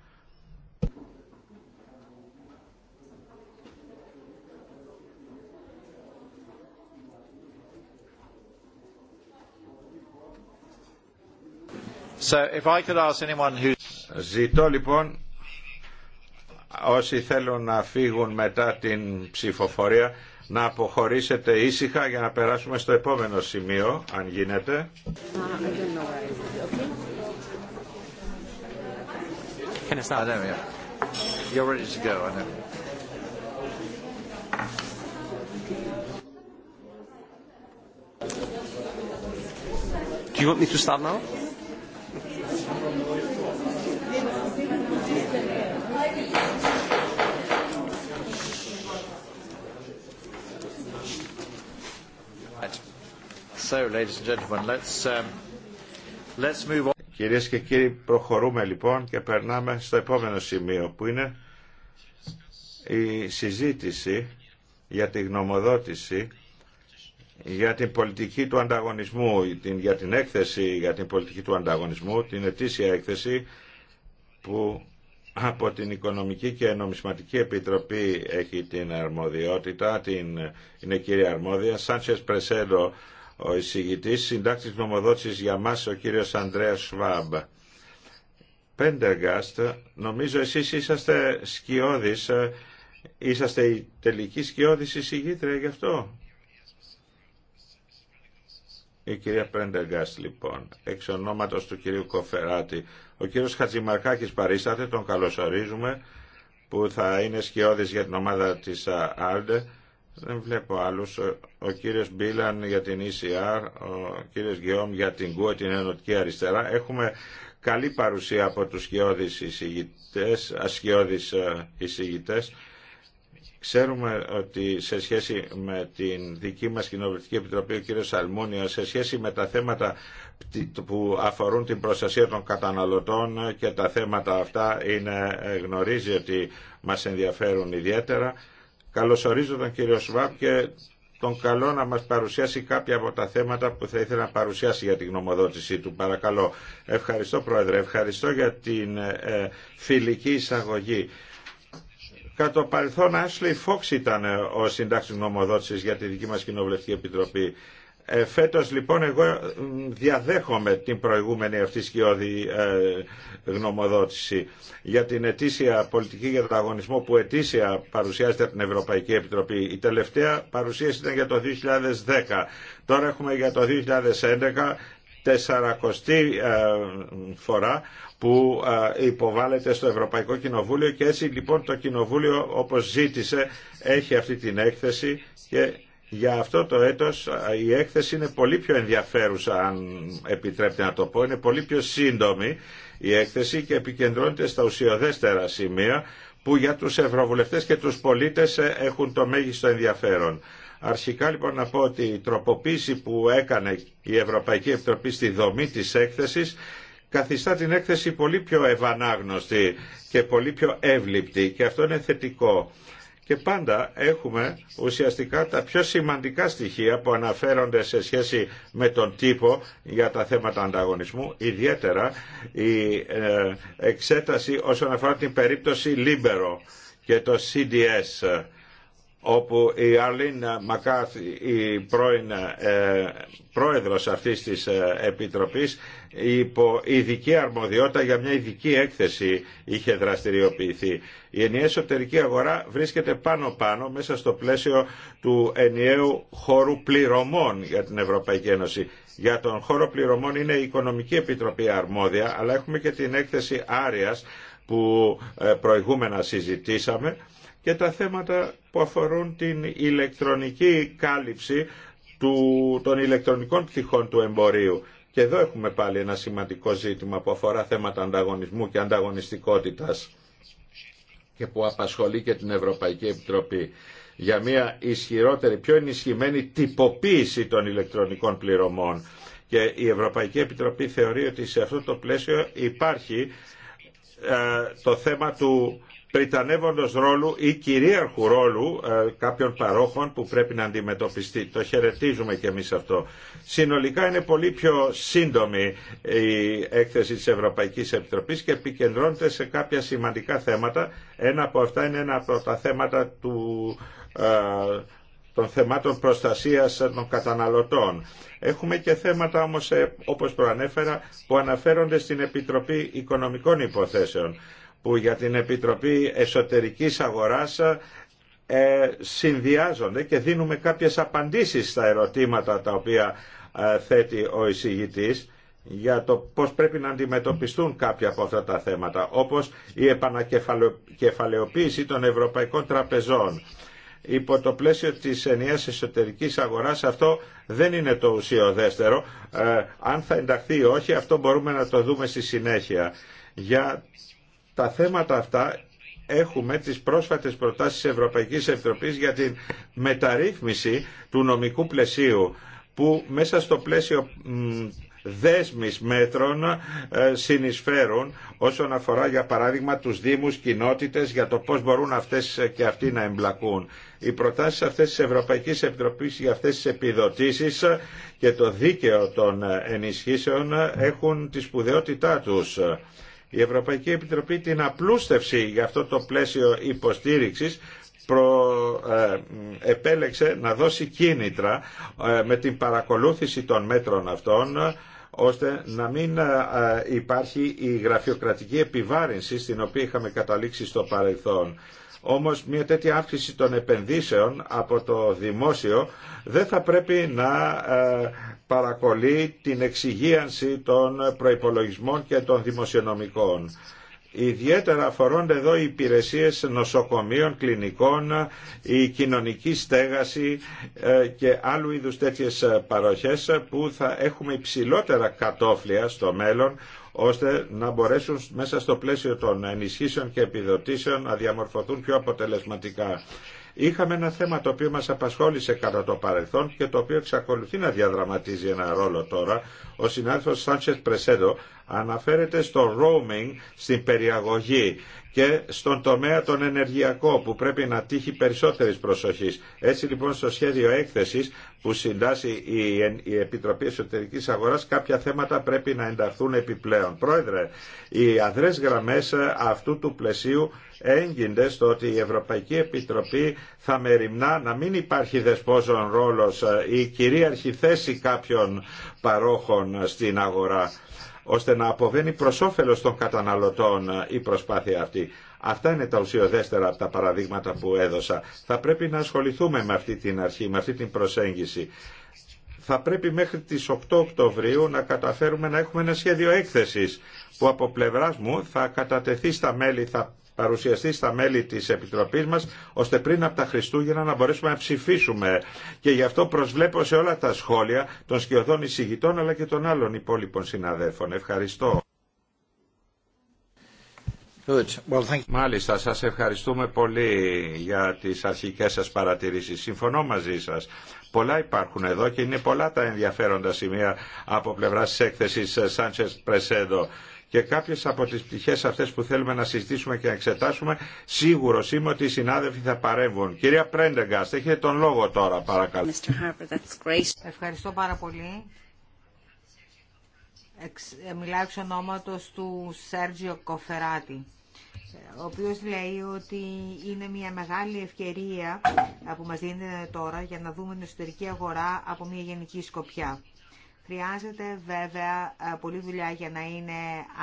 E: Ζητώ λοιπόν όσοι θέλουν να φύγουν μετά την ψηφοφορία να αποχωρήσετε ήσυχα για να περάσουμε στο επόμενο σημείο, αν γίνεται.
A: You're Do you want me to start now? Um, Κυρίες και
E: κύριοι, προχωρούμε λοιπόν και περνάμε στο επόμενο σημείο που είναι η συζήτηση για τη γνωμοδότηση για την πολιτική του ανταγωνισμού, για την έκθεση για την πολιτική του ανταγωνισμού, την ετήσια έκθεση που από την Οικονομική και Νομισματική Επιτροπή έχει την αρμοδιότητα, την, είναι κύρια αρμόδια, Σάντσες Πρεσέντο, ο εισηγητής, συντάξης νομοδότησης για μας, ο κύριος Ανδρέας Σβάμπ. Πέντεργαστ, νομίζω εσείς είσαστε σκιώδης, ε, είσαστε η τελική σκιώδης εισηγήτρια γι' αυτό. Η κυρία Πρέντεγκας λοιπόν, εξ ονόματος του κυρίου Κοφεράτη. Ο κύριος Χατζημαρκάκης παρίσταται, τον καλωσορίζουμε, που θα είναι σκιώδης για την ομάδα της ΑΛΔΕ. Δεν βλέπω άλλους. Ο κύριος Μπίλαν για την ECR, ο κύριος Γιώμ για την ΚΟΕ, την Ενωτική Αριστερά. Έχουμε καλή παρουσία από τους σκιώδης εισηγητές, ασκιώδης ε, εισηγητές. Ξέρουμε ότι σε σχέση με την δική μας Κοινοβουλευτική Επιτροπή, ο κύριος Σαλμούνιο, σε σχέση με τα θέματα που αφορούν την προστασία των καταναλωτών και τα θέματα αυτά είναι, ε, γνωρίζει ότι μας ενδιαφέρουν ιδιαίτερα. Καλωσορίζω τον κύριο Σβάπ και τον καλό να μας παρουσιάσει κάποια από τα θέματα που θα ήθελα να παρουσιάσει για την γνωμοδότησή του. Παρακαλώ. Ευχαριστώ Πρόεδρε, ευχαριστώ για την ε, φιλική εισαγωγή. Κατά το παρελθόν, Άσλι Φόξ ήταν ε, ο συντάξης νομοδότηση για τη δική μα Κοινοβουλευτική Επιτροπή. Ε, φέτος λοιπόν εγώ ε, διαδέχομαι την προηγούμενη αυτή σκιώδη ε, γνωμοδότηση για την ετήσια πολιτική για τον αγωνισμό που ετήσια παρουσιάζεται από την Ευρωπαϊκή Επιτροπή. Η τελευταία παρουσίαση ήταν για το 2010. Τώρα έχουμε για το 2011 τεσσαρακοστή ε, φορά που ε, υποβάλλεται στο Ευρωπαϊκό Κοινοβούλιο και έτσι λοιπόν το Κοινοβούλιο όπως ζήτησε έχει αυτή την έκθεση και για αυτό το έτος ε, η έκθεση είναι πολύ πιο ενδιαφέρουσα αν επιτρέπετε να το πω, είναι πολύ πιο σύντομη η έκθεση και επικεντρώνεται στα ουσιοδέστερα σημεία που για τους ευρωβουλευτές και τους πολίτες έχουν το μέγιστο ενδιαφέρον. Αρχικά λοιπόν να πω ότι η τροποποίηση που έκανε η Ευρωπαϊκή Επιτροπή στη δομή της έκθεσης καθιστά την έκθεση πολύ πιο ευανάγνωστη και πολύ πιο εύληπτη και αυτό είναι θετικό. Και πάντα έχουμε ουσιαστικά τα πιο σημαντικά στοιχεία που αναφέρονται σε σχέση με τον τύπο για τα θέματα ανταγωνισμού, ιδιαίτερα η ε, εξέταση όσον αφορά την περίπτωση Λίμπερο και το CDS όπου η Αρλίν Μακάθ, η πρώην ε, πρόεδρος αυτής της ε, Επιτροπής, υπό ειδική αρμοδιότητα για μια ειδική έκθεση είχε δραστηριοποιηθεί. Η ενιαία εσωτερική αγορά βρίσκεται πάνω-πάνω μέσα στο πλαίσιο του ενιαίου χώρου πληρωμών για την Ευρωπαϊκή Ένωση. Για τον χώρο πληρωμών είναι η Οικονομική Επιτροπή αρμόδια, αλλά έχουμε και την έκθεση Άριας που ε, προηγούμενα συζητήσαμε και τα θέματα που αφορούν την ηλεκτρονική κάλυψη του, των ηλεκτρονικών πτυχών του εμπορίου. Και εδώ έχουμε πάλι ένα σημαντικό ζήτημα που αφορά θέματα ανταγωνισμού και ανταγωνιστικότητας και που απασχολεί και την Ευρωπαϊκή Επιτροπή για μια ισχυρότερη, πιο ενισχυμένη τυποποίηση των ηλεκτρονικών πληρωμών. Και η Ευρωπαϊκή Επιτροπή θεωρεί ότι σε αυτό το πλαίσιο υπάρχει ε, το θέμα του πριτανεύοντος ρόλου ή κυρίαρχου ρόλου ε, κάποιων παρόχων που πρέπει να αντιμετωπιστεί. Το χαιρετίζουμε και εμείς αυτό. Συνολικά είναι πολύ πιο σύντομη η έκθεση της Ευρωπαϊκής Επιτροπής και επικεντρώνεται σε κάποια σημαντικά θέματα. Ένα από αυτά είναι ένα από τα θέματα του, ε, των θεμάτων προστασίας των καταναλωτών. Έχουμε και θέματα όμως, ε, όπως προανέφερα, που αναφέρονται στην Επιτροπή Οικονομικών Υποθέσεων που για την Επιτροπή Εσωτερικής Αγοράς ε, συνδυάζονται και δίνουμε κάποιες απαντήσεις στα ερωτήματα τα οποία ε, θέτει ο εισηγητής για το πώς πρέπει να αντιμετωπιστούν κάποια από αυτά τα θέματα, όπως η επανακεφαλαιοποίηση των ευρωπαϊκών τραπεζών. Υπό το πλαίσιο της ενιαίας εσωτερικής αγοράς αυτό δεν είναι το ουσιοδέστερο. Ε, αν θα ενταχθεί όχι, αυτό μπορούμε να το δούμε στη συνέχεια τα θέματα αυτά έχουμε τις πρόσφατες προτάσεις της Ευρωπαϊκής Επιτροπής για την μεταρρύθμιση του νομικού πλαισίου που μέσα στο πλαίσιο δέσμης μέτρων ε, συνεισφέρουν όσον αφορά για παράδειγμα τους Δήμους, κοινότητες για το πώς μπορούν αυτές και αυτοί να εμπλακούν. Οι προτάσεις αυτές της Ευρωπαϊκής Επιτροπής για αυτές τις επιδοτήσεις και το δίκαιο των ενισχύσεων έχουν τη σπουδαιότητά τους η Ευρωπαϊκή Επιτροπή την απλούστευση για αυτό το πλαίσιο υποστήριξης προ, ε, επέλεξε να δώσει κίνητρα ε, με την παρακολούθηση των μέτρων αυτών ώστε να μην ε, υπάρχει η γραφειοκρατική επιβάρυνση στην οποία είχαμε καταλήξει στο παρελθόν. Όμως μια τέτοια αύξηση των επενδύσεων από το δημόσιο δεν θα πρέπει να παρακολεί την εξυγίανση των προϋπολογισμών και των δημοσιονομικών. Ιδιαίτερα αφορώνται εδώ οι υπηρεσίες νοσοκομείων, κλινικών, η κοινωνική στέγαση ε, και άλλου είδους τέτοιες παροχές που θα έχουμε υψηλότερα κατόφλια στο μέλλον ώστε να μπορέσουν μέσα στο πλαίσιο των ενισχύσεων και επιδοτήσεων να διαμορφωθούν πιο αποτελεσματικά. Είχαμε ένα θέμα το οποίο μας απασχόλησε κατά το παρελθόν και το οποίο εξακολουθεί να διαδραματίζει ένα ρόλο τώρα. Ο συνάδελφος Σάντσετ Πρεσέντο αναφέρεται στο roaming, στην περιαγωγή και στον τομέα τον ενεργειακό που πρέπει να τύχει περισσότερης προσοχής. Έτσι λοιπόν στο σχέδιο έκθεσης που συντάσσει η Επιτροπή Εσωτερικής Αγοράς κάποια θέματα πρέπει να ενταχθούν επιπλέον. Πρόεδρε, οι αδρές γραμμές αυτού του πλαισίου έγκυνται στο ότι η Ευρωπαϊκή Επιτροπή θα μεριμνά να μην υπάρχει δεσπόζων ρόλος ή κυρίαρχη θέση κάποιων παρόχων στην αγορά ώστε να αποβαίνει προ όφελο των καταναλωτών ε, η προσπάθεια αυτή. Αυτά είναι τα ουσιοδέστερα από τα παραδείγματα που έδωσα. Θα πρέπει να ασχοληθούμε με αυτή την αρχή, με αυτή την προσέγγιση. Θα πρέπει μέχρι τις 8 Οκτωβρίου να καταφέρουμε να έχουμε ένα σχέδιο έκθεσης που από πλευράς μου θα κατατεθεί στα μέλη, θα παρουσιαστεί στα μέλη της Επιτροπής μας, ώστε πριν από τα Χριστούγεννα να μπορέσουμε να ψηφίσουμε. Και γι' αυτό προσβλέπω σε όλα τα σχόλια των σκιωδών εισηγητών, αλλά και των άλλων υπόλοιπων συναδέλφων. Ευχαριστώ. Well, thank you. Μάλιστα, σας ευχαριστούμε πολύ για τις αρχικές σας παρατηρήσεις. Συμφωνώ μαζί σας. Πολλά υπάρχουν εδώ και είναι πολλά τα ενδιαφέροντα σημεία από πλευράς της έκθεσης ε, Sanchez Πρεσέντο. Και κάποιες από τις πτυχές αυτές που θέλουμε να συζητήσουμε και να εξετάσουμε, σίγουρο είμαι ότι οι συνάδελφοι θα παρέμβουν. Κυρία Πρέντεγκαστ, έχετε τον λόγο τώρα, παρακαλώ.
C: Ευχαριστώ πάρα πολύ. Ε, μιλάω εξ ονόματος του Σέργιο Κοφεράτη ο οποίος λέει ότι είναι μια μεγάλη ευκαιρία που μας δίνεται τώρα για να δούμε την εσωτερική αγορά από μια γενική σκοπιά. Χρειάζεται βέβαια ε, πολλή δουλειά για να, είναι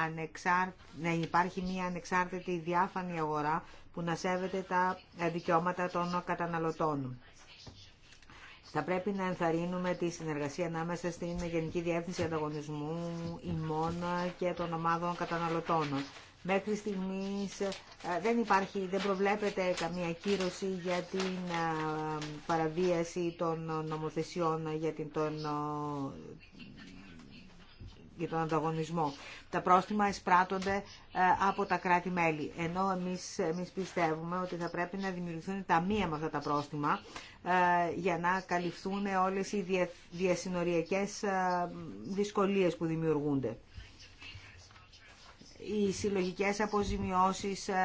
C: ανεξάρ... να υπάρχει μια ανεξάρτητη διάφανη αγορά που να σέβεται τα δικαιώματα των καταναλωτών. Θα πρέπει να ενθαρρύνουμε τη συνεργασία ανάμεσα στην Γενική Διεύθυνση Ανταγωνισμού ημών και των ομάδων καταναλωτών. Μέχρι στιγμής ε, δεν υπάρχει, δεν προβλέπεται καμία κύρωση για την ε, παραβίαση των νομοθεσιών ε, για την, τον, τον ανταγωνισμό. Τα πρόστιμα εισπράττονται από τα κράτη-μέλη, ενώ εμείς, εμείς πιστεύουμε ότι θα πρέπει να δημιουργηθούν ταμεία με αυτά τα πρόστιμα για να καλυφθούν όλες οι διασυνοριακές δυσκολίες που δημιουργούνται οι συλλογικές αποζημιώσεις ε,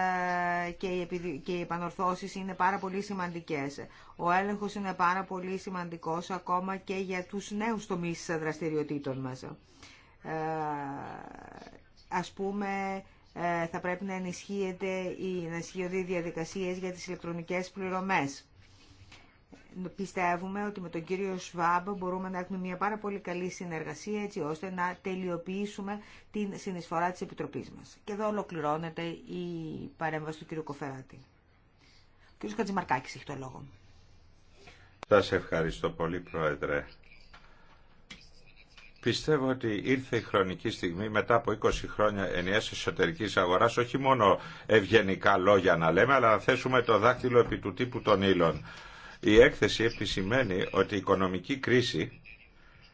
C: και οι επανορθώσεις είναι πάρα πολύ σημαντικές. Ο έλεγχος είναι πάρα πολύ σημαντικός ακόμα και για τους νέους τομείς δραστηριοτήτων μας. Ε, ας πούμε, ε, θα πρέπει να ενισχύονται οι διαδικασίες για τις ηλεκτρονικές πληρωμές πιστεύουμε ότι με τον κύριο Σβάμπ μπορούμε να έχουμε μια πάρα πολύ καλή συνεργασία έτσι ώστε να τελειοποιήσουμε την συνεισφορά της Επιτροπής μας. Και εδώ ολοκληρώνεται η παρέμβαση του κύριου Κοφεράτη. Ο κύριος Κατζημαρκάκης έχει το λόγο.
E: Σας ευχαριστώ πολύ Πρόεδρε. Πιστεύω ότι ήρθε η χρονική στιγμή μετά από 20 χρόνια ενιαίας εσωτερικής αγοράς όχι μόνο ευγενικά λόγια να λέμε αλλά να θέσουμε το δάχτυλο επί του τύπου των ύλων. Η έκθεση επισημαίνει ότι η οικονομική κρίση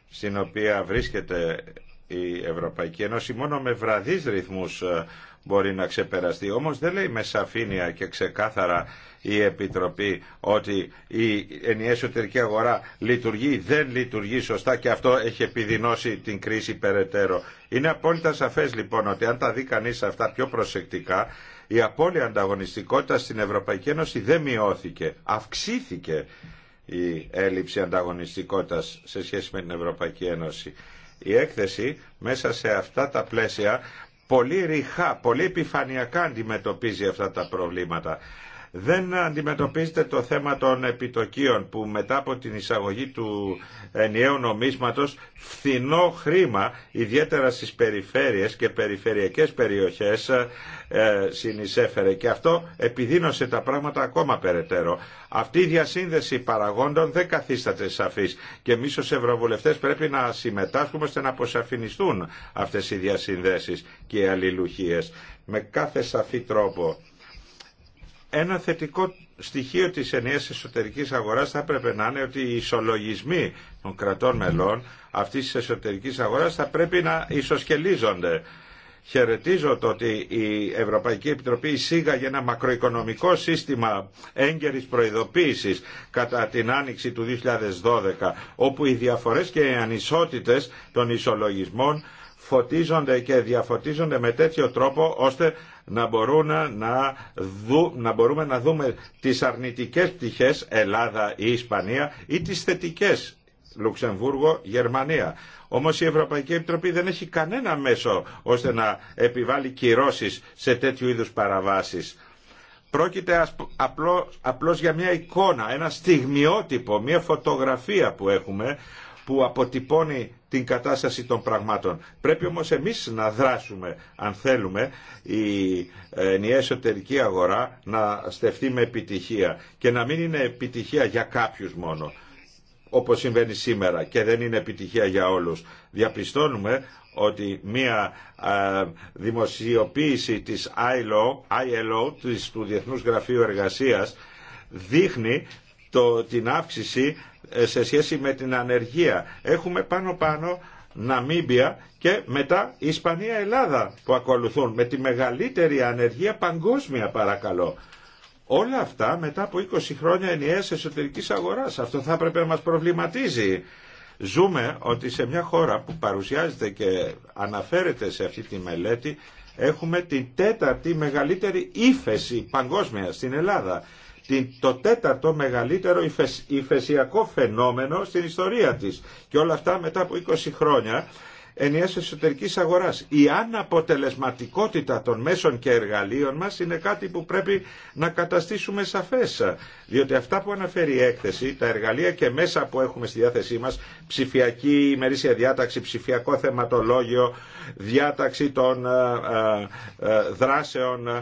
E: στην οποία βρίσκεται η Ευρωπαϊκή Ένωση μόνο με βραδείς ρυθμούς ε, μπορεί να ξεπεραστεί. Όμως δεν λέει με σαφήνεια και ξεκάθαρα η Επιτροπή ότι η ενιαία εσωτερική αγορά λειτουργεί, δεν λειτουργεί σωστά και αυτό έχει επιδεινώσει την κρίση περαιτέρω. Είναι απόλυτα σαφές λοιπόν ότι αν τα δει κανείς αυτά πιο προσεκτικά η απώλεια ανταγωνιστικότητα στην Ευρωπαϊκή Ένωση δεν μειώθηκε. Αυξήθηκε η έλλειψη ανταγωνιστικότητας σε σχέση με την Ευρωπαϊκή Ένωση. Η έκθεση μέσα σε αυτά τα πλαίσια πολύ ρηχά, πολύ επιφανειακά αντιμετωπίζει αυτά τα προβλήματα δεν αντιμετωπίζετε το θέμα των επιτοκίων που μετά από την εισαγωγή του ενιαίου νομίσματος φθηνό χρήμα ιδιαίτερα στις περιφέρειες και περιφερειακές περιοχές ε, συνεισέφερε και αυτό επιδίνωσε τα πράγματα ακόμα περαιτέρω. Αυτή η διασύνδεση παραγόντων δεν καθίσταται σαφής και εμεί ως Ευρωβουλευτές πρέπει να συμμετάσχουμε ώστε να αποσαφινιστούν αυτές οι διασυνδέσεις και οι αλληλουχίες με κάθε σαφή τρόπο ένα θετικό στοιχείο της ενιαίας εσωτερικής αγοράς θα πρέπει να είναι ότι οι ισολογισμοί των κρατών μελών αυτής της εσωτερικής αγοράς θα πρέπει να ισοσκελίζονται. Χαιρετίζω το ότι η Ευρωπαϊκή Επιτροπή εισήγαγε ένα μακροοικονομικό σύστημα έγκαιρης προειδοποίησης κατά την άνοιξη του 2012, όπου οι διαφορές και οι ανισότητες των ισολογισμών φωτίζονται και διαφωτίζονται με τέτοιο τρόπο ώστε να, να, να μπορούμε να δούμε τις αρνητικές πτυχές Ελλάδα ή Ισπανία ή τις θετικές Λουξεμβούργο, Γερμανία. Όμω η Ευρωπαϊκή γερμανια ομως η ευρωπαικη επιτροπη δεν έχει κανένα μέσο ώστε να επιβάλλει κυρώσεις σε τέτοιου είδους παραβάσεις. Πρόκειται απλώς, απλώς για μια εικόνα, ένα στιγμιότυπο, μια φωτογραφία που έχουμε που αποτυπώνει την κατάσταση των πραγμάτων. Πρέπει όμως εμείς να δράσουμε αν θέλουμε η ενιαία εσωτερική αγορά να στεφτεί με επιτυχία και να μην είναι επιτυχία για κάποιους μόνο όπως συμβαίνει σήμερα και δεν είναι επιτυχία για όλους. Διαπιστώνουμε ότι μία ε, δημοσιοποίηση της ILO, του Διεθνούς Γραφείου Εργασίας δείχνει την αύξηση ε, σε σχέση με την ανεργία. Έχουμε πάνω-πάνω Ναμίμπια και μετά Ισπανία-Ελλάδα που ακολουθούν με τη μεγαλύτερη ανεργία παγκόσμια παρακαλώ. Όλα αυτά μετά από 20 χρόνια ενιαίας εσωτερικής αγοράς. Αυτό θα έπρεπε να μας προβληματίζει. Ζούμε ότι σε μια χώρα που παρουσιάζεται και αναφέρεται σε αυτή τη μελέτη έχουμε την τέταρτη μεγαλύτερη ύφεση παγκόσμια στην Ελλάδα το τέταρτο μεγαλύτερο υφεσιακό φαινόμενο στην ιστορία της. Και όλα αυτά μετά από 20 χρόνια ενιαίας εσωτερικής αγοράς. Η αναποτελεσματικότητα των μέσων και εργαλείων μας είναι κάτι που πρέπει να καταστήσουμε σαφές. Διότι αυτά που αναφέρει η έκθεση, τα εργαλεία και μέσα που έχουμε στη διάθεσή μας, ψηφιακή ημερήσια διάταξη, ψηφιακό θεματολόγιο, διάταξη των ε, ε, δράσεων ε,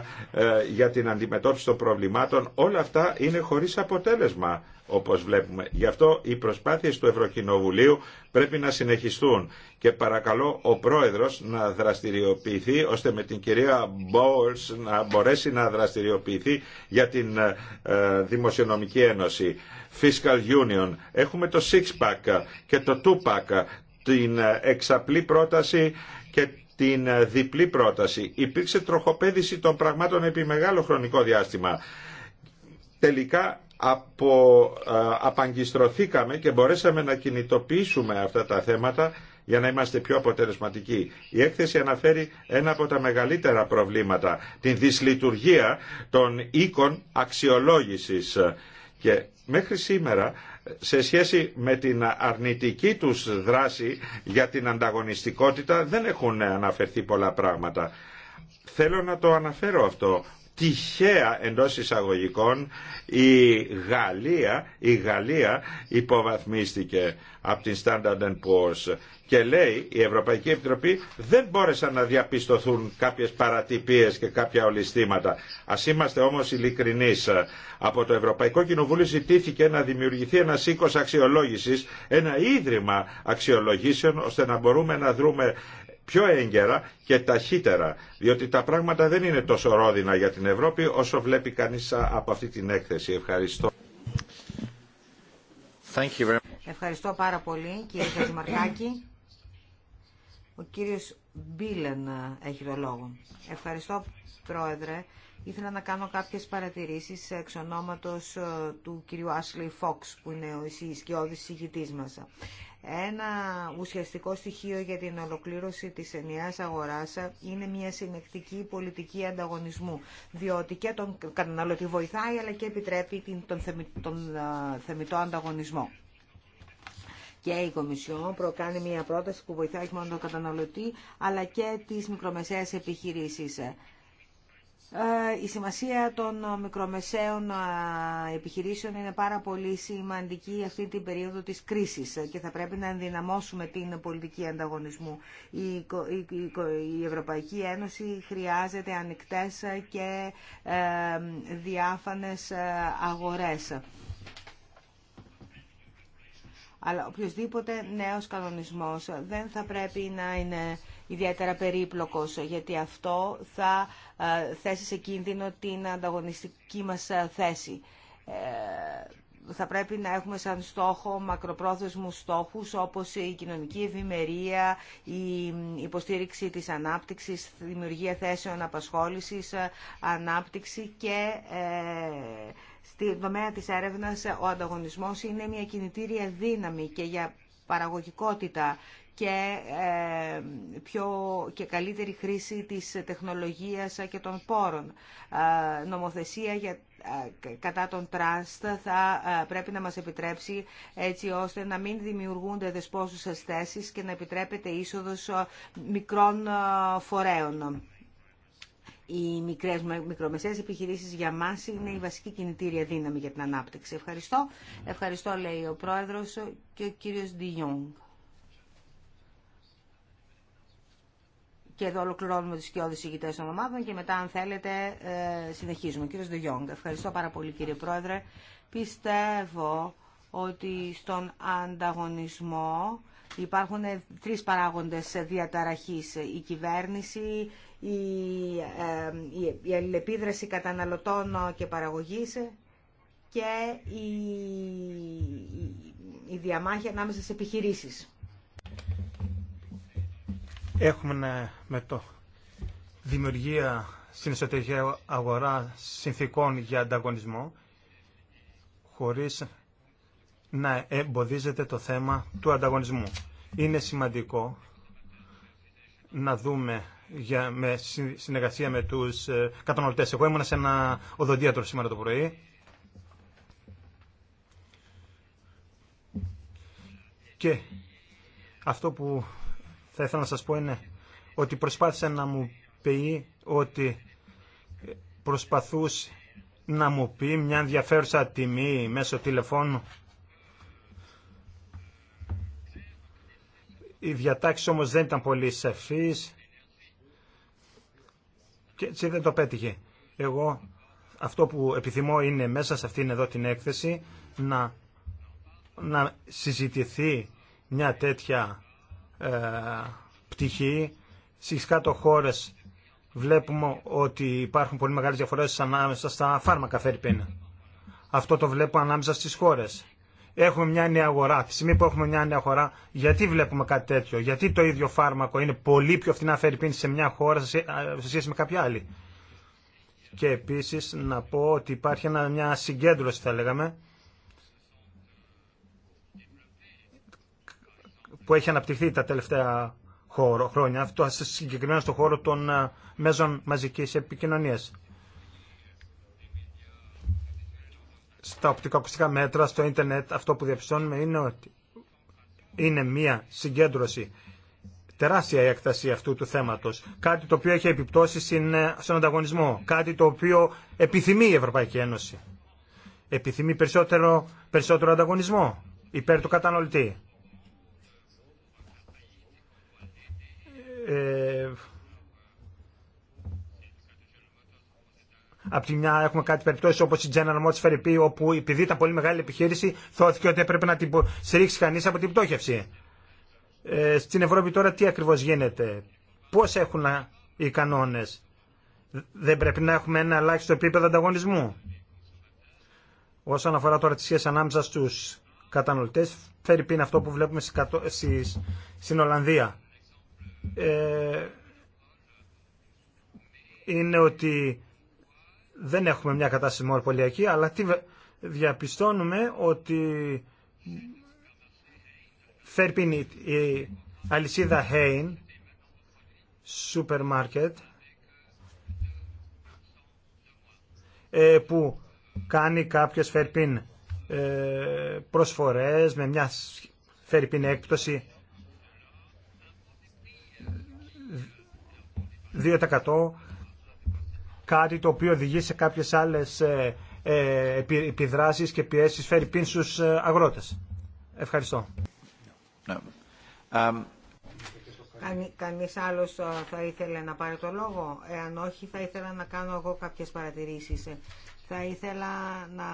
E: για την αντιμετώπιση των προβλημάτων, όλα αυτά είναι χωρίς αποτέλεσμα όπως βλέπουμε. Γι' αυτό οι προσπάθειες του Ευρωκοινοβουλίου πρέπει να συνεχιστούν και παρακαλώ ο Πρόεδρος να δραστηριοποιηθεί ώστε με την κυρία Μπόλς να μπορέσει να δραστηριοποιηθεί για την ε, Δημοσιονομική Ένωση. Fiscal Union. Έχουμε το Six Pack και το Two Pack, την ε, εξαπλή πρόταση και την ε, διπλή πρόταση. Υπήρξε τροχοπέδηση των πραγμάτων επί μεγάλο χρονικό διάστημα. Τελικά απο, απαγκιστρωθήκαμε και μπορέσαμε να κινητοποιήσουμε αυτά τα θέματα για να είμαστε πιο αποτελεσματικοί. Η έκθεση αναφέρει ένα από τα μεγαλύτερα προβλήματα, την δυσλειτουργία των οίκων αξιολόγησης. Και μέχρι σήμερα σε σχέση με την αρνητική τους δράση για την ανταγωνιστικότητα δεν έχουν αναφερθεί πολλά πράγματα. Θέλω να το αναφέρω αυτό τυχαία εντό εισαγωγικών η Γαλλία, η Γαλλία υποβαθμίστηκε από την Standard Poor's και λέει η Ευρωπαϊκή Επιτροπή δεν μπόρεσαν να διαπιστωθούν κάποιες παρατυπίες και κάποια ολιστήματα. Ας είμαστε όμως ειλικρινείς. Από το Ευρωπαϊκό Κοινοβούλιο ζητήθηκε να δημιουργηθεί ένα σήκος αξιολόγησης, ένα ίδρυμα αξιολογήσεων ώστε να μπορούμε να δρούμε πιο έγκαιρα και ταχύτερα, διότι τα πράγματα δεν είναι τόσο ρόδινα για την Ευρώπη όσο βλέπει κανείς από αυτή την έκθεση. Ευχαριστώ. Thank you very much.
C: Ευχαριστώ πάρα πολύ κύριε Χατζημαρκάκη. Ο κύριος Μπίλεν έχει το λόγο. Ευχαριστώ πρόεδρε. Ήθελα να κάνω κάποιες παρατηρήσεις εξ ονόματος του κυρίου Άσλι Φόξ που είναι ο ισχυώδης μας. Ένα ουσιαστικό στοιχείο για την ολοκλήρωση της ενιαίας αγοράς είναι μια συνεκτική πολιτική ανταγωνισμού, διότι και τον καταναλωτή βοηθάει αλλά και επιτρέπει τον, τον θεμητό ανταγωνισμό. Και η Κομισιόν προκάνει μια πρόταση που βοηθάει μόνο τον καταναλωτή, αλλά και τις μικρομεσαίες επιχειρήσεις. Ε, η σημασία των μικρομεσαίων ε, επιχειρήσεων είναι πάρα πολύ σημαντική αυτή την περίοδο της κρίσης και θα πρέπει να ενδυναμώσουμε την πολιτική ανταγωνισμού. Η Ευρωπαϊκή Ένωση χρειάζεται ανοιχτές και ε, διάφανες αγορές. Αλλά οποιοδήποτε νέος κανονισμός δεν θα πρέπει να είναι ιδιαίτερα περίπλοκος, γιατί αυτό θα ε, θέσει σε κίνδυνο την ανταγωνιστική μας ε, θέση. Ε, θα πρέπει να έχουμε σαν στόχο μακροπρόθεσμους στόχους όπως η κοινωνική ευημερία, η υποστήριξη της ανάπτυξης, δημιουργία θέσεων απασχόλησης, ανάπτυξη και στη δομέα της έρευνας ο ανταγωνισμός είναι μια κινητήρια δύναμη και για παραγωγικότητα και, ε, πιο, και καλύτερη χρήση της τεχνολογίας και των πόρων. Ε, νομοθεσία για ε, κατά τον τραστ θα πρέπει να μας επιτρέψει έτσι ώστε να μην δημιουργούνται δεσπόζουσες θέσεις και να επιτρέπεται είσοδος μικρών φορέων. Οι μικρές, μικρομεσαίες επιχειρήσεις για μας είναι η βασική κινητήρια δύναμη για την ανάπτυξη. Ευχαριστώ. Ευχαριστώ λέει ο Πρόεδρος και ο κύριος Ντιγιόγκ. και εδώ ολοκληρώνουμε τους σκιώδεις ηγητές των ομάδων και μετά αν θέλετε ε, συνεχίζουμε. Κύριε Ντεγιόγκ, ευχαριστώ πάρα πολύ κύριε Πρόεδρε. Πιστεύω ότι στον ανταγωνισμό υπάρχουν ε, τρεις παράγοντες διαταραχής. Η κυβέρνηση, η, ε, η αλληλεπίδραση καταναλωτών και παραγωγής και η, η διαμάχη ανάμεσα σε επιχειρήσεις.
B: Έχουμε με το δημιουργία στην εσωτερική αγορά συνθήκων για ανταγωνισμό χωρίς να εμποδίζεται το θέμα του ανταγωνισμού. Είναι σημαντικό να δούμε για, με συνεργασία με τους ε, καταναλωτές. Εγώ ήμουν σε ένα οδοντίατρο σήμερα το πρωί και αυτό που θα ήθελα να σας πω είναι ότι προσπάθησε να μου πει ότι προσπαθούσε να μου πει μια ενδιαφέρουσα τιμή μέσω τηλεφώνου. Η διατάξη όμως δεν ήταν πολύ σεφής και έτσι δεν το πέτυχε. Εγώ αυτό που επιθυμώ είναι μέσα σε αυτήν εδώ την έκθεση να, να συζητηθεί μια τέτοια ε, πτυχή. στι κάτω χώρες βλέπουμε ότι υπάρχουν πολύ μεγάλες διαφορές ανάμεσα στα φάρμακα φερπίν. Αυτό το βλέπω ανάμεσα στις χώρες. Έχουμε μια νέα αγορά. Τη στιγμή που έχουμε μια νέα αγορά, γιατί βλέπουμε κάτι τέτοιο. Γιατί το ίδιο φάρμακο είναι πολύ πιο φθηνά φερπίν σε μια χώρα σε σχέση με κάποια άλλη. Και επίσης να πω ότι υπάρχει μια συγκέντρωση θα λέγαμε που έχει αναπτυχθεί τα τελευταία χρόνια, αυτό συγκεκριμένα στον χώρο των ε, μέσων μαζικής επικοινωνίας. Στα οπτικοακουστικά μέτρα, στο ίντερνετ, αυτό που διαπιστώνουμε είναι ότι είναι μία συγκέντρωση τεράστια η έκταση αυτού του θέματος. Κάτι το οποίο έχει επιπτώσει ε, στον ανταγωνισμό. Κάτι το οποίο επιθυμεί η Ευρωπαϊκή Ένωση. Επιθυμεί περισσότερο, περισσότερο ανταγωνισμό υπέρ του καταναλωτή. ε, Απ' τη μια έχουμε κάτι περιπτώσει όπω η General Motors Φερρυπή, όπου επειδή ήταν πολύ μεγάλη επιχείρηση, θεώθηκε ότι έπρεπε να την στηρίξει κανεί από την πτώχευση. Ε, στην Ευρώπη τώρα τι ακριβώ γίνεται, πώ έχουν οι κανόνε, δεν πρέπει να έχουμε ένα ελάχιστο επίπεδο ανταγωνισμού. Όσον αφορά τώρα τι σχέσει ανάμεσα στου καταναλωτέ, Φερρυπή είναι αυτό που βλέπουμε στην Ολλανδία. Ε, είναι ότι δεν έχουμε μια κατάσταση μορπολιακή, αλλά τι διαπιστώνουμε ότι φέρπιν η αλυσίδα Hain, σούπερ ε, που κάνει κάποιες φέρπιν ε, προσφορές με μια φέρπιν έκπτωση 2% κάτι το οποίο οδηγεί σε κάποιες άλλες ε, ε, επιδράσεις και πιέσεις φέρει πίν ε, αγρότες. Ευχαριστώ. Ναι.
A: Κανεί
C: Um... Κανείς άλλος θα ήθελε να πάρει το λόγο. Εάν όχι θα ήθελα να κάνω εγώ κάποιες παρατηρήσεις. Θα ήθελα να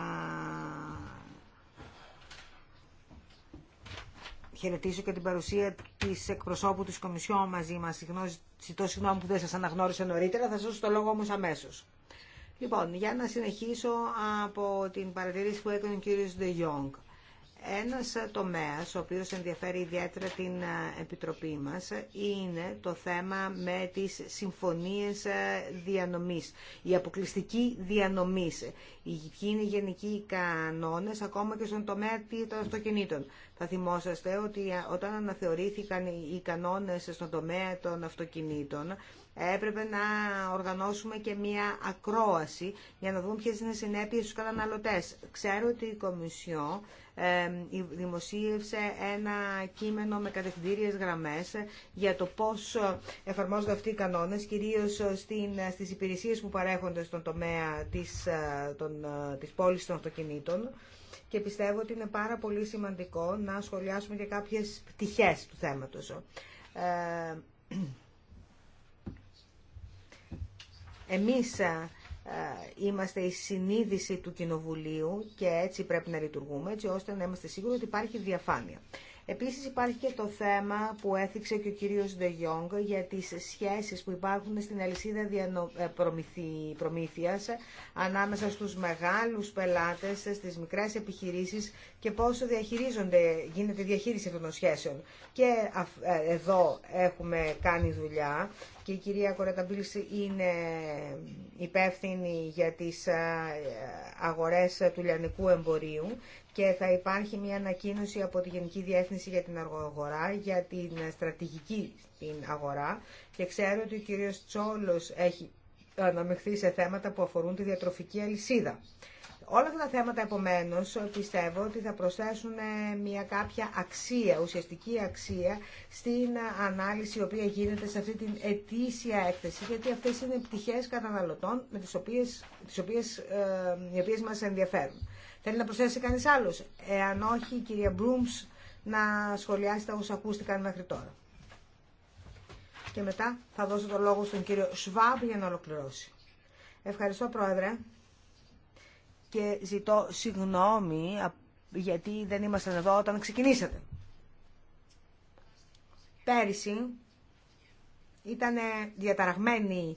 C: χαιρετήσω και την παρουσία της εκπροσώπου της Κομισιόν μαζί μας. Η γνώση Ζητώ συγγνώμη που δεν σας αναγνώρισα νωρίτερα, θα σας δώσω το λόγο όμω αμέσω. Λοιπόν, για να συνεχίσω από την παρατηρήση που έκανε ο κύριος De Jong. Ένας τομέας, ο οποίος ενδιαφέρει ιδιαίτερα την ε, Επιτροπή μας, είναι το θέμα με τις συμφωνίες ε, διανομής, η αποκλειστική διανομής. Ποιοι είναι οι γενικοί κανόνες, ακόμα και στον τομέα των αυτοκινήτων. Θα θυμόσαστε ότι ε, όταν αναθεωρήθηκαν οι κανόνες στον τομέα των αυτοκινήτων, έπρεπε να οργανώσουμε και μια ακρόαση για να δούμε ποιες είναι οι συνέπειες στους καταναλωτές. Ξέρω ότι η Κομισιό δημοσίευσε ένα κείμενο με κατευθυντήριες γραμμές για το πώς εφαρμόζονται αυτοί οι κανόνες, κυρίως στην, στις υπηρεσίες που παρέχονται στον τομέα της, ε, των, ε, της πόλης των αυτοκινήτων και πιστεύω ότι είναι πάρα πολύ σημαντικό να σχολιάσουμε και κάποιες πτυχές του θέματος. Ε, εμείς ε, ε, είμαστε η συνείδηση του Κοινοβουλίου και έτσι πρέπει να λειτουργούμε, έτσι ώστε να είμαστε σίγουροι ότι υπάρχει διαφάνεια. Επίσης υπάρχει και το θέμα που έθιξε και ο κύριος Ντεγιόγκ για τις σχέσεις που υπάρχουν στην αλυσίδα ε, προμήθειας ανάμεσα στους μεγάλους πελάτες, στις μικρές επιχειρήσεις και πόσο διαχειρίζονται, γίνεται διαχείριση αυτών των σχέσεων. Και ε, εδώ έχουμε κάνει δουλειά και η κυρία Κορεταμπίλη είναι υπεύθυνη για τις ε, αγορές του λιανικού εμπορίου και θα υπάρχει μια ανακοίνωση από τη Γενική Διεύθυνση για την Αγορά, για την στρατηγική στην αγορά και ξέρω ότι ο κύριος Τσόλος έχει αναμειχθεί σε θέματα που αφορούν τη διατροφική αλυσίδα. Όλα αυτά τα θέματα, επομένως, πιστεύω ότι θα προσθέσουν ε, μια κάποια αξία, ουσιαστική αξία, στην ανάλυση η οποία γίνεται σε αυτή την ετήσια έκθεση, γιατί αυτές είναι πτυχές καταναλωτών με τις οποίες, τις οποίες, ε, οι οποίες μας ενδιαφέρουν. Θέλει να προσθέσει κανείς άλλος. Εάν όχι, η κυρία Μπρούμς να σχολιάσει τα όσα ακούστηκαν μέχρι τώρα. Και μετά θα δώσω το λόγο στον κύριο Σβάμπ για να ολοκληρώσει. Ευχαριστώ Πρόεδρε και ζητώ συγγνώμη γιατί δεν ήμασταν εδώ όταν ξεκινήσατε. Πέρυσι ήταν διαταραγμένη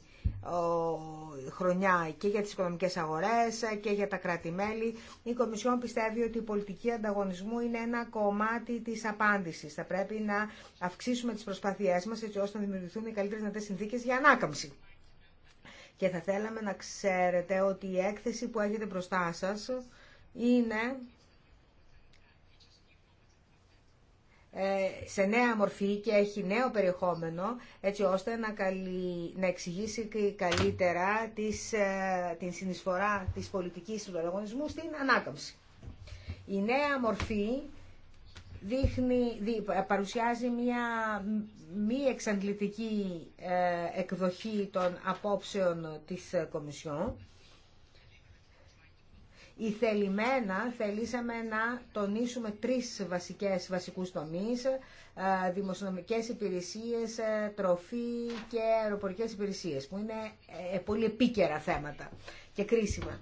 C: χρονιά και για τις οικονομικές αγορές και για τα κράτη-μέλη. Η Κομισιόν πιστεύει ότι η πολιτική ανταγωνισμού είναι ένα κομμάτι της απάντησης. Θα πρέπει να αυξήσουμε τις προσπάθειές μας έτσι ώστε να δημιουργηθούν οι καλύτερες δυνατές συνθήκες για ανάκαμψη. Και θα θέλαμε να ξέρετε ότι η έκθεση που έχετε μπροστά σας είναι Ε, σε νέα μορφή και έχει νέο περιεχόμενο, έτσι ώστε να, εξηγήσει καλύτερα τις, ε, την συνεισφορά της πολιτικής του ανταγωνισμού στην ανάκαμψη. Η νέα μορφή δείχνει, παρουσιάζει μια μη εξαντλητική ε, εκδοχή των απόψεων της Κομισιόν, η θελημένα θελήσαμε να τονίσουμε τρεις βασικές, βασικούς τομείς, ε, δημοσιονομικές υπηρεσίες, ε, τροφή και αεροπορικές υπηρεσίες, που είναι ε, πολύ επίκαιρα θέματα και κρίσιμα.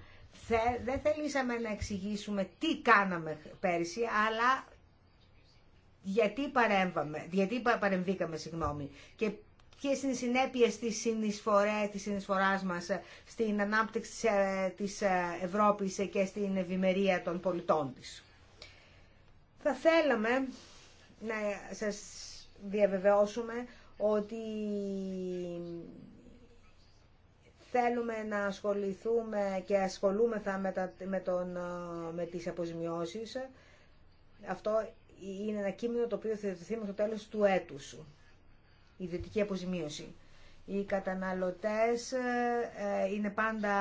C: Δεν θελήσαμε να εξηγήσουμε τι κάναμε πέρσι, αλλά γιατί, παρέμβαμε, γιατί παρεμβήκαμε συγγνώμη, και είναι συνέπειε συνέπειες της, συνεισφορέ, της συνεισφοράς μας στην ανάπτυξη ε, της ε, Ευρώπης και στην ευημερία των πολιτών της. Θα θέλαμε να σας διαβεβαιώσουμε ότι θέλουμε να ασχοληθούμε και ασχολούμεθα με, τα, με, τον, ε, με τις αποζημιώσεις. Αυτό είναι ένα κείμενο το οποίο θα δοθεί με το τέλος του έτους η ιδιωτική αποζημίωση. Οι καταναλωτές ε, ε, είναι πάντα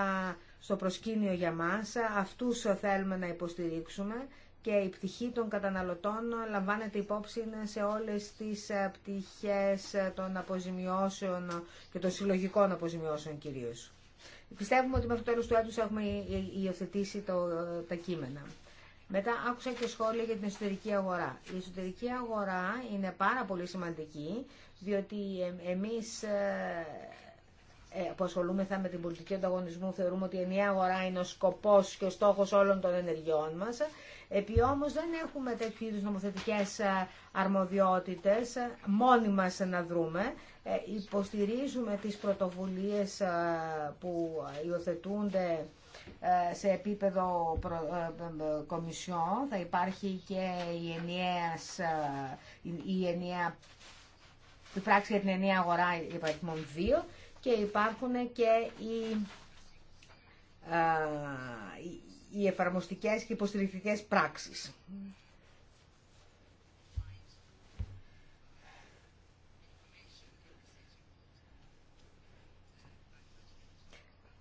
C: στο προσκήνιο για μας, αυτούς θέλουμε να υποστηρίξουμε και η πτυχή των καταναλωτών λαμβάνεται υπόψη σε όλες τις ε, πτυχές των αποζημιώσεων και των συλλογικών αποζημιώσεων κυρίως. Πιστεύουμε ότι μέχρι το τέλος του έτους έχουμε υιοθετήσει το, τα κείμενα. Μετά άκουσα και σχόλια για την εσωτερική αγορά. Η εσωτερική αγορά είναι πάρα πολύ σημαντική, διότι ε, εμείς ε, ε, που ασχολούμεθα με την πολιτική ανταγωνισμού θεωρούμε ότι η ενιαία αγορά είναι ο σκοπός και ο στόχος όλων των ενεργειών μας. Επί όμως δεν έχουμε τέτοιου είδους νομοθετικές αρμοδιότητες, μόνοι μας να δρούμε. Υποστηρίζουμε τις πρωτοβουλίες που υιοθετούνται ε, σε επίπεδο ε, ε, Κομισιό. θα υπάρχει και η, η, ενιαία, η πράξη για την ενιαία αγορά υπαριθμών 2 και υπάρχουν και οι, οι εφαρμοστικές και υποστηρικτικές πράξεις.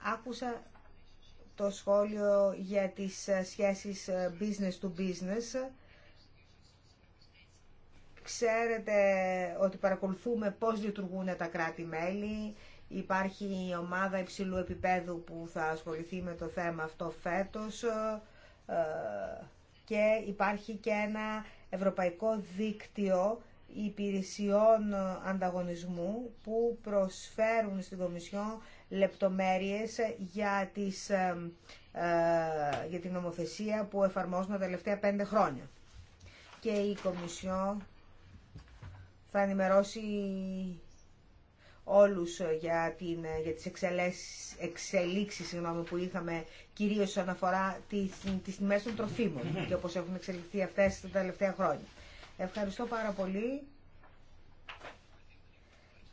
C: Άκουσα το σχόλιο για τις ε, σχέσεις ε, business to business. Ξέρετε ότι παρακολουθούμε πώς λειτουργούν τα κράτη-μέλη. Υπάρχει η ομάδα υψηλού επίπεδου που θα ασχοληθεί με το θέμα αυτό φέτος ε, και υπάρχει και ένα ευρωπαϊκό δίκτυο υπηρεσιών ανταγωνισμού που προσφέρουν στην Κομισιόν λεπτομέρειες για, τις, ε, ε, για την νομοθεσία που εφαρμόζουμε τα τελευταία πέντε χρόνια. Και η Κομισιό θα ενημερώσει όλους για, την, για τις εξελίξεις, συγγνώμη, που είχαμε κυρίως αναφορά αφορά τις, τις τιμές των τροφίμων και όπως έχουν εξελιχθεί αυτές τα τελευταία χρόνια. Ευχαριστώ πάρα πολύ.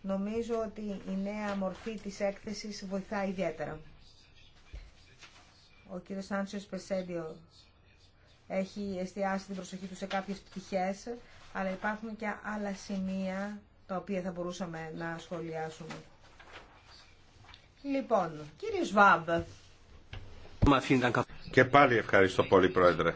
C: Νομίζω ότι η νέα μορφή της έκθεσης βοηθά ιδιαίτερα. Ο κύριος Σάντσιος Πεσέντιο έχει εστιάσει την προσοχή του σε κάποιες πτυχές, αλλά υπάρχουν και άλλα σημεία τα οποία θα μπορούσαμε να σχολιάσουμε. Λοιπόν, κύριε Σβάμπ.
E: Και πάλι ευχαριστώ πολύ, Πρόεδρε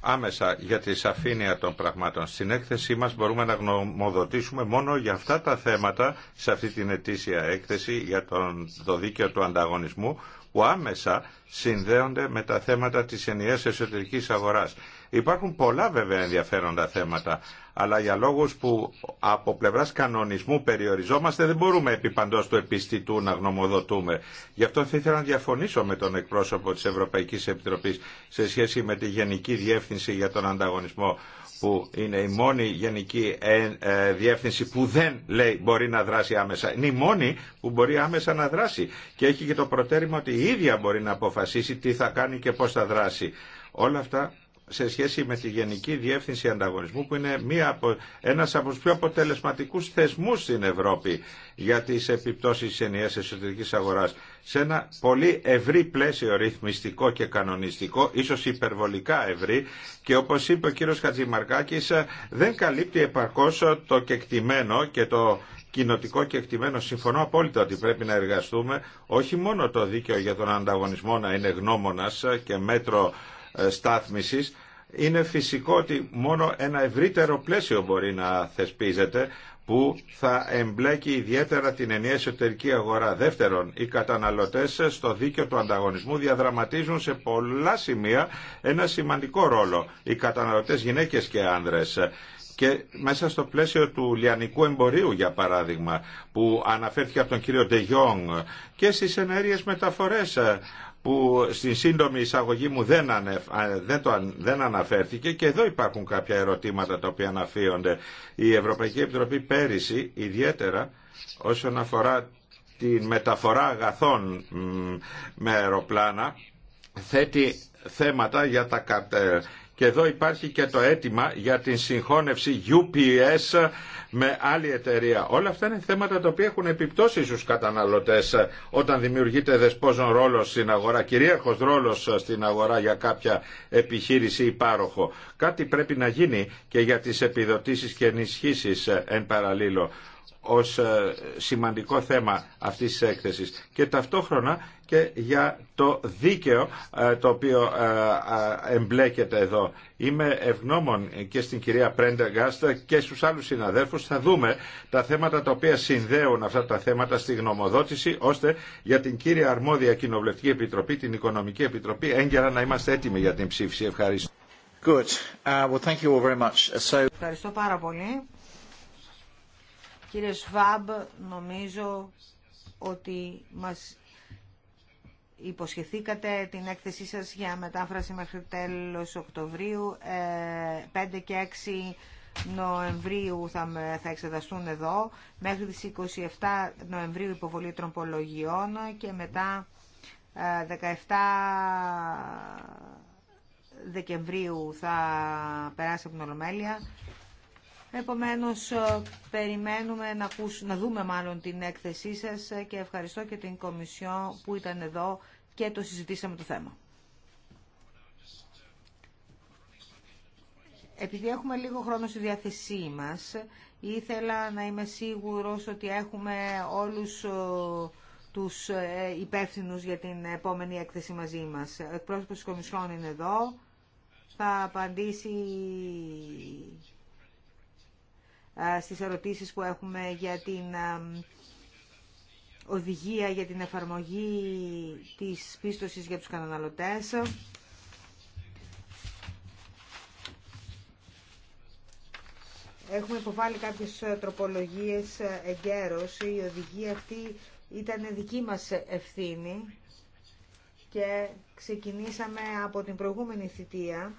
E: άμεσα για τη σαφήνεια των πραγμάτων. Στην έκθεσή μας μπορούμε να γνωμοδοτήσουμε μόνο για αυτά τα θέματα σε αυτή την ετήσια έκθεση για τον, το δίκαιο του ανταγωνισμού που άμεσα συνδέονται με τα θέματα της ενιαίας εσωτερικής αγοράς. Υπάρχουν πολλά βέβαια ενδιαφέροντα θέματα, αλλά για λόγους που από πλευράς κανονισμού περιοριζόμαστε δεν μπορούμε επί παντός του επιστητού να γνωμοδοτούμε. Γι' αυτό θα ήθελα να διαφωνήσω με τον εκπρόσωπο της Ευρωπαϊκής Επιτροπής σε σχέση με τη Γενική Διεύθυνση για τον Ανταγωνισμό που είναι η μόνη γενική ε, ε, διεύθυνση που δεν λέει μπορεί να δράσει άμεσα. Είναι η μόνη που μπορεί άμεσα να δράσει και έχει και το προτέρημα ότι η ίδια μπορεί να αποφασίσει τι θα κάνει και πώς θα δράσει. Όλα αυτά σε σχέση με τη Γενική Διεύθυνση Ανταγωνισμού που είναι μία από, ένας από τους πιο αποτελεσματικούς θεσμούς στην Ευρώπη για τις επιπτώσεις της ενιαίας εσωτερικής αγοράς σε ένα πολύ ευρύ πλαίσιο ρυθμιστικό και κανονιστικό, ίσως υπερβολικά ευρύ και όπως είπε ο κύριος Χατζημαρκάκης δεν καλύπτει επαρκώς το κεκτημένο και το κοινοτικό και εκτιμένο. Συμφωνώ απόλυτα ότι πρέπει να εργαστούμε όχι μόνο το δίκαιο για τον ανταγωνισμό να είναι γνώμονας και μέτρο ε, στάθμισης, είναι φυσικό ότι μόνο ένα ευρύτερο πλαίσιο μπορεί να θεσπίζεται που θα εμπλέκει ιδιαίτερα την ενιαία εσωτερική αγορά. Δεύτερον, οι καταναλωτές στο δίκαιο του ανταγωνισμού διαδραματίζουν σε πολλά σημεία ένα σημαντικό ρόλο. Οι καταναλωτές γυναίκες και άνδρες και μέσα στο πλαίσιο του λιανικού εμπορίου για παράδειγμα που αναφέρθηκε από τον κύριο Ντεγιόγκ, και στις ενέργειες μεταφορές που στη σύντομη εισαγωγή μου δεν, δεν, το, δεν αναφέρθηκε και εδώ υπάρχουν κάποια ερωτήματα τα οποία αναφύονται. Η Ευρωπαϊκή Επιτροπή πέρυσι ιδιαίτερα όσον αφορά τη μεταφορά αγαθών με αεροπλάνα θέτει θέματα για τα ε, και εδώ υπάρχει και το αίτημα για την συγχώνευση UPS με άλλη εταιρεία. Όλα αυτά είναι θέματα τα οποία έχουν επιπτώσει στους καταναλωτές όταν δημιουργείται δεσπόζων ρόλος στην αγορά, κυρίαρχος ρόλος στην αγορά για κάποια επιχείρηση ή πάροχο. Κάτι πρέπει να γίνει και για τις επιδοτήσεις και ενισχύσεις εν παραλίλω ως ε, σημαντικό θέμα αυτής της έκθεσης και ταυτόχρονα και για το δίκαιο ε, το οποίο ε, εμπλέκεται εδώ. Είμαι ευγνώμων και στην κυρία Πρέντεγκαστ και στους άλλους συναδέλφους. Θα δούμε τα θέματα τα οποία συνδέουν αυτά τα θέματα στη γνωμοδότηση ώστε για την κύρια αρμόδια κοινοβουλευτική επιτροπή, την Οικονομική Επιτροπή έγκαιρα να είμαστε έτοιμοι για την ψήφιση. Ευχαριστώ.
A: Uh, thank you very much. So...
C: Ευχαριστώ πάρα πολύ. Κύριε Σβάμπ, νομίζω ότι μας υποσχεθήκατε την έκθεσή σας για μετάφραση μέχρι τέλος Οκτωβρίου. 5 ε, και 6 Νοεμβρίου θα, θα εξεταστούν εδώ. Μέχρι τις 27 Νοεμβρίου υποβολή τροπολογιών και μετά 17 ε, Δεκεμβρίου θα περάσει από την Ολομέλεια Επομένως, ε, περιμένουμε να, να δούμε μάλλον την έκθεσή σας ε, και ευχαριστώ και την Κομισιό που ήταν εδώ και το συζητήσαμε το θέμα. Επειδή έχουμε λίγο χρόνο στη διάθεσή μας, ήθελα να είμαι σίγουρος ότι έχουμε όλους ε, τους υπεύθυνους για την επόμενη έκθεση μαζί μας. Ο εκπρόσωπος της Κομισιόν είναι εδώ. Θα απαντήσει στις ερωτήσεις που έχουμε για την οδηγία για την εφαρμογή της πίστοσης για τους καταναλωτές. Έχουμε υποβάλει κάποιες ε, τροπολογίες ε, εγκαίρως. Η οδηγία αυτή ήταν δική μας ευθύνη και ξεκινήσαμε από την προηγούμενη θητεία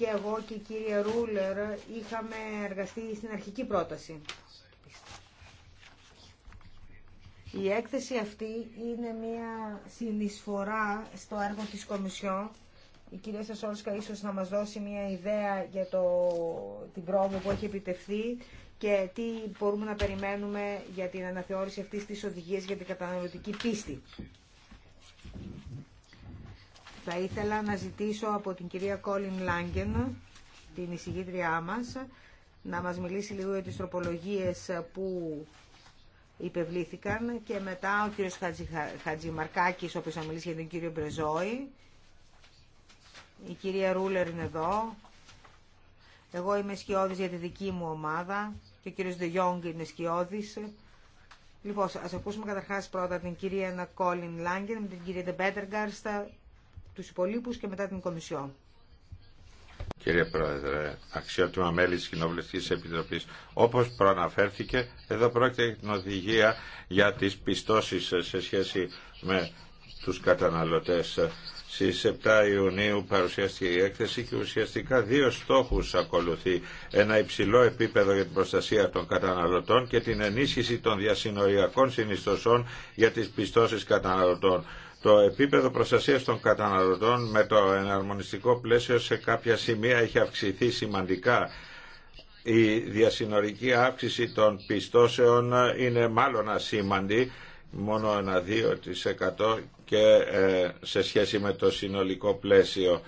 C: και εγώ και η κυρία Ρούλερ είχαμε εργαστεί στην αρχική πρόταση. Η έκθεση αυτή είναι μια συνεισφορά στο έργο της Κομισιόν. Η κυρία Σασόλσκα ίσως να μας δώσει μια ιδέα για το, την πρόοδο που έχει επιτευχθεί και τι μπορούμε να περιμένουμε για την αναθεώρηση αυτής της οδηγίας για την καταναλωτική πίστη. Θα ήθελα να ζητήσω από την κυρία Κόλιν Λάγκεν, την εισηγήτριά μας, να μας μιλήσει λίγο για τις τροπολογίες που υπευλήθηκαν και μετά ο κύριος Χατζη, Χατζημαρκάκης, ο οποίος θα μιλήσει για τον κύριο Μπρεζόη. Η κυρία Ρούλερ είναι εδώ. Εγώ είμαι σκιώδης για τη δική μου ομάδα και ο κύριος Ντεγιόγκ είναι σκιώδης. Λοιπόν, ας ακούσουμε καταρχάς πρώτα την κυρία Κόλιν Λάγκεν την κυρία Ντεμπέτεργκαρστα τους υπολείπους και μετά την Κομισιόν.
E: Κύριε Πρόεδρε, αξιότιμα μέλη της Κοινοβουλευτικής Επιτροπής, όπως προαναφέρθηκε, εδώ πρόκειται για την οδηγία για τις πιστώσεις σε σχέση με τους καταναλωτές. Στις 7 Ιουνίου παρουσιάστηκε η έκθεση και ουσιαστικά δύο στόχους ακολουθεί. Ένα υψηλό επίπεδο για την προστασία των καταναλωτών και την ενίσχυση των διασυνοριακών συνιστοσών για τις πιστώσεις καταναλωτών. Το επίπεδο προστασίας των καταναλωτών με το εναρμονιστικό πλαίσιο σε κάποια σημεία έχει αυξηθεί σημαντικά. Η διασυνορική αύξηση των πιστώσεων είναι μάλλον ασήμαντη, μόνο ένα 2% και ε, σε σχέση με το συνολικό πλαίσιο.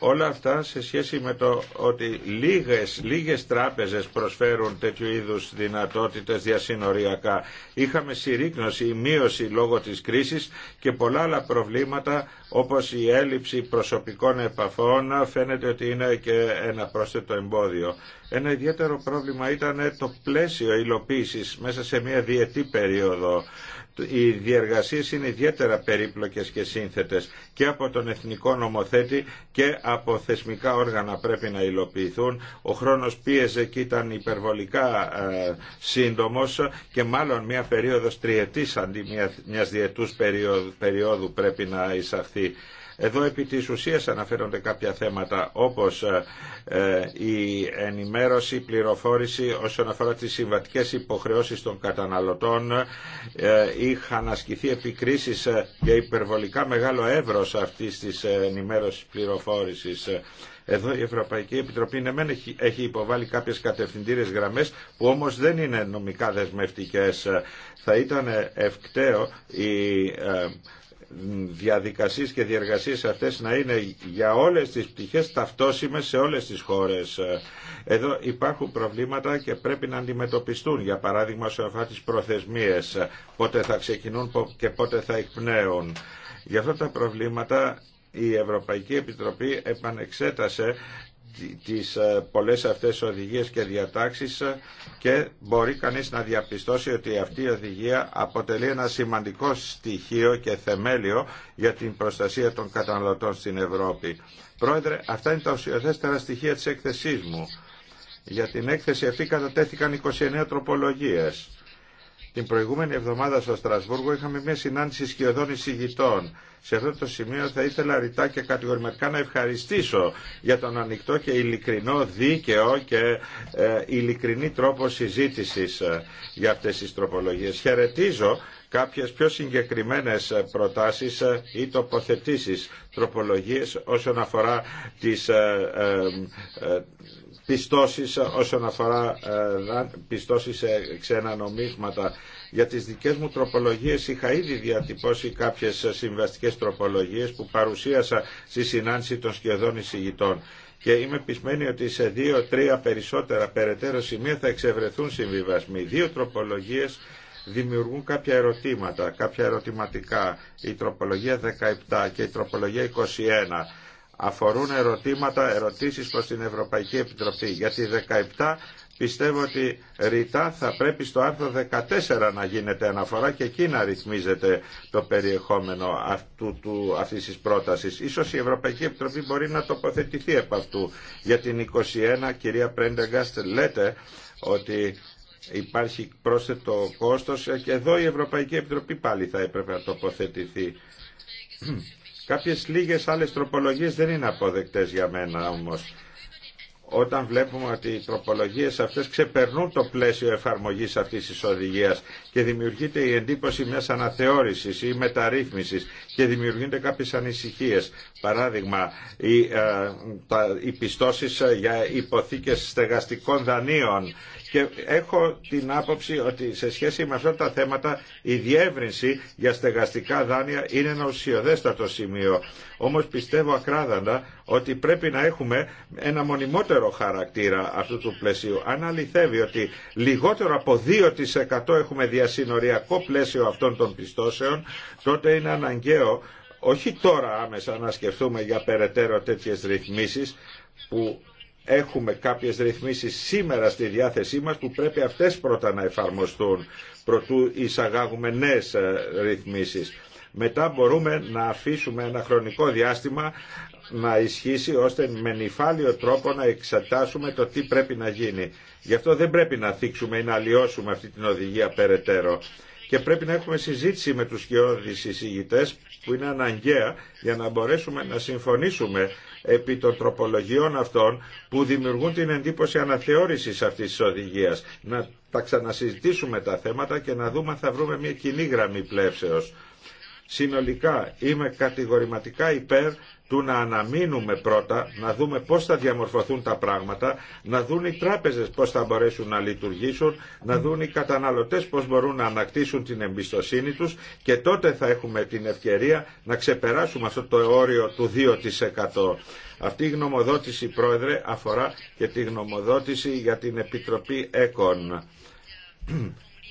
E: Όλα αυτά σε σχέση με το ότι λίγες, λίγες τράπεζες προσφέρουν τέτοιου είδους δυνατότητες διασυνοριακά. Είχαμε συρρήκνωση ή μείωση λόγω της κρίσης και πολλά άλλα προβλήματα όπως η έλλειψη προσωπικών επαφών φαίνεται ότι είναι και ένα πρόσθετο εμπόδιο. Ένα ιδιαίτερο πρόβλημα ήταν το πλαίσιο υλοποίησης μέσα σε μια διετή περίοδο οι διεργασίες είναι ιδιαίτερα περίπλοκες και σύνθετες και από τον εθνικό νομοθέτη και από θεσμικά όργανα πρέπει να υλοποιηθούν. Ο χρόνος πίεζε και ήταν υπερβολικά ε, σύντομος και μάλλον μια περίοδος τριετής αντί μιας διετούς περίοδου πρέπει να εισαχθεί. Εδώ επί της ουσίας αναφέρονται κάποια θέματα όπως ε, ε, η ενημέρωση, η πληροφόρηση όσον αφορά τις συμβατικές υποχρεώσεις των καταναλωτών. Ε, είχαν ασκηθεί επικρίσεις για υπερβολικά μεγάλο εύρος αυτής της ενημέρωσης πληροφόρησης. Εδώ η Ευρωπαϊκή Επιτροπή ναι, έχει υποβάλει κάποιες κατευθυντήριες γραμμές που όμως δεν είναι νομικά δεσμευτικές. Θα ήταν ευκταίο η διαδικασίες και διεργασίες αυτές να είναι για όλες τις πτυχές ταυτόσιμες σε όλες τις χώρες. Εδώ υπάρχουν προβλήματα και πρέπει να αντιμετωπιστούν, για παράδειγμα σε αυτά τις προθεσμίες, πότε θα ξεκινούν και πότε θα εκπνέουν. Για αυτά τα προβλήματα η Ευρωπαϊκή Επιτροπή επανεξέτασε τις ε, πολλές αυτές οδηγίες και διατάξεις ε, και μπορεί κανείς να διαπιστώσει ότι αυτή η οδηγία αποτελεί ένα σημαντικό στοιχείο και θεμέλιο για την προστασία των καταναλωτών στην Ευρώπη. Πρόεδρε, αυτά είναι τα ουσιαστικά στοιχεία της έκθεσής μου. Για την έκθεση αυτή κατατέθηκαν 29 τροπολογίες. Την προηγούμενη εβδομάδα στο Στρασβούργο είχαμε μια συνάντηση σχεδόν εισηγητών σε αυτό το σημείο θα ήθελα ρητά και κατηγορηματικά να ευχαριστήσω για τον ανοιχτό και ειλικρινό δίκαιο και ε, ειλικρινή τρόπο συζήτησης ε, για αυτές τις τροπολογίες. Χαιρετίζω κάποιες πιο συγκεκριμένες προτάσεις ε, ή τοποθετήσεις τροπολογίες όσον αφορά τις πιστώσεις όσον αφορά πιστώσεις σε ξένα νομίσματα για τις δικές μου τροπολογίες είχα ήδη διατυπώσει κάποιες συμβαστικές τροπολογίες που παρουσίασα στη συνάντηση των σχεδόν εισηγητών και είμαι πεισμένη ότι σε δύο-τρία περισσότερα περαιτέρω σημεία θα εξευρεθούν συμβιβασμοί. Δύο τροπολογίες δημιουργούν κάποια ερωτήματα, κάποια ερωτηματικά. Η τροπολογία 17 και η τροπολογία 21 αφορούν ερωτήματα, ερωτήσεις προς την Ευρωπαϊκή Επιτροπή. Για τη 17 Πιστεύω ότι ρητά θα πρέπει στο άρθρο 14 να γίνεται αναφορά και εκεί να ρυθμίζεται το περιεχόμενο αυτού, του, αυτής της πρότασης. Ίσως η Ευρωπαϊκή Επιτροπή μπορεί να τοποθετηθεί από αυτού. Για την 21 κυρία Πρέντεγκάστ λέτε ότι υπάρχει πρόσθετο κόστος και εδώ η Ευρωπαϊκή Επιτροπή πάλι θα έπρεπε να τοποθετηθεί. Κάποιες λίγες άλλες τροπολογίες δεν είναι αποδεκτές για μένα όμως όταν βλέπουμε ότι οι τροπολογίες αυτές ξεπερνούν το πλαίσιο εφαρμογής αυτής της οδηγίας και δημιουργείται η εντύπωση μιας αναθεώρησης ή μεταρρύθμισης και δημιουργούνται κάποιες ανησυχίες. Παράδειγμα, οι, ε, οι για υποθήκες στεγαστικών δανείων και έχω την άποψη ότι σε σχέση με αυτά τα θέματα η διεύρυνση για στεγαστικά δάνεια είναι ένα ουσιοδέστατο σημείο. Όμως πιστεύω ακράδαντα ότι πρέπει να έχουμε ένα μονιμότερο χαρακτήρα αυτού του πλαισίου. Αν αληθεύει ότι λιγότερο από 2% έχουμε διασυνοριακό πλαίσιο αυτών των πιστώσεων, τότε είναι αναγκαίο όχι τώρα άμεσα να σκεφτούμε για περαιτέρω τέτοιες ρυθμίσεις που έχουμε κάποιες ρυθμίσεις σήμερα στη διάθεσή μας που πρέπει αυτές πρώτα να εφαρμοστούν προτού εισαγάγουμε νέες ε, ρυθμίσεις. Μετά μπορούμε να αφήσουμε ένα χρονικό διάστημα να ισχύσει ώστε με νυφάλιο τρόπο να εξετάσουμε το τι πρέπει να γίνει. Γι' αυτό δεν πρέπει να θίξουμε ή να αλλοιώσουμε αυτή την οδηγία περαιτέρω και πρέπει να έχουμε συζήτηση με τους γεώδεις εισηγητές που είναι αναγκαία για να μπορέσουμε να συμφωνήσουμε επί των τροπολογιών αυτών που δημιουργούν την εντύπωση αναθεώρησης αυτής της οδηγίας. Να τα ξανασυζητήσουμε τα θέματα και να δούμε αν θα βρούμε μια κοινή γραμμή πλεύσεως Συνολικά είμαι κατηγορηματικά υπέρ του να αναμείνουμε πρώτα, να δούμε πώς θα διαμορφωθούν τα πράγματα, να δουν οι τράπεζες πώς θα μπορέσουν να λειτουργήσουν, να δουν οι καταναλωτές πώς μπορούν να ανακτήσουν την εμπιστοσύνη τους και τότε θα έχουμε την ευκαιρία να ξεπεράσουμε αυτό το όριο του 2%. Αυτή η γνωμοδότηση, Πρόεδρε, αφορά και τη γνωμοδότηση για την Επιτροπή ΕΚΟΝ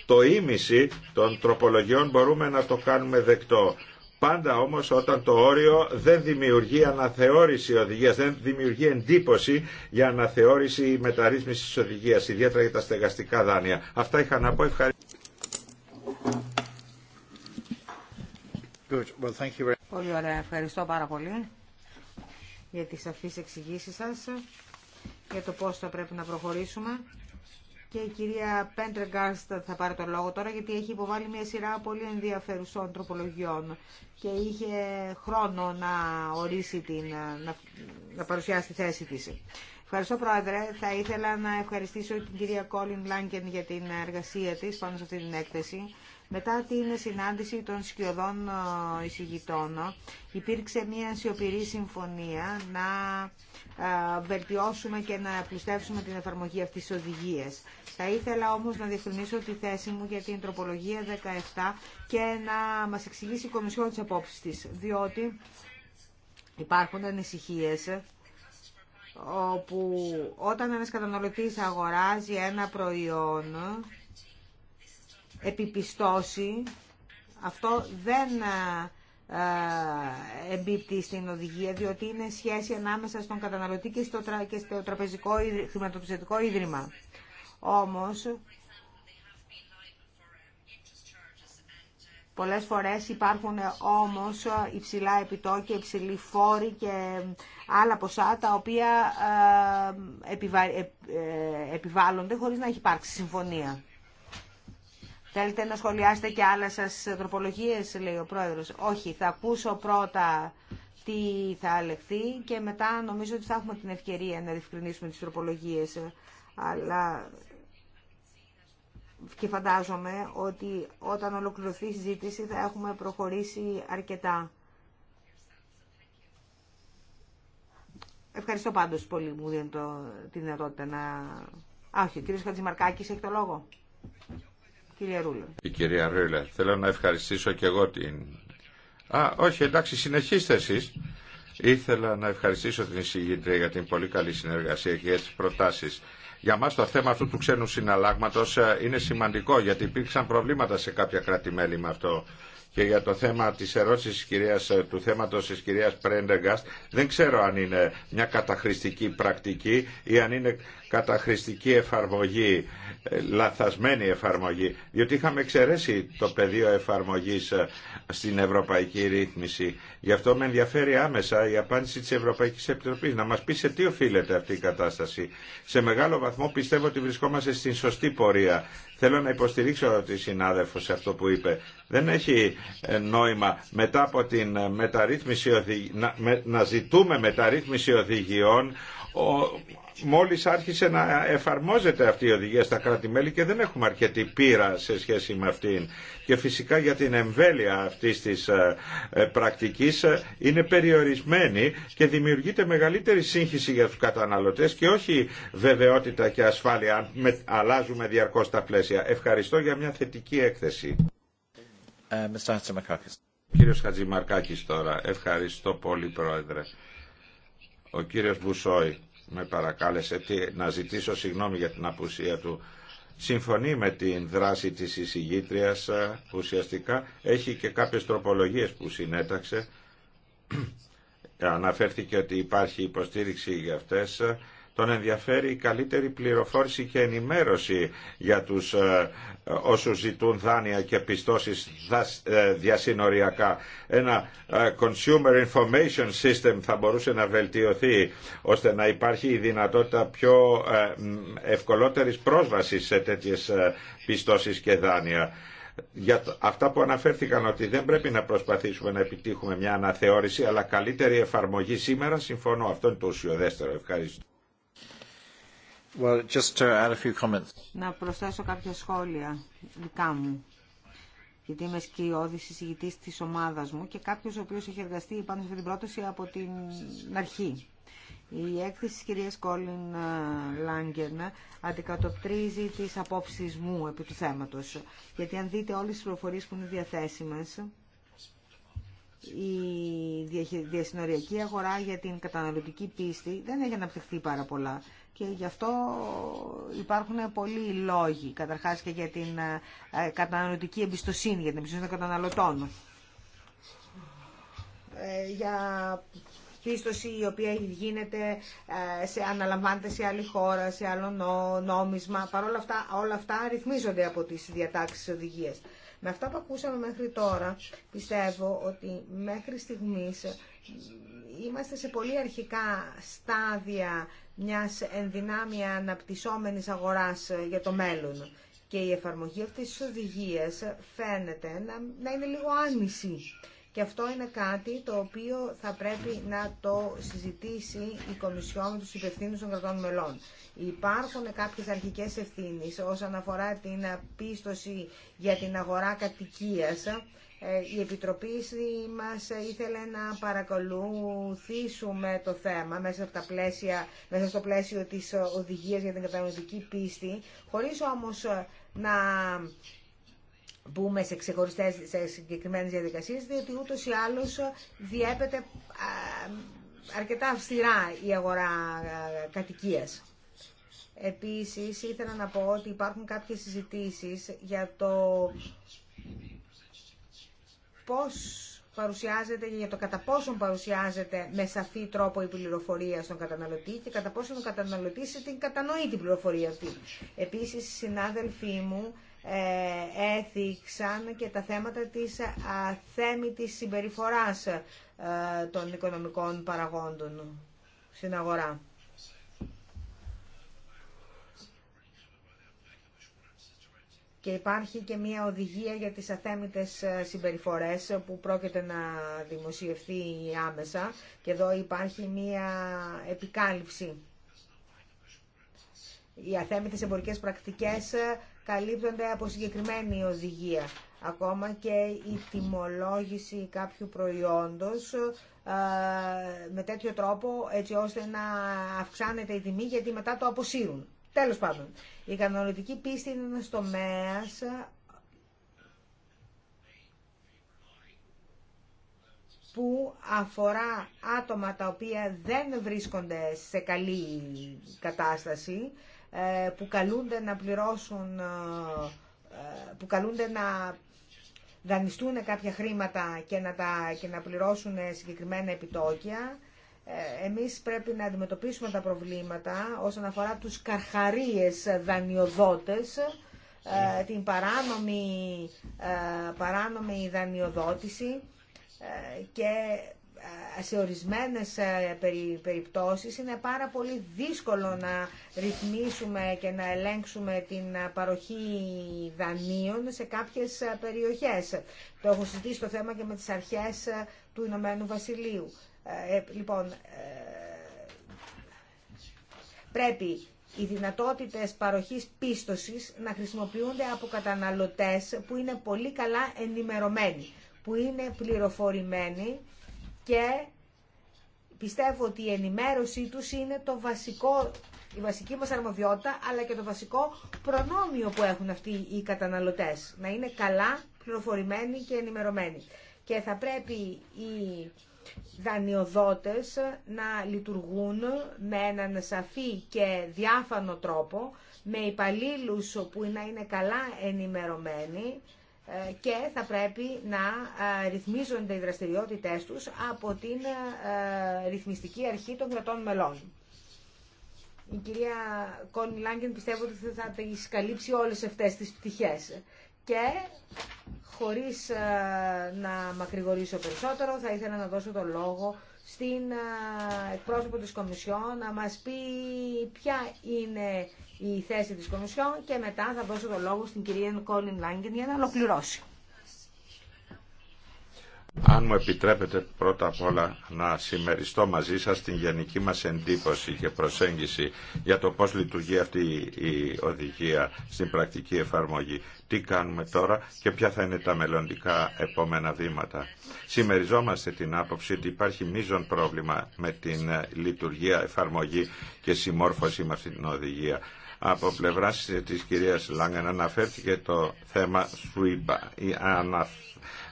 E: το ίμιση των τροπολογιών μπορούμε να το κάνουμε δεκτό. Πάντα όμως όταν το όριο δεν δημιουργεί αναθεώρηση οδηγίας, δεν δημιουργεί εντύπωση για αναθεώρηση ή μεταρρύθμιση οδηγίας, ιδιαίτερα για τα στεγαστικά δάνεια. Αυτά είχα να πω. Ευχαριστώ. Good. Well, thank you very...
C: Πολύ ωραία. Ευχαριστώ πάρα πολύ για τις σαφείς εξηγήσεις σας, για το πώς θα πρέπει να προχωρήσουμε και η κυρία Πέντρεγκάστ θα πάρει το λόγο τώρα γιατί έχει υποβάλει μια σειρά πολύ ενδιαφέρουσων τροπολογιών και είχε χρόνο να ορίσει την, να, να παρουσιάσει τη θέση της. Ευχαριστώ Πρόεδρε. Θα ήθελα να ευχαριστήσω την κυρία Κόλιν Λάγκεν για την εργασία της πάνω σε αυτή την έκθεση. Μετά την συνάντηση των σκιωδών ε, εισηγητών υπήρξε μια σιωπηρή συμφωνία να ε, βελτιώσουμε και να πλουστεύσουμε την εφαρμογή αυτής της οδηγίας. Θα ήθελα όμως να διευκρινίσω τη θέση μου για την τροπολογία 17 και να μας εξηγήσει η Κομισιόν της απόψης της, διότι υπάρχουν ανησυχίες όπου όταν ένας καταναλωτής αγοράζει ένα προϊόν επιπιστώσει. Αυτό δεν ε, ε, εμπίπτει στην οδηγία, διότι είναι σχέση ανάμεσα στον καταναλωτή και στο, τρα... και τραπεζικό χρηματοπιστωτικό ίδρυμα. Όμως, Πολλές φορές υπάρχουν όμως υψηλά επιτόκια, υψηλή φόρη και άλλα ποσά τα οποία ε, επιβάλλονται χωρίς να έχει υπάρξει συμφωνία. Θέλετε να σχολιάσετε και άλλα σας τροπολογίες, λέει ο πρόεδρος. Όχι, θα ακούσω πρώτα τι θα αλεχθεί και μετά νομίζω ότι θα έχουμε την ευκαιρία να διευκρινίσουμε τις τροπολογίες. Αλλά και φαντάζομαι ότι όταν ολοκληρωθεί η συζήτηση θα έχουμε προχωρήσει αρκετά. Ευχαριστώ πάντως πολύ που μου δίνει το, τη δυνατότητα να... Α, ο κύριος Χατζημαρκάκης έχει το λόγο.
D: Κυρία Ρούλα.
E: Η κυρία Ρούλα, θέλω να ευχαριστήσω και εγώ την... Α, όχι, εντάξει, συνεχίστε εσείς. Ήθελα να ευχαριστήσω την εισηγήτρια για την πολύ καλή συνεργασία και για τις προτάσεις. Για μας το θέμα αυτού του ξένου συναλλάγματος ε, είναι σημαντικό γιατί υπήρξαν προβλήματα σε κάποια κράτη-μέλη με αυτό. Και για το θέμα της ερώτησης κυρίας, ε, του θέματος της κυρίας Πρέντεγκας δεν ξέρω αν είναι μια καταχρηστική πρακτική ή αν είναι καταχρηστική εφαρμογή, ε, λαθασμένη εφαρμογή, διότι είχαμε εξαιρέσει το πεδίο εφαρμογής ε, στην ευρωπαϊκή ρύθμιση. Γι' αυτό με ενδιαφέρει άμεσα η απάντηση της Ευρωπαϊκής Επιτροπής να μας πει σε τι οφείλεται αυτή η κατάσταση. Σε μεγάλο βαθμό πιστεύω ότι βρισκόμαστε στην σωστή πορεία. Θέλω να υποστηρίξω τη συνάδελφο σε αυτό που είπε. Δεν έχει ε, νόημα μετά από την μεταρρύθμιση να, ζητούμε μεταρρύθμιση οδηγιών μόλις άρχισε να εφαρμόζεται αυτή η οδηγία στα κράτη-μέλη και δεν έχουμε αρκετή πείρα σε σχέση με αυτήν. Και φυσικά για την εμβέλεια αυτής της ε, ε, πρακτικής ε, είναι περιορισμένη και δημιουργείται μεγαλύτερη σύγχυση για τους καταναλωτές και όχι βεβαιότητα και ασφάλεια αν αλλάζουμε διαρκώς τα πλαίσια. Ευχαριστώ για μια θετική έκθεση. Κύριος Χατζημαρκάκης τώρα. Ευχαριστώ πολύ Πρόεδρε. Ο κύριος Μπουσόη με παρακάλεσε να ζητήσω συγγνώμη για την απουσία του. Συμφωνεί με την δράση της εισηγήτριας ουσιαστικά. Έχει και κάποιες τροπολογίες που συνέταξε. [CLEARS THROAT] Αναφέρθηκε ότι υπάρχει υποστήριξη για αυτές τον ενδιαφέρει η καλύτερη πληροφόρηση και ενημέρωση για τους ε, όσους ζητούν δάνεια και πιστώσεις ε, διασυνοριακά. Ένα ε, Consumer Information System θα μπορούσε να βελτιωθεί ώστε να υπάρχει η δυνατότητα πιο ευκολότερης πρόσβασης σε τέτοιες πιστώσεις και δάνεια για αυτά που αναφέρθηκαν ότι δεν πρέπει να προσπαθήσουμε να επιτύχουμε μια αναθεώρηση αλλά καλύτερη εφαρμογή σήμερα συμφωνώ αυτό είναι το ουσιοδέστερο ευχαριστώ
C: να προσθέσω κάποια σχόλια δικά μου. Γιατί είμαι σκιώδη συζητητή τη ομάδα μου και κάποιο ο οποίο έχει εργαστεί πάνω σε αυτή την πρόταση από την αρχή. Η έκθεση της κυρίας Κόλλιν ε, Λάγκεν ε, αντικατοπτρίζει τις απόψεις μου επί του θέματος. Γιατί αν δείτε όλες τις πληροφορίες που είναι διαθέσιμες, η διασυνοριακή αγορά για την καταναλωτική πίστη δεν έχει αναπτυχθεί πάρα πολλά και γι' αυτό υπάρχουν πολλοί λόγοι, καταρχάς και για την ε, καταναλωτική εμπιστοσύνη, για την εμπιστοσύνη των καταναλωτών. Ε, για πίστοση η οποία γίνεται, ε, σε, αναλαμβάνεται σε άλλη χώρα, σε άλλο νόμισμα. Παρ' όλα αυτά, όλα αυτά ρυθμίζονται από τις διατάξεις οδηγίας. Με αυτά που ακούσαμε μέχρι τώρα, πιστεύω ότι μέχρι στιγμής είμαστε σε πολύ αρχικά στάδια μιας ενδυνάμει αναπτυσσόμενης αγοράς ε, για το μέλλον. Και η εφαρμογή αυτής της οδηγίας φαίνεται να, να είναι λίγο άνηση. Και αυτό είναι κάτι το οποίο θα πρέπει να το συζητήσει η Κομισιόν με τους των κρατών μελών. Υπάρχουν κάποιες αρχικές ευθύνες όσον αφορά την πίστοση για την αγορά κατοικίας ε, η Επιτροπή μας ήθελε να παρακολουθήσουμε το θέμα μέσα, τα μέσα στο πλαίσιο της οδηγίας για την κατανοητική πίστη, χωρίς όμως να μπούμε σε ξεχωριστές, σε συγκεκριμένες διαδικασίες, διότι ούτως ή άλλως διέπεται αρκετά αυστηρά η αγορά κατοικίας. Επίσης, ήθελα να πω ότι υπάρχουν κάποιες συζητήσεις για το πώς παρουσιάζεται και για το κατά πόσον παρουσιάζεται με σαφή τρόπο η πληροφορία στον καταναλωτή και κατά πόσον ο καταναλωτής την κατανοεί την πληροφορία αυτή. Επίσης, οι συνάδελφοί μου ε, έθιξαν και τα θέματα της ε, αθέμητης συμπεριφοράς ε, των οικονομικών παραγόντων στην αγορά. και υπάρχει και μια οδηγία για τις αθέμητες ε, συμπεριφορές που πρόκειται να δημοσιευθεί άμεσα και εδώ υπάρχει μια επικάλυψη. Οι αθέμητες εμπορικές πρακτικές ε, καλύπτονται από συγκεκριμένη οδηγία. Ακόμα και η τιμολόγηση κάποιου προϊόντος ε, με τέτοιο τρόπο έτσι ώστε να αυξάνεται η τιμή γιατί μετά το αποσύρουν. Τέλος πάντων, η κανονική πίστη είναι ένα τομέα. που αφορά άτομα τα οποία δεν βρίσκονται σε καλή κατάσταση, ε, που καλούνται να πληρώσουν, ε, που καλούνται να δανειστούν κάποια χρήματα και να, τα, και να πληρώσουν συγκεκριμένα επιτόκια ε, εμείς πρέπει να αντιμετωπίσουμε τα προβλήματα όσον αφορά τους καρχαρίες δανειοδότες, ε, την παράνομη, ε, παράνομη δανειοδότηση και σε ορισμένες περιπτώσεις είναι πάρα πολύ δύσκολο να ρυθμίσουμε και να ελέγξουμε την παροχή δανείων σε κάποιες περιοχές. Το έχω συζητήσει το θέμα και με τις αρχές του Ηνωμένου Βασιλείου. Ε, λοιπόν, ε, πρέπει οι δυνατότητες παροχής πίστοσης να χρησιμοποιούνται από καταναλωτές που είναι πολύ καλά ενημερωμένοι, που είναι πληροφορημένοι και πιστεύω ότι η ενημέρωσή τους είναι το βασικό, η βασική μας αρμοδιότητα, αλλά και το βασικό προνόμιο που έχουν αυτοί οι καταναλωτές, να είναι καλά πληροφορημένοι και ενημερωμένοι. Και θα πρέπει οι δανειοδότες να λειτουργούν με έναν σαφή και διάφανο τρόπο, με υπαλλήλου που να είναι καλά ενημερωμένοι ε, και θα πρέπει να ε, ρυθμίζονται οι δραστηριότητές τους από την ε, ρυθμιστική αρχή των κρατών μελών. Η κυρία Κόνι Λάγκεν πιστεύω ότι θα τις καλύψει όλες αυτές τις πτυχές. Και χωρίς ε, να μακρηγορήσω περισσότερο, θα ήθελα να δώσω το λόγο στην ε, εκπρόσωπο της Κομισιόν να μας πει ποια είναι η θέση της Κομισιόν και μετά θα δώσω το λόγο στην κυρία Κόλιν Λάγκεν για να ολοκληρώσει.
E: Αν μου επιτρέπετε πρώτα απ' όλα να συμμεριστώ μαζί σας την γενική μας εντύπωση και προσέγγιση για το πώς λειτουργεί αυτή η οδηγία στην πρακτική εφαρμογή. Τι κάνουμε τώρα και ποια θα είναι τα μελλοντικά επόμενα βήματα. Συμμεριζόμαστε την άποψη ότι υπάρχει μείζον πρόβλημα με την λειτουργία, εφαρμογή και συμμόρφωση με αυτή την οδηγία. Από πλευρά της κυρία Λάγκεν αναφέρθηκε το θέμα ΣΟΥΙΠΑ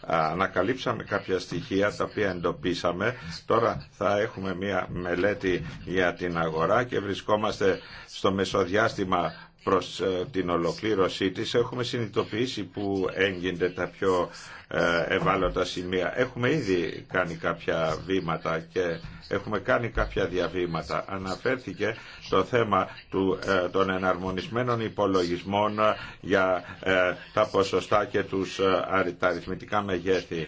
E: ανακαλύψαμε κάποια στοιχεία τα οποία εντοπίσαμε. Τώρα θα έχουμε μια μελέτη για την αγορά και βρισκόμαστε στο μεσοδιάστημα προς ε, την ολοκλήρωσή της έχουμε συνειδητοποιήσει που έγινε τα πιο ε, ευάλωτα σημεία. Έχουμε ήδη κάνει κάποια βήματα και έχουμε κάνει κάποια διαβήματα. Αναφέρθηκε το θέμα του, ε, των εναρμονισμένων υπολογισμών για τα ποσοστά και τους, τα αριθμητικά μεγέθη.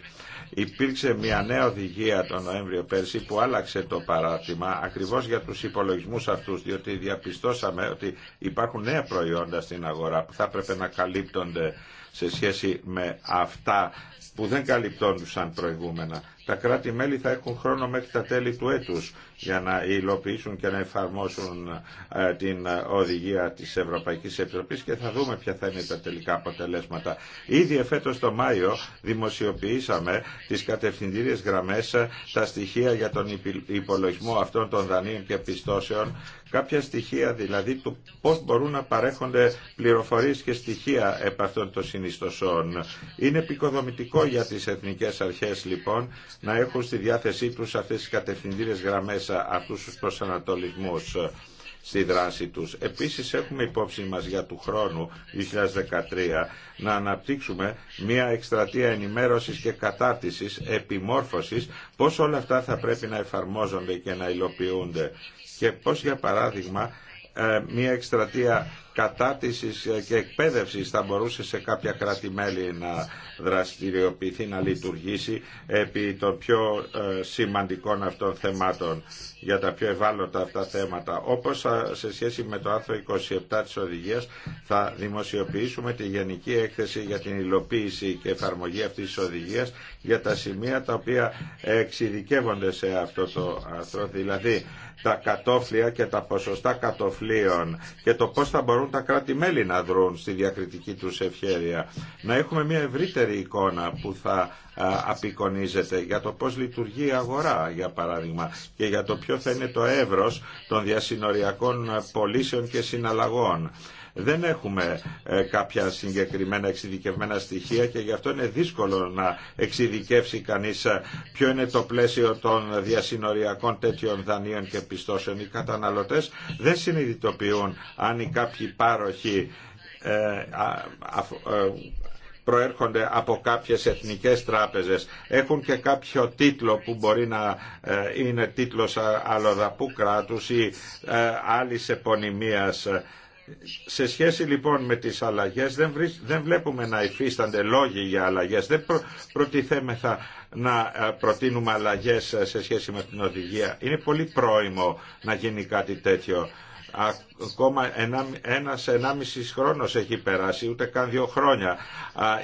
E: Υπήρξε μια νέα οδηγία τον Νοέμβριο πέρσι που άλλαξε το παράδειγμα ακριβώς για τους υπολογισμούς αυτούς, διότι διαπιστώσαμε ότι υπάρχουν νέα προϊόντα στην αγορά που θα έπρεπε να καλύπτονται σε σχέση με αυτά που δεν καλυπτόντουσαν προηγούμενα. Τα κράτη-μέλη θα έχουν χρόνο μέχρι τα τέλη του έτους για να υλοποιήσουν και να εφαρμόσουν ε, την ε, οδηγία της Ευρωπαϊκής Επιτροπής και θα δούμε ποια θα είναι τα τελικά αποτελέσματα. Ήδη εφέτος το Μάιο δημοσιοποιήσαμε τις κατευθυντήριες γραμμές, ε, τα στοιχεία για τον υπολογισμό αυτών των δανείων και πιστώσεων κάποια στοιχεία δηλαδή του πώς μπορούν να παρέχονται πληροφορίες και στοιχεία επ' αυτών των συνιστοσών. Είναι επικοδομητικό για τις εθνικές αρχές λοιπόν να έχουν στη διάθεσή του αυτές τις κατευθυντήρες γραμμές μέσα αυτούς τους προσανατολισμούς στη δράση τους. Επίσης έχουμε υπόψη μας για του χρόνου 2013 να αναπτύξουμε μια εκστρατεία ενημέρωσης και κατάρτισης, επιμόρφωσης, πώς όλα αυτά θα πρέπει να εφαρμόζονται και να υλοποιούνται και πώς για παράδειγμα ε, μια εκστρατεία κατάτησης και εκπαίδευση θα μπορούσε σε κάποια κράτη-μέλη να δραστηριοποιηθεί, να λειτουργήσει επί των πιο ε, σημαντικών αυτών θεμάτων για τα πιο ευάλωτα αυτά θέματα. Όπως σε σχέση με το άρθρο 27 της οδηγίας θα δημοσιοποιήσουμε τη Γενική Έκθεση για την υλοποίηση και εφαρμογή αυτής της οδηγίας για τα σημεία τα οποία εξειδικεύονται σε αυτό το άρθρο, δηλαδή τα κατόφλια και τα ποσοστά κατοφλίων και το πώς θα μπορούν τα κράτη-μέλη να δρουν στη διακριτική τους ευχέρεια. Να έχουμε μια ευρύτερη εικόνα που θα απεικονίζεται για το πώς λειτουργεί η αγορά για παράδειγμα και για το ποιο θα είναι το εύρος των διασυνοριακών ε, πωλήσεων και συναλλαγών. Δεν έχουμε ε, κάποια συγκεκριμένα εξειδικευμένα στοιχεία και γι' αυτό είναι δύσκολο να εξειδικεύσει κανείς ε, ποιο είναι το πλαίσιο των διασυνοριακών τέτοιων δανείων και πιστώσεων. Οι καταναλωτές δεν συνειδητοποιούν αν οι κάποιοι πάροχοι ε, προέρχονται από κάποιες εθνικές τράπεζες. Έχουν και κάποιο τίτλο που μπορεί να είναι τίτλος αλλοδαπού κράτους ή άλλης επωνυμίας σε σχέση λοιπόν με τις αλλαγές δεν, βλέπουμε να υφίστανται λόγοι για αλλαγές. Δεν προτιθέμεθα να ε, προτείνουμε αλλαγές ε, σε σχέση με την οδηγία. Είναι πολύ πρόημο να γίνει κάτι τέτοιο. Ακόμα ένας ενάμισης χρόνος έχει περάσει, ούτε καν δύο χρόνια.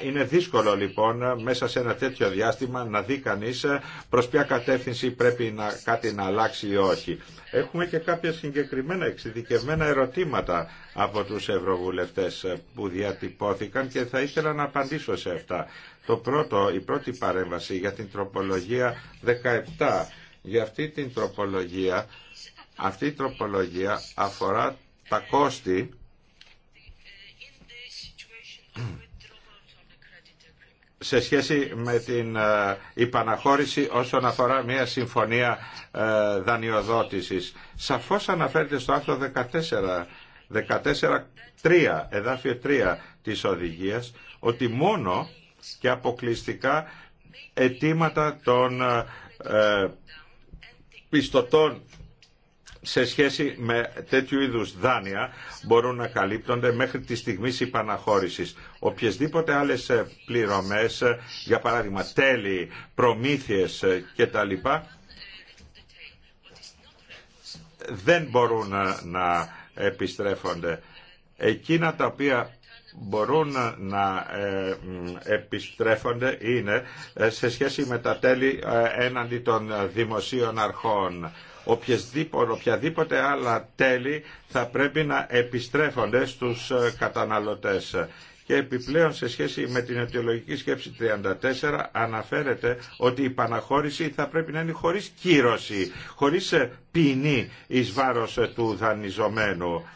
E: Είναι δύσκολο λοιπόν μέσα σε ένα τέτοιο διάστημα να δει κανεί ε, προς ποια κατεύθυνση πρέπει να, κάτι να αλλάξει ή όχι. Έχουμε και κάποια συγκεκριμένα εξειδικευμένα ερωτήματα από τους ευρωβουλευτές ε, που διατυπώθηκαν και θα ήθελα να απαντήσω σε αυτά. Το πρώτο, η πρώτη παρέμβαση για την τροπολογία 17. Για αυτή την τροπολογία αυτή η τροπολογία αφορά τα κόστη σε σχέση με την ε, υπαναχώρηση όσον αφορά μια συμφωνία ε, δανειοδότησης. Σαφώς αναφέρεται στο άρθρο 14 14-3 εδάφιο 3 της οδηγίας, ότι μόνο και αποκλειστικά αιτήματα των ε, πιστωτών σε σχέση με τέτοιου είδους δάνεια μπορούν να καλύπτονται μέχρι τη στιγμή υπαναχώρησης. Οποιεσδήποτε άλλες ε, πληρωμές, ε, για παράδειγμα τέλη, προμήθειες ε, κτλ. δεν μπορούν να επιστρέφονται. Εκείνα τα οποία μπορούν να επιστρέφονται είναι σε σχέση με τα τέλη έναντι των δημοσίων αρχών οποιαδήποτε άλλα τέλη θα πρέπει να επιστρέφονται στους ε, καταναλωτές. Και επιπλέον σε σχέση με την αιτιολογική σκέψη 34 αναφέρεται ότι η παναχώρηση θα πρέπει να είναι χωρίς κύρωση, χωρίς ε, ποινή εις βάρος ε, του δανειζομένου.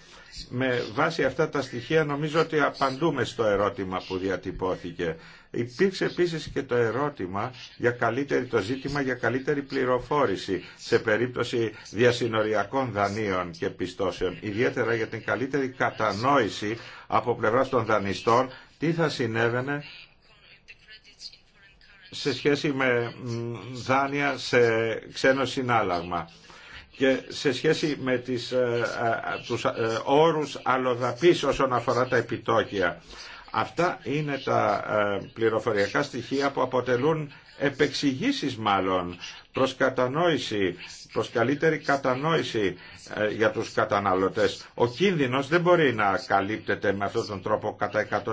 E: Με βάση αυτά τα στοιχεία νομίζω ότι απαντούμε στο ερώτημα που διατυπώθηκε. Υπήρξε επίσης και το ερώτημα για καλύτερη, το ζήτημα για καλύτερη πληροφόρηση σε περίπτωση διασυνοριακών δανείων και πιστώσεων, ιδιαίτερα για την καλύτερη κατανόηση από πλευράς των δανειστών τι θα συνέβαινε σε σχέση με δάνεια σε ξένο συνάλλαγμα και σε σχέση με τις, ε, ε, ε, τους όρους αλλοδαπής όσον αφορά τα επιτόκια. Αυτά είναι τα ε, πληροφοριακά στοιχεία που αποτελούν επεξηγήσεις μάλλον προς κατανόηση, προς καλύτερη κατανόηση ε, για τους καταναλωτές. Ο κίνδυνος δεν μπορεί να καλύπτεται με αυτόν τον τρόπο κατά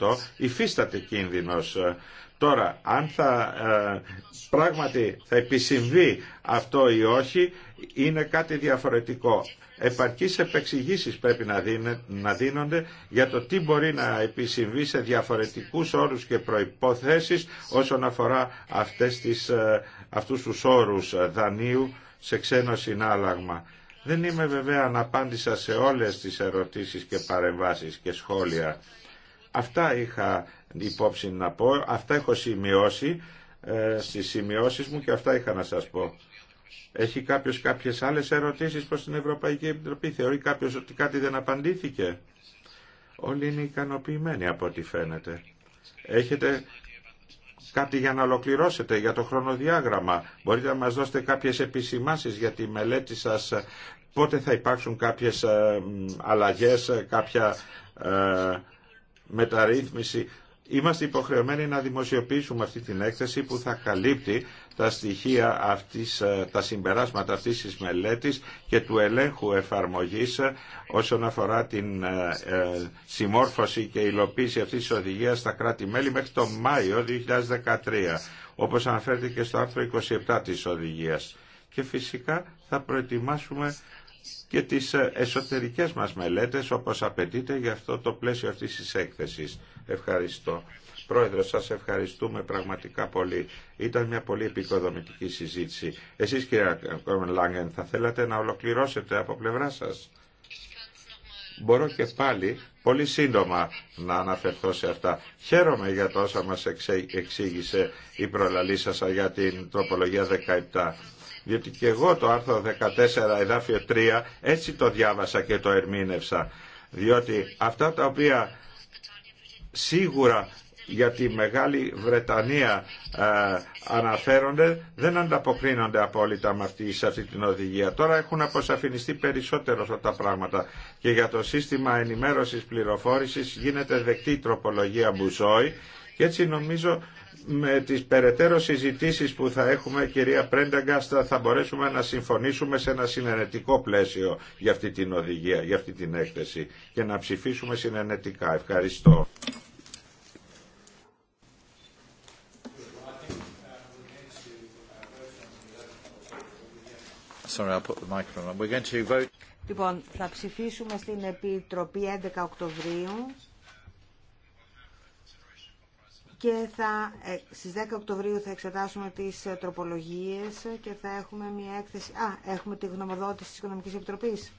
E: 100% υφίσταται κίνδυνος. Τώρα, αν θα, ε, πράγματι θα επισυμβεί αυτό ή όχι, είναι κάτι διαφορετικό. Επαρκείς επεξηγήσεις πρέπει να, να δίνονται για το τι μπορεί να επισυμβεί σε διαφορετικούς όρους και προϋποθέσεις όσον αφορά αυτές τις, ε, αυτούς τους όρους ε, δανείου σε ξένο συνάλλαγμα. Δεν είμαι βέβαια να απάντησα σε όλες τις ερωτήσεις και παρεμβάσεις και σχόλια. Αυτά είχα υπόψη να πω, αυτά έχω σημειώσει ε, στις σημειώσεις μου και αυτά είχα να σας πω. Έχει κάποιος κάποιες άλλες ερωτήσεις προς την Ευρωπαϊκή Επιτροπή. Θεωρεί κάποιος ότι κάτι δεν απαντήθηκε. Όλοι είναι ικανοποιημένοι από ό,τι φαίνεται. Έχετε κάτι για να ολοκληρώσετε για το χρονοδιάγραμμα. Μπορείτε να μας δώσετε κάποιες επισημάνσεις για τη μελέτη σας. Πότε θα υπάρξουν κάποιες ε, αλλαγές, ε, κάποια ε, μεταρρύθμιση είμαστε υποχρεωμένοι να δημοσιοποιήσουμε αυτή την έκθεση που θα καλύπτει τα στοιχεία αυτής, ε, τα συμπεράσματα αυτής της μελέτης και του ελέγχου εφαρμογής ε, όσον αφορά την ε, συμμόρφωση και υλοποίηση αυτής της οδηγίας στα κράτη-μέλη μέχρι το Μάιο 2013, όπως αναφέρθηκε στο άρθρο 27 της οδηγίας. Και φυσικά θα προετοιμάσουμε και τις ε, εσωτερικές μας μελέτες όπως απαιτείται για αυτό το πλαίσιο αυτής της έκθεσης. Ευχαριστώ. Πρόεδρε, σας ευχαριστούμε πραγματικά πολύ. Ήταν μια πολύ επικοδομητική συζήτηση. Εσείς κύριε Κόρμεν Λάγκεν θα θέλατε να ολοκληρώσετε από πλευρά σας. Μπορώ και πάλι πολύ σύντομα να αναφερθώ σε αυτά. Χαίρομαι για το όσα μας εξήγησε η προλαλή σας για την τροπολογία 17 διότι και εγώ το άρθρο 14 εδάφιο 3 έτσι το διάβασα και το ερμήνευσα, διότι αυτά τα οποία σίγουρα για τη Μεγάλη Βρετανία ε, αναφέρονται δεν ανταποκρίνονται απόλυτα με αυτή, σε αυτή την οδηγία. Τώρα έχουν αποσαφινιστεί περισσότερο αυτά τα πράγματα και για το σύστημα ενημέρωσης πληροφόρησης γίνεται δεκτή τροπολογία Μπουζόη και έτσι νομίζω με τις περαιτέρω συζητήσεις που θα έχουμε κυρία Πρένταγκάστα θα μπορέσουμε να συμφωνήσουμε σε ένα συνενετικό πλαίσιο για αυτή την οδηγία, για αυτή την έκθεση και να ψηφίσουμε συνενετικά. Ευχαριστώ.
A: Sorry, I'll put the microphone We're going to vote.
C: Λοιπόν, θα ψηφίσουμε στην Επιτροπή 11 Οκτωβρίου και θα, ε, στις 10 Οκτωβρίου θα εξετάσουμε τις ε, τροπολογίες και θα έχουμε μια έκθεση... Α, έχουμε τη γνωμοδότηση της Οικονομικής Επιτροπής.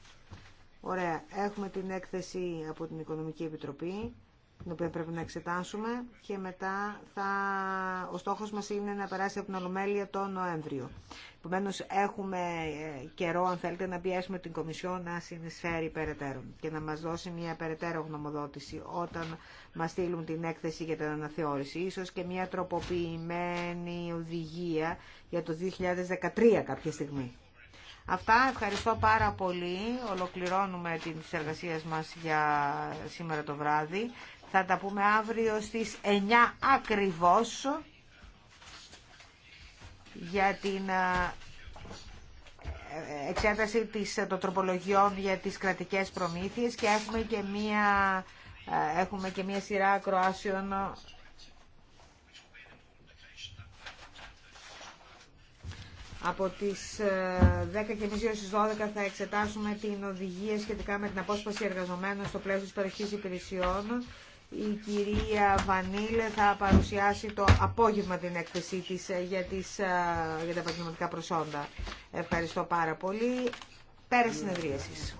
C: Ωραία. Έχουμε την έκθεση από την Οικονομική Επιτροπή την οποία πρέπει να εξετάσουμε και μετά θα... ο στόχος μας είναι να περάσει από την Ολομέλεια το Νοέμβριο. Επομένω, έχουμε ε, καιρό, αν θέλετε, να πιέσουμε την Κομισιό να συνεισφέρει περαιτέρω και να μας δώσει μια περαιτέρω γνωμοδότηση όταν μας στείλουν την έκθεση για την αναθεώρηση. Ίσως και μια τροποποιημένη οδηγία για το 2013 κάποια στιγμή. Αυτά, ευχαριστώ πάρα πολύ. Ολοκληρώνουμε τις εργασίες μας για σήμερα το βράδυ. Θα τα πούμε αύριο στις 9 ακριβώς για την ε, ε, εξέταση της, ε, των τροπολογιών για τις κρατικές προμήθειες και έχουμε και μία, έχουμε και μία σειρά ακροάσεων Από τις 10.30 έως τις 12 θα εξετάσουμε την οδηγία σχετικά με την απόσπαση εργαζομένων στο πλαίσιο της παροχής υπηρεσιών. Η κυρία Βανίλε θα παρουσιάσει το απόγευμα την έκθεσή της ε, για, τις, ε, για τα επαγγελματικά προσόντα. Ευχαριστώ πάρα πολύ. Πέρα συνεδρίασης.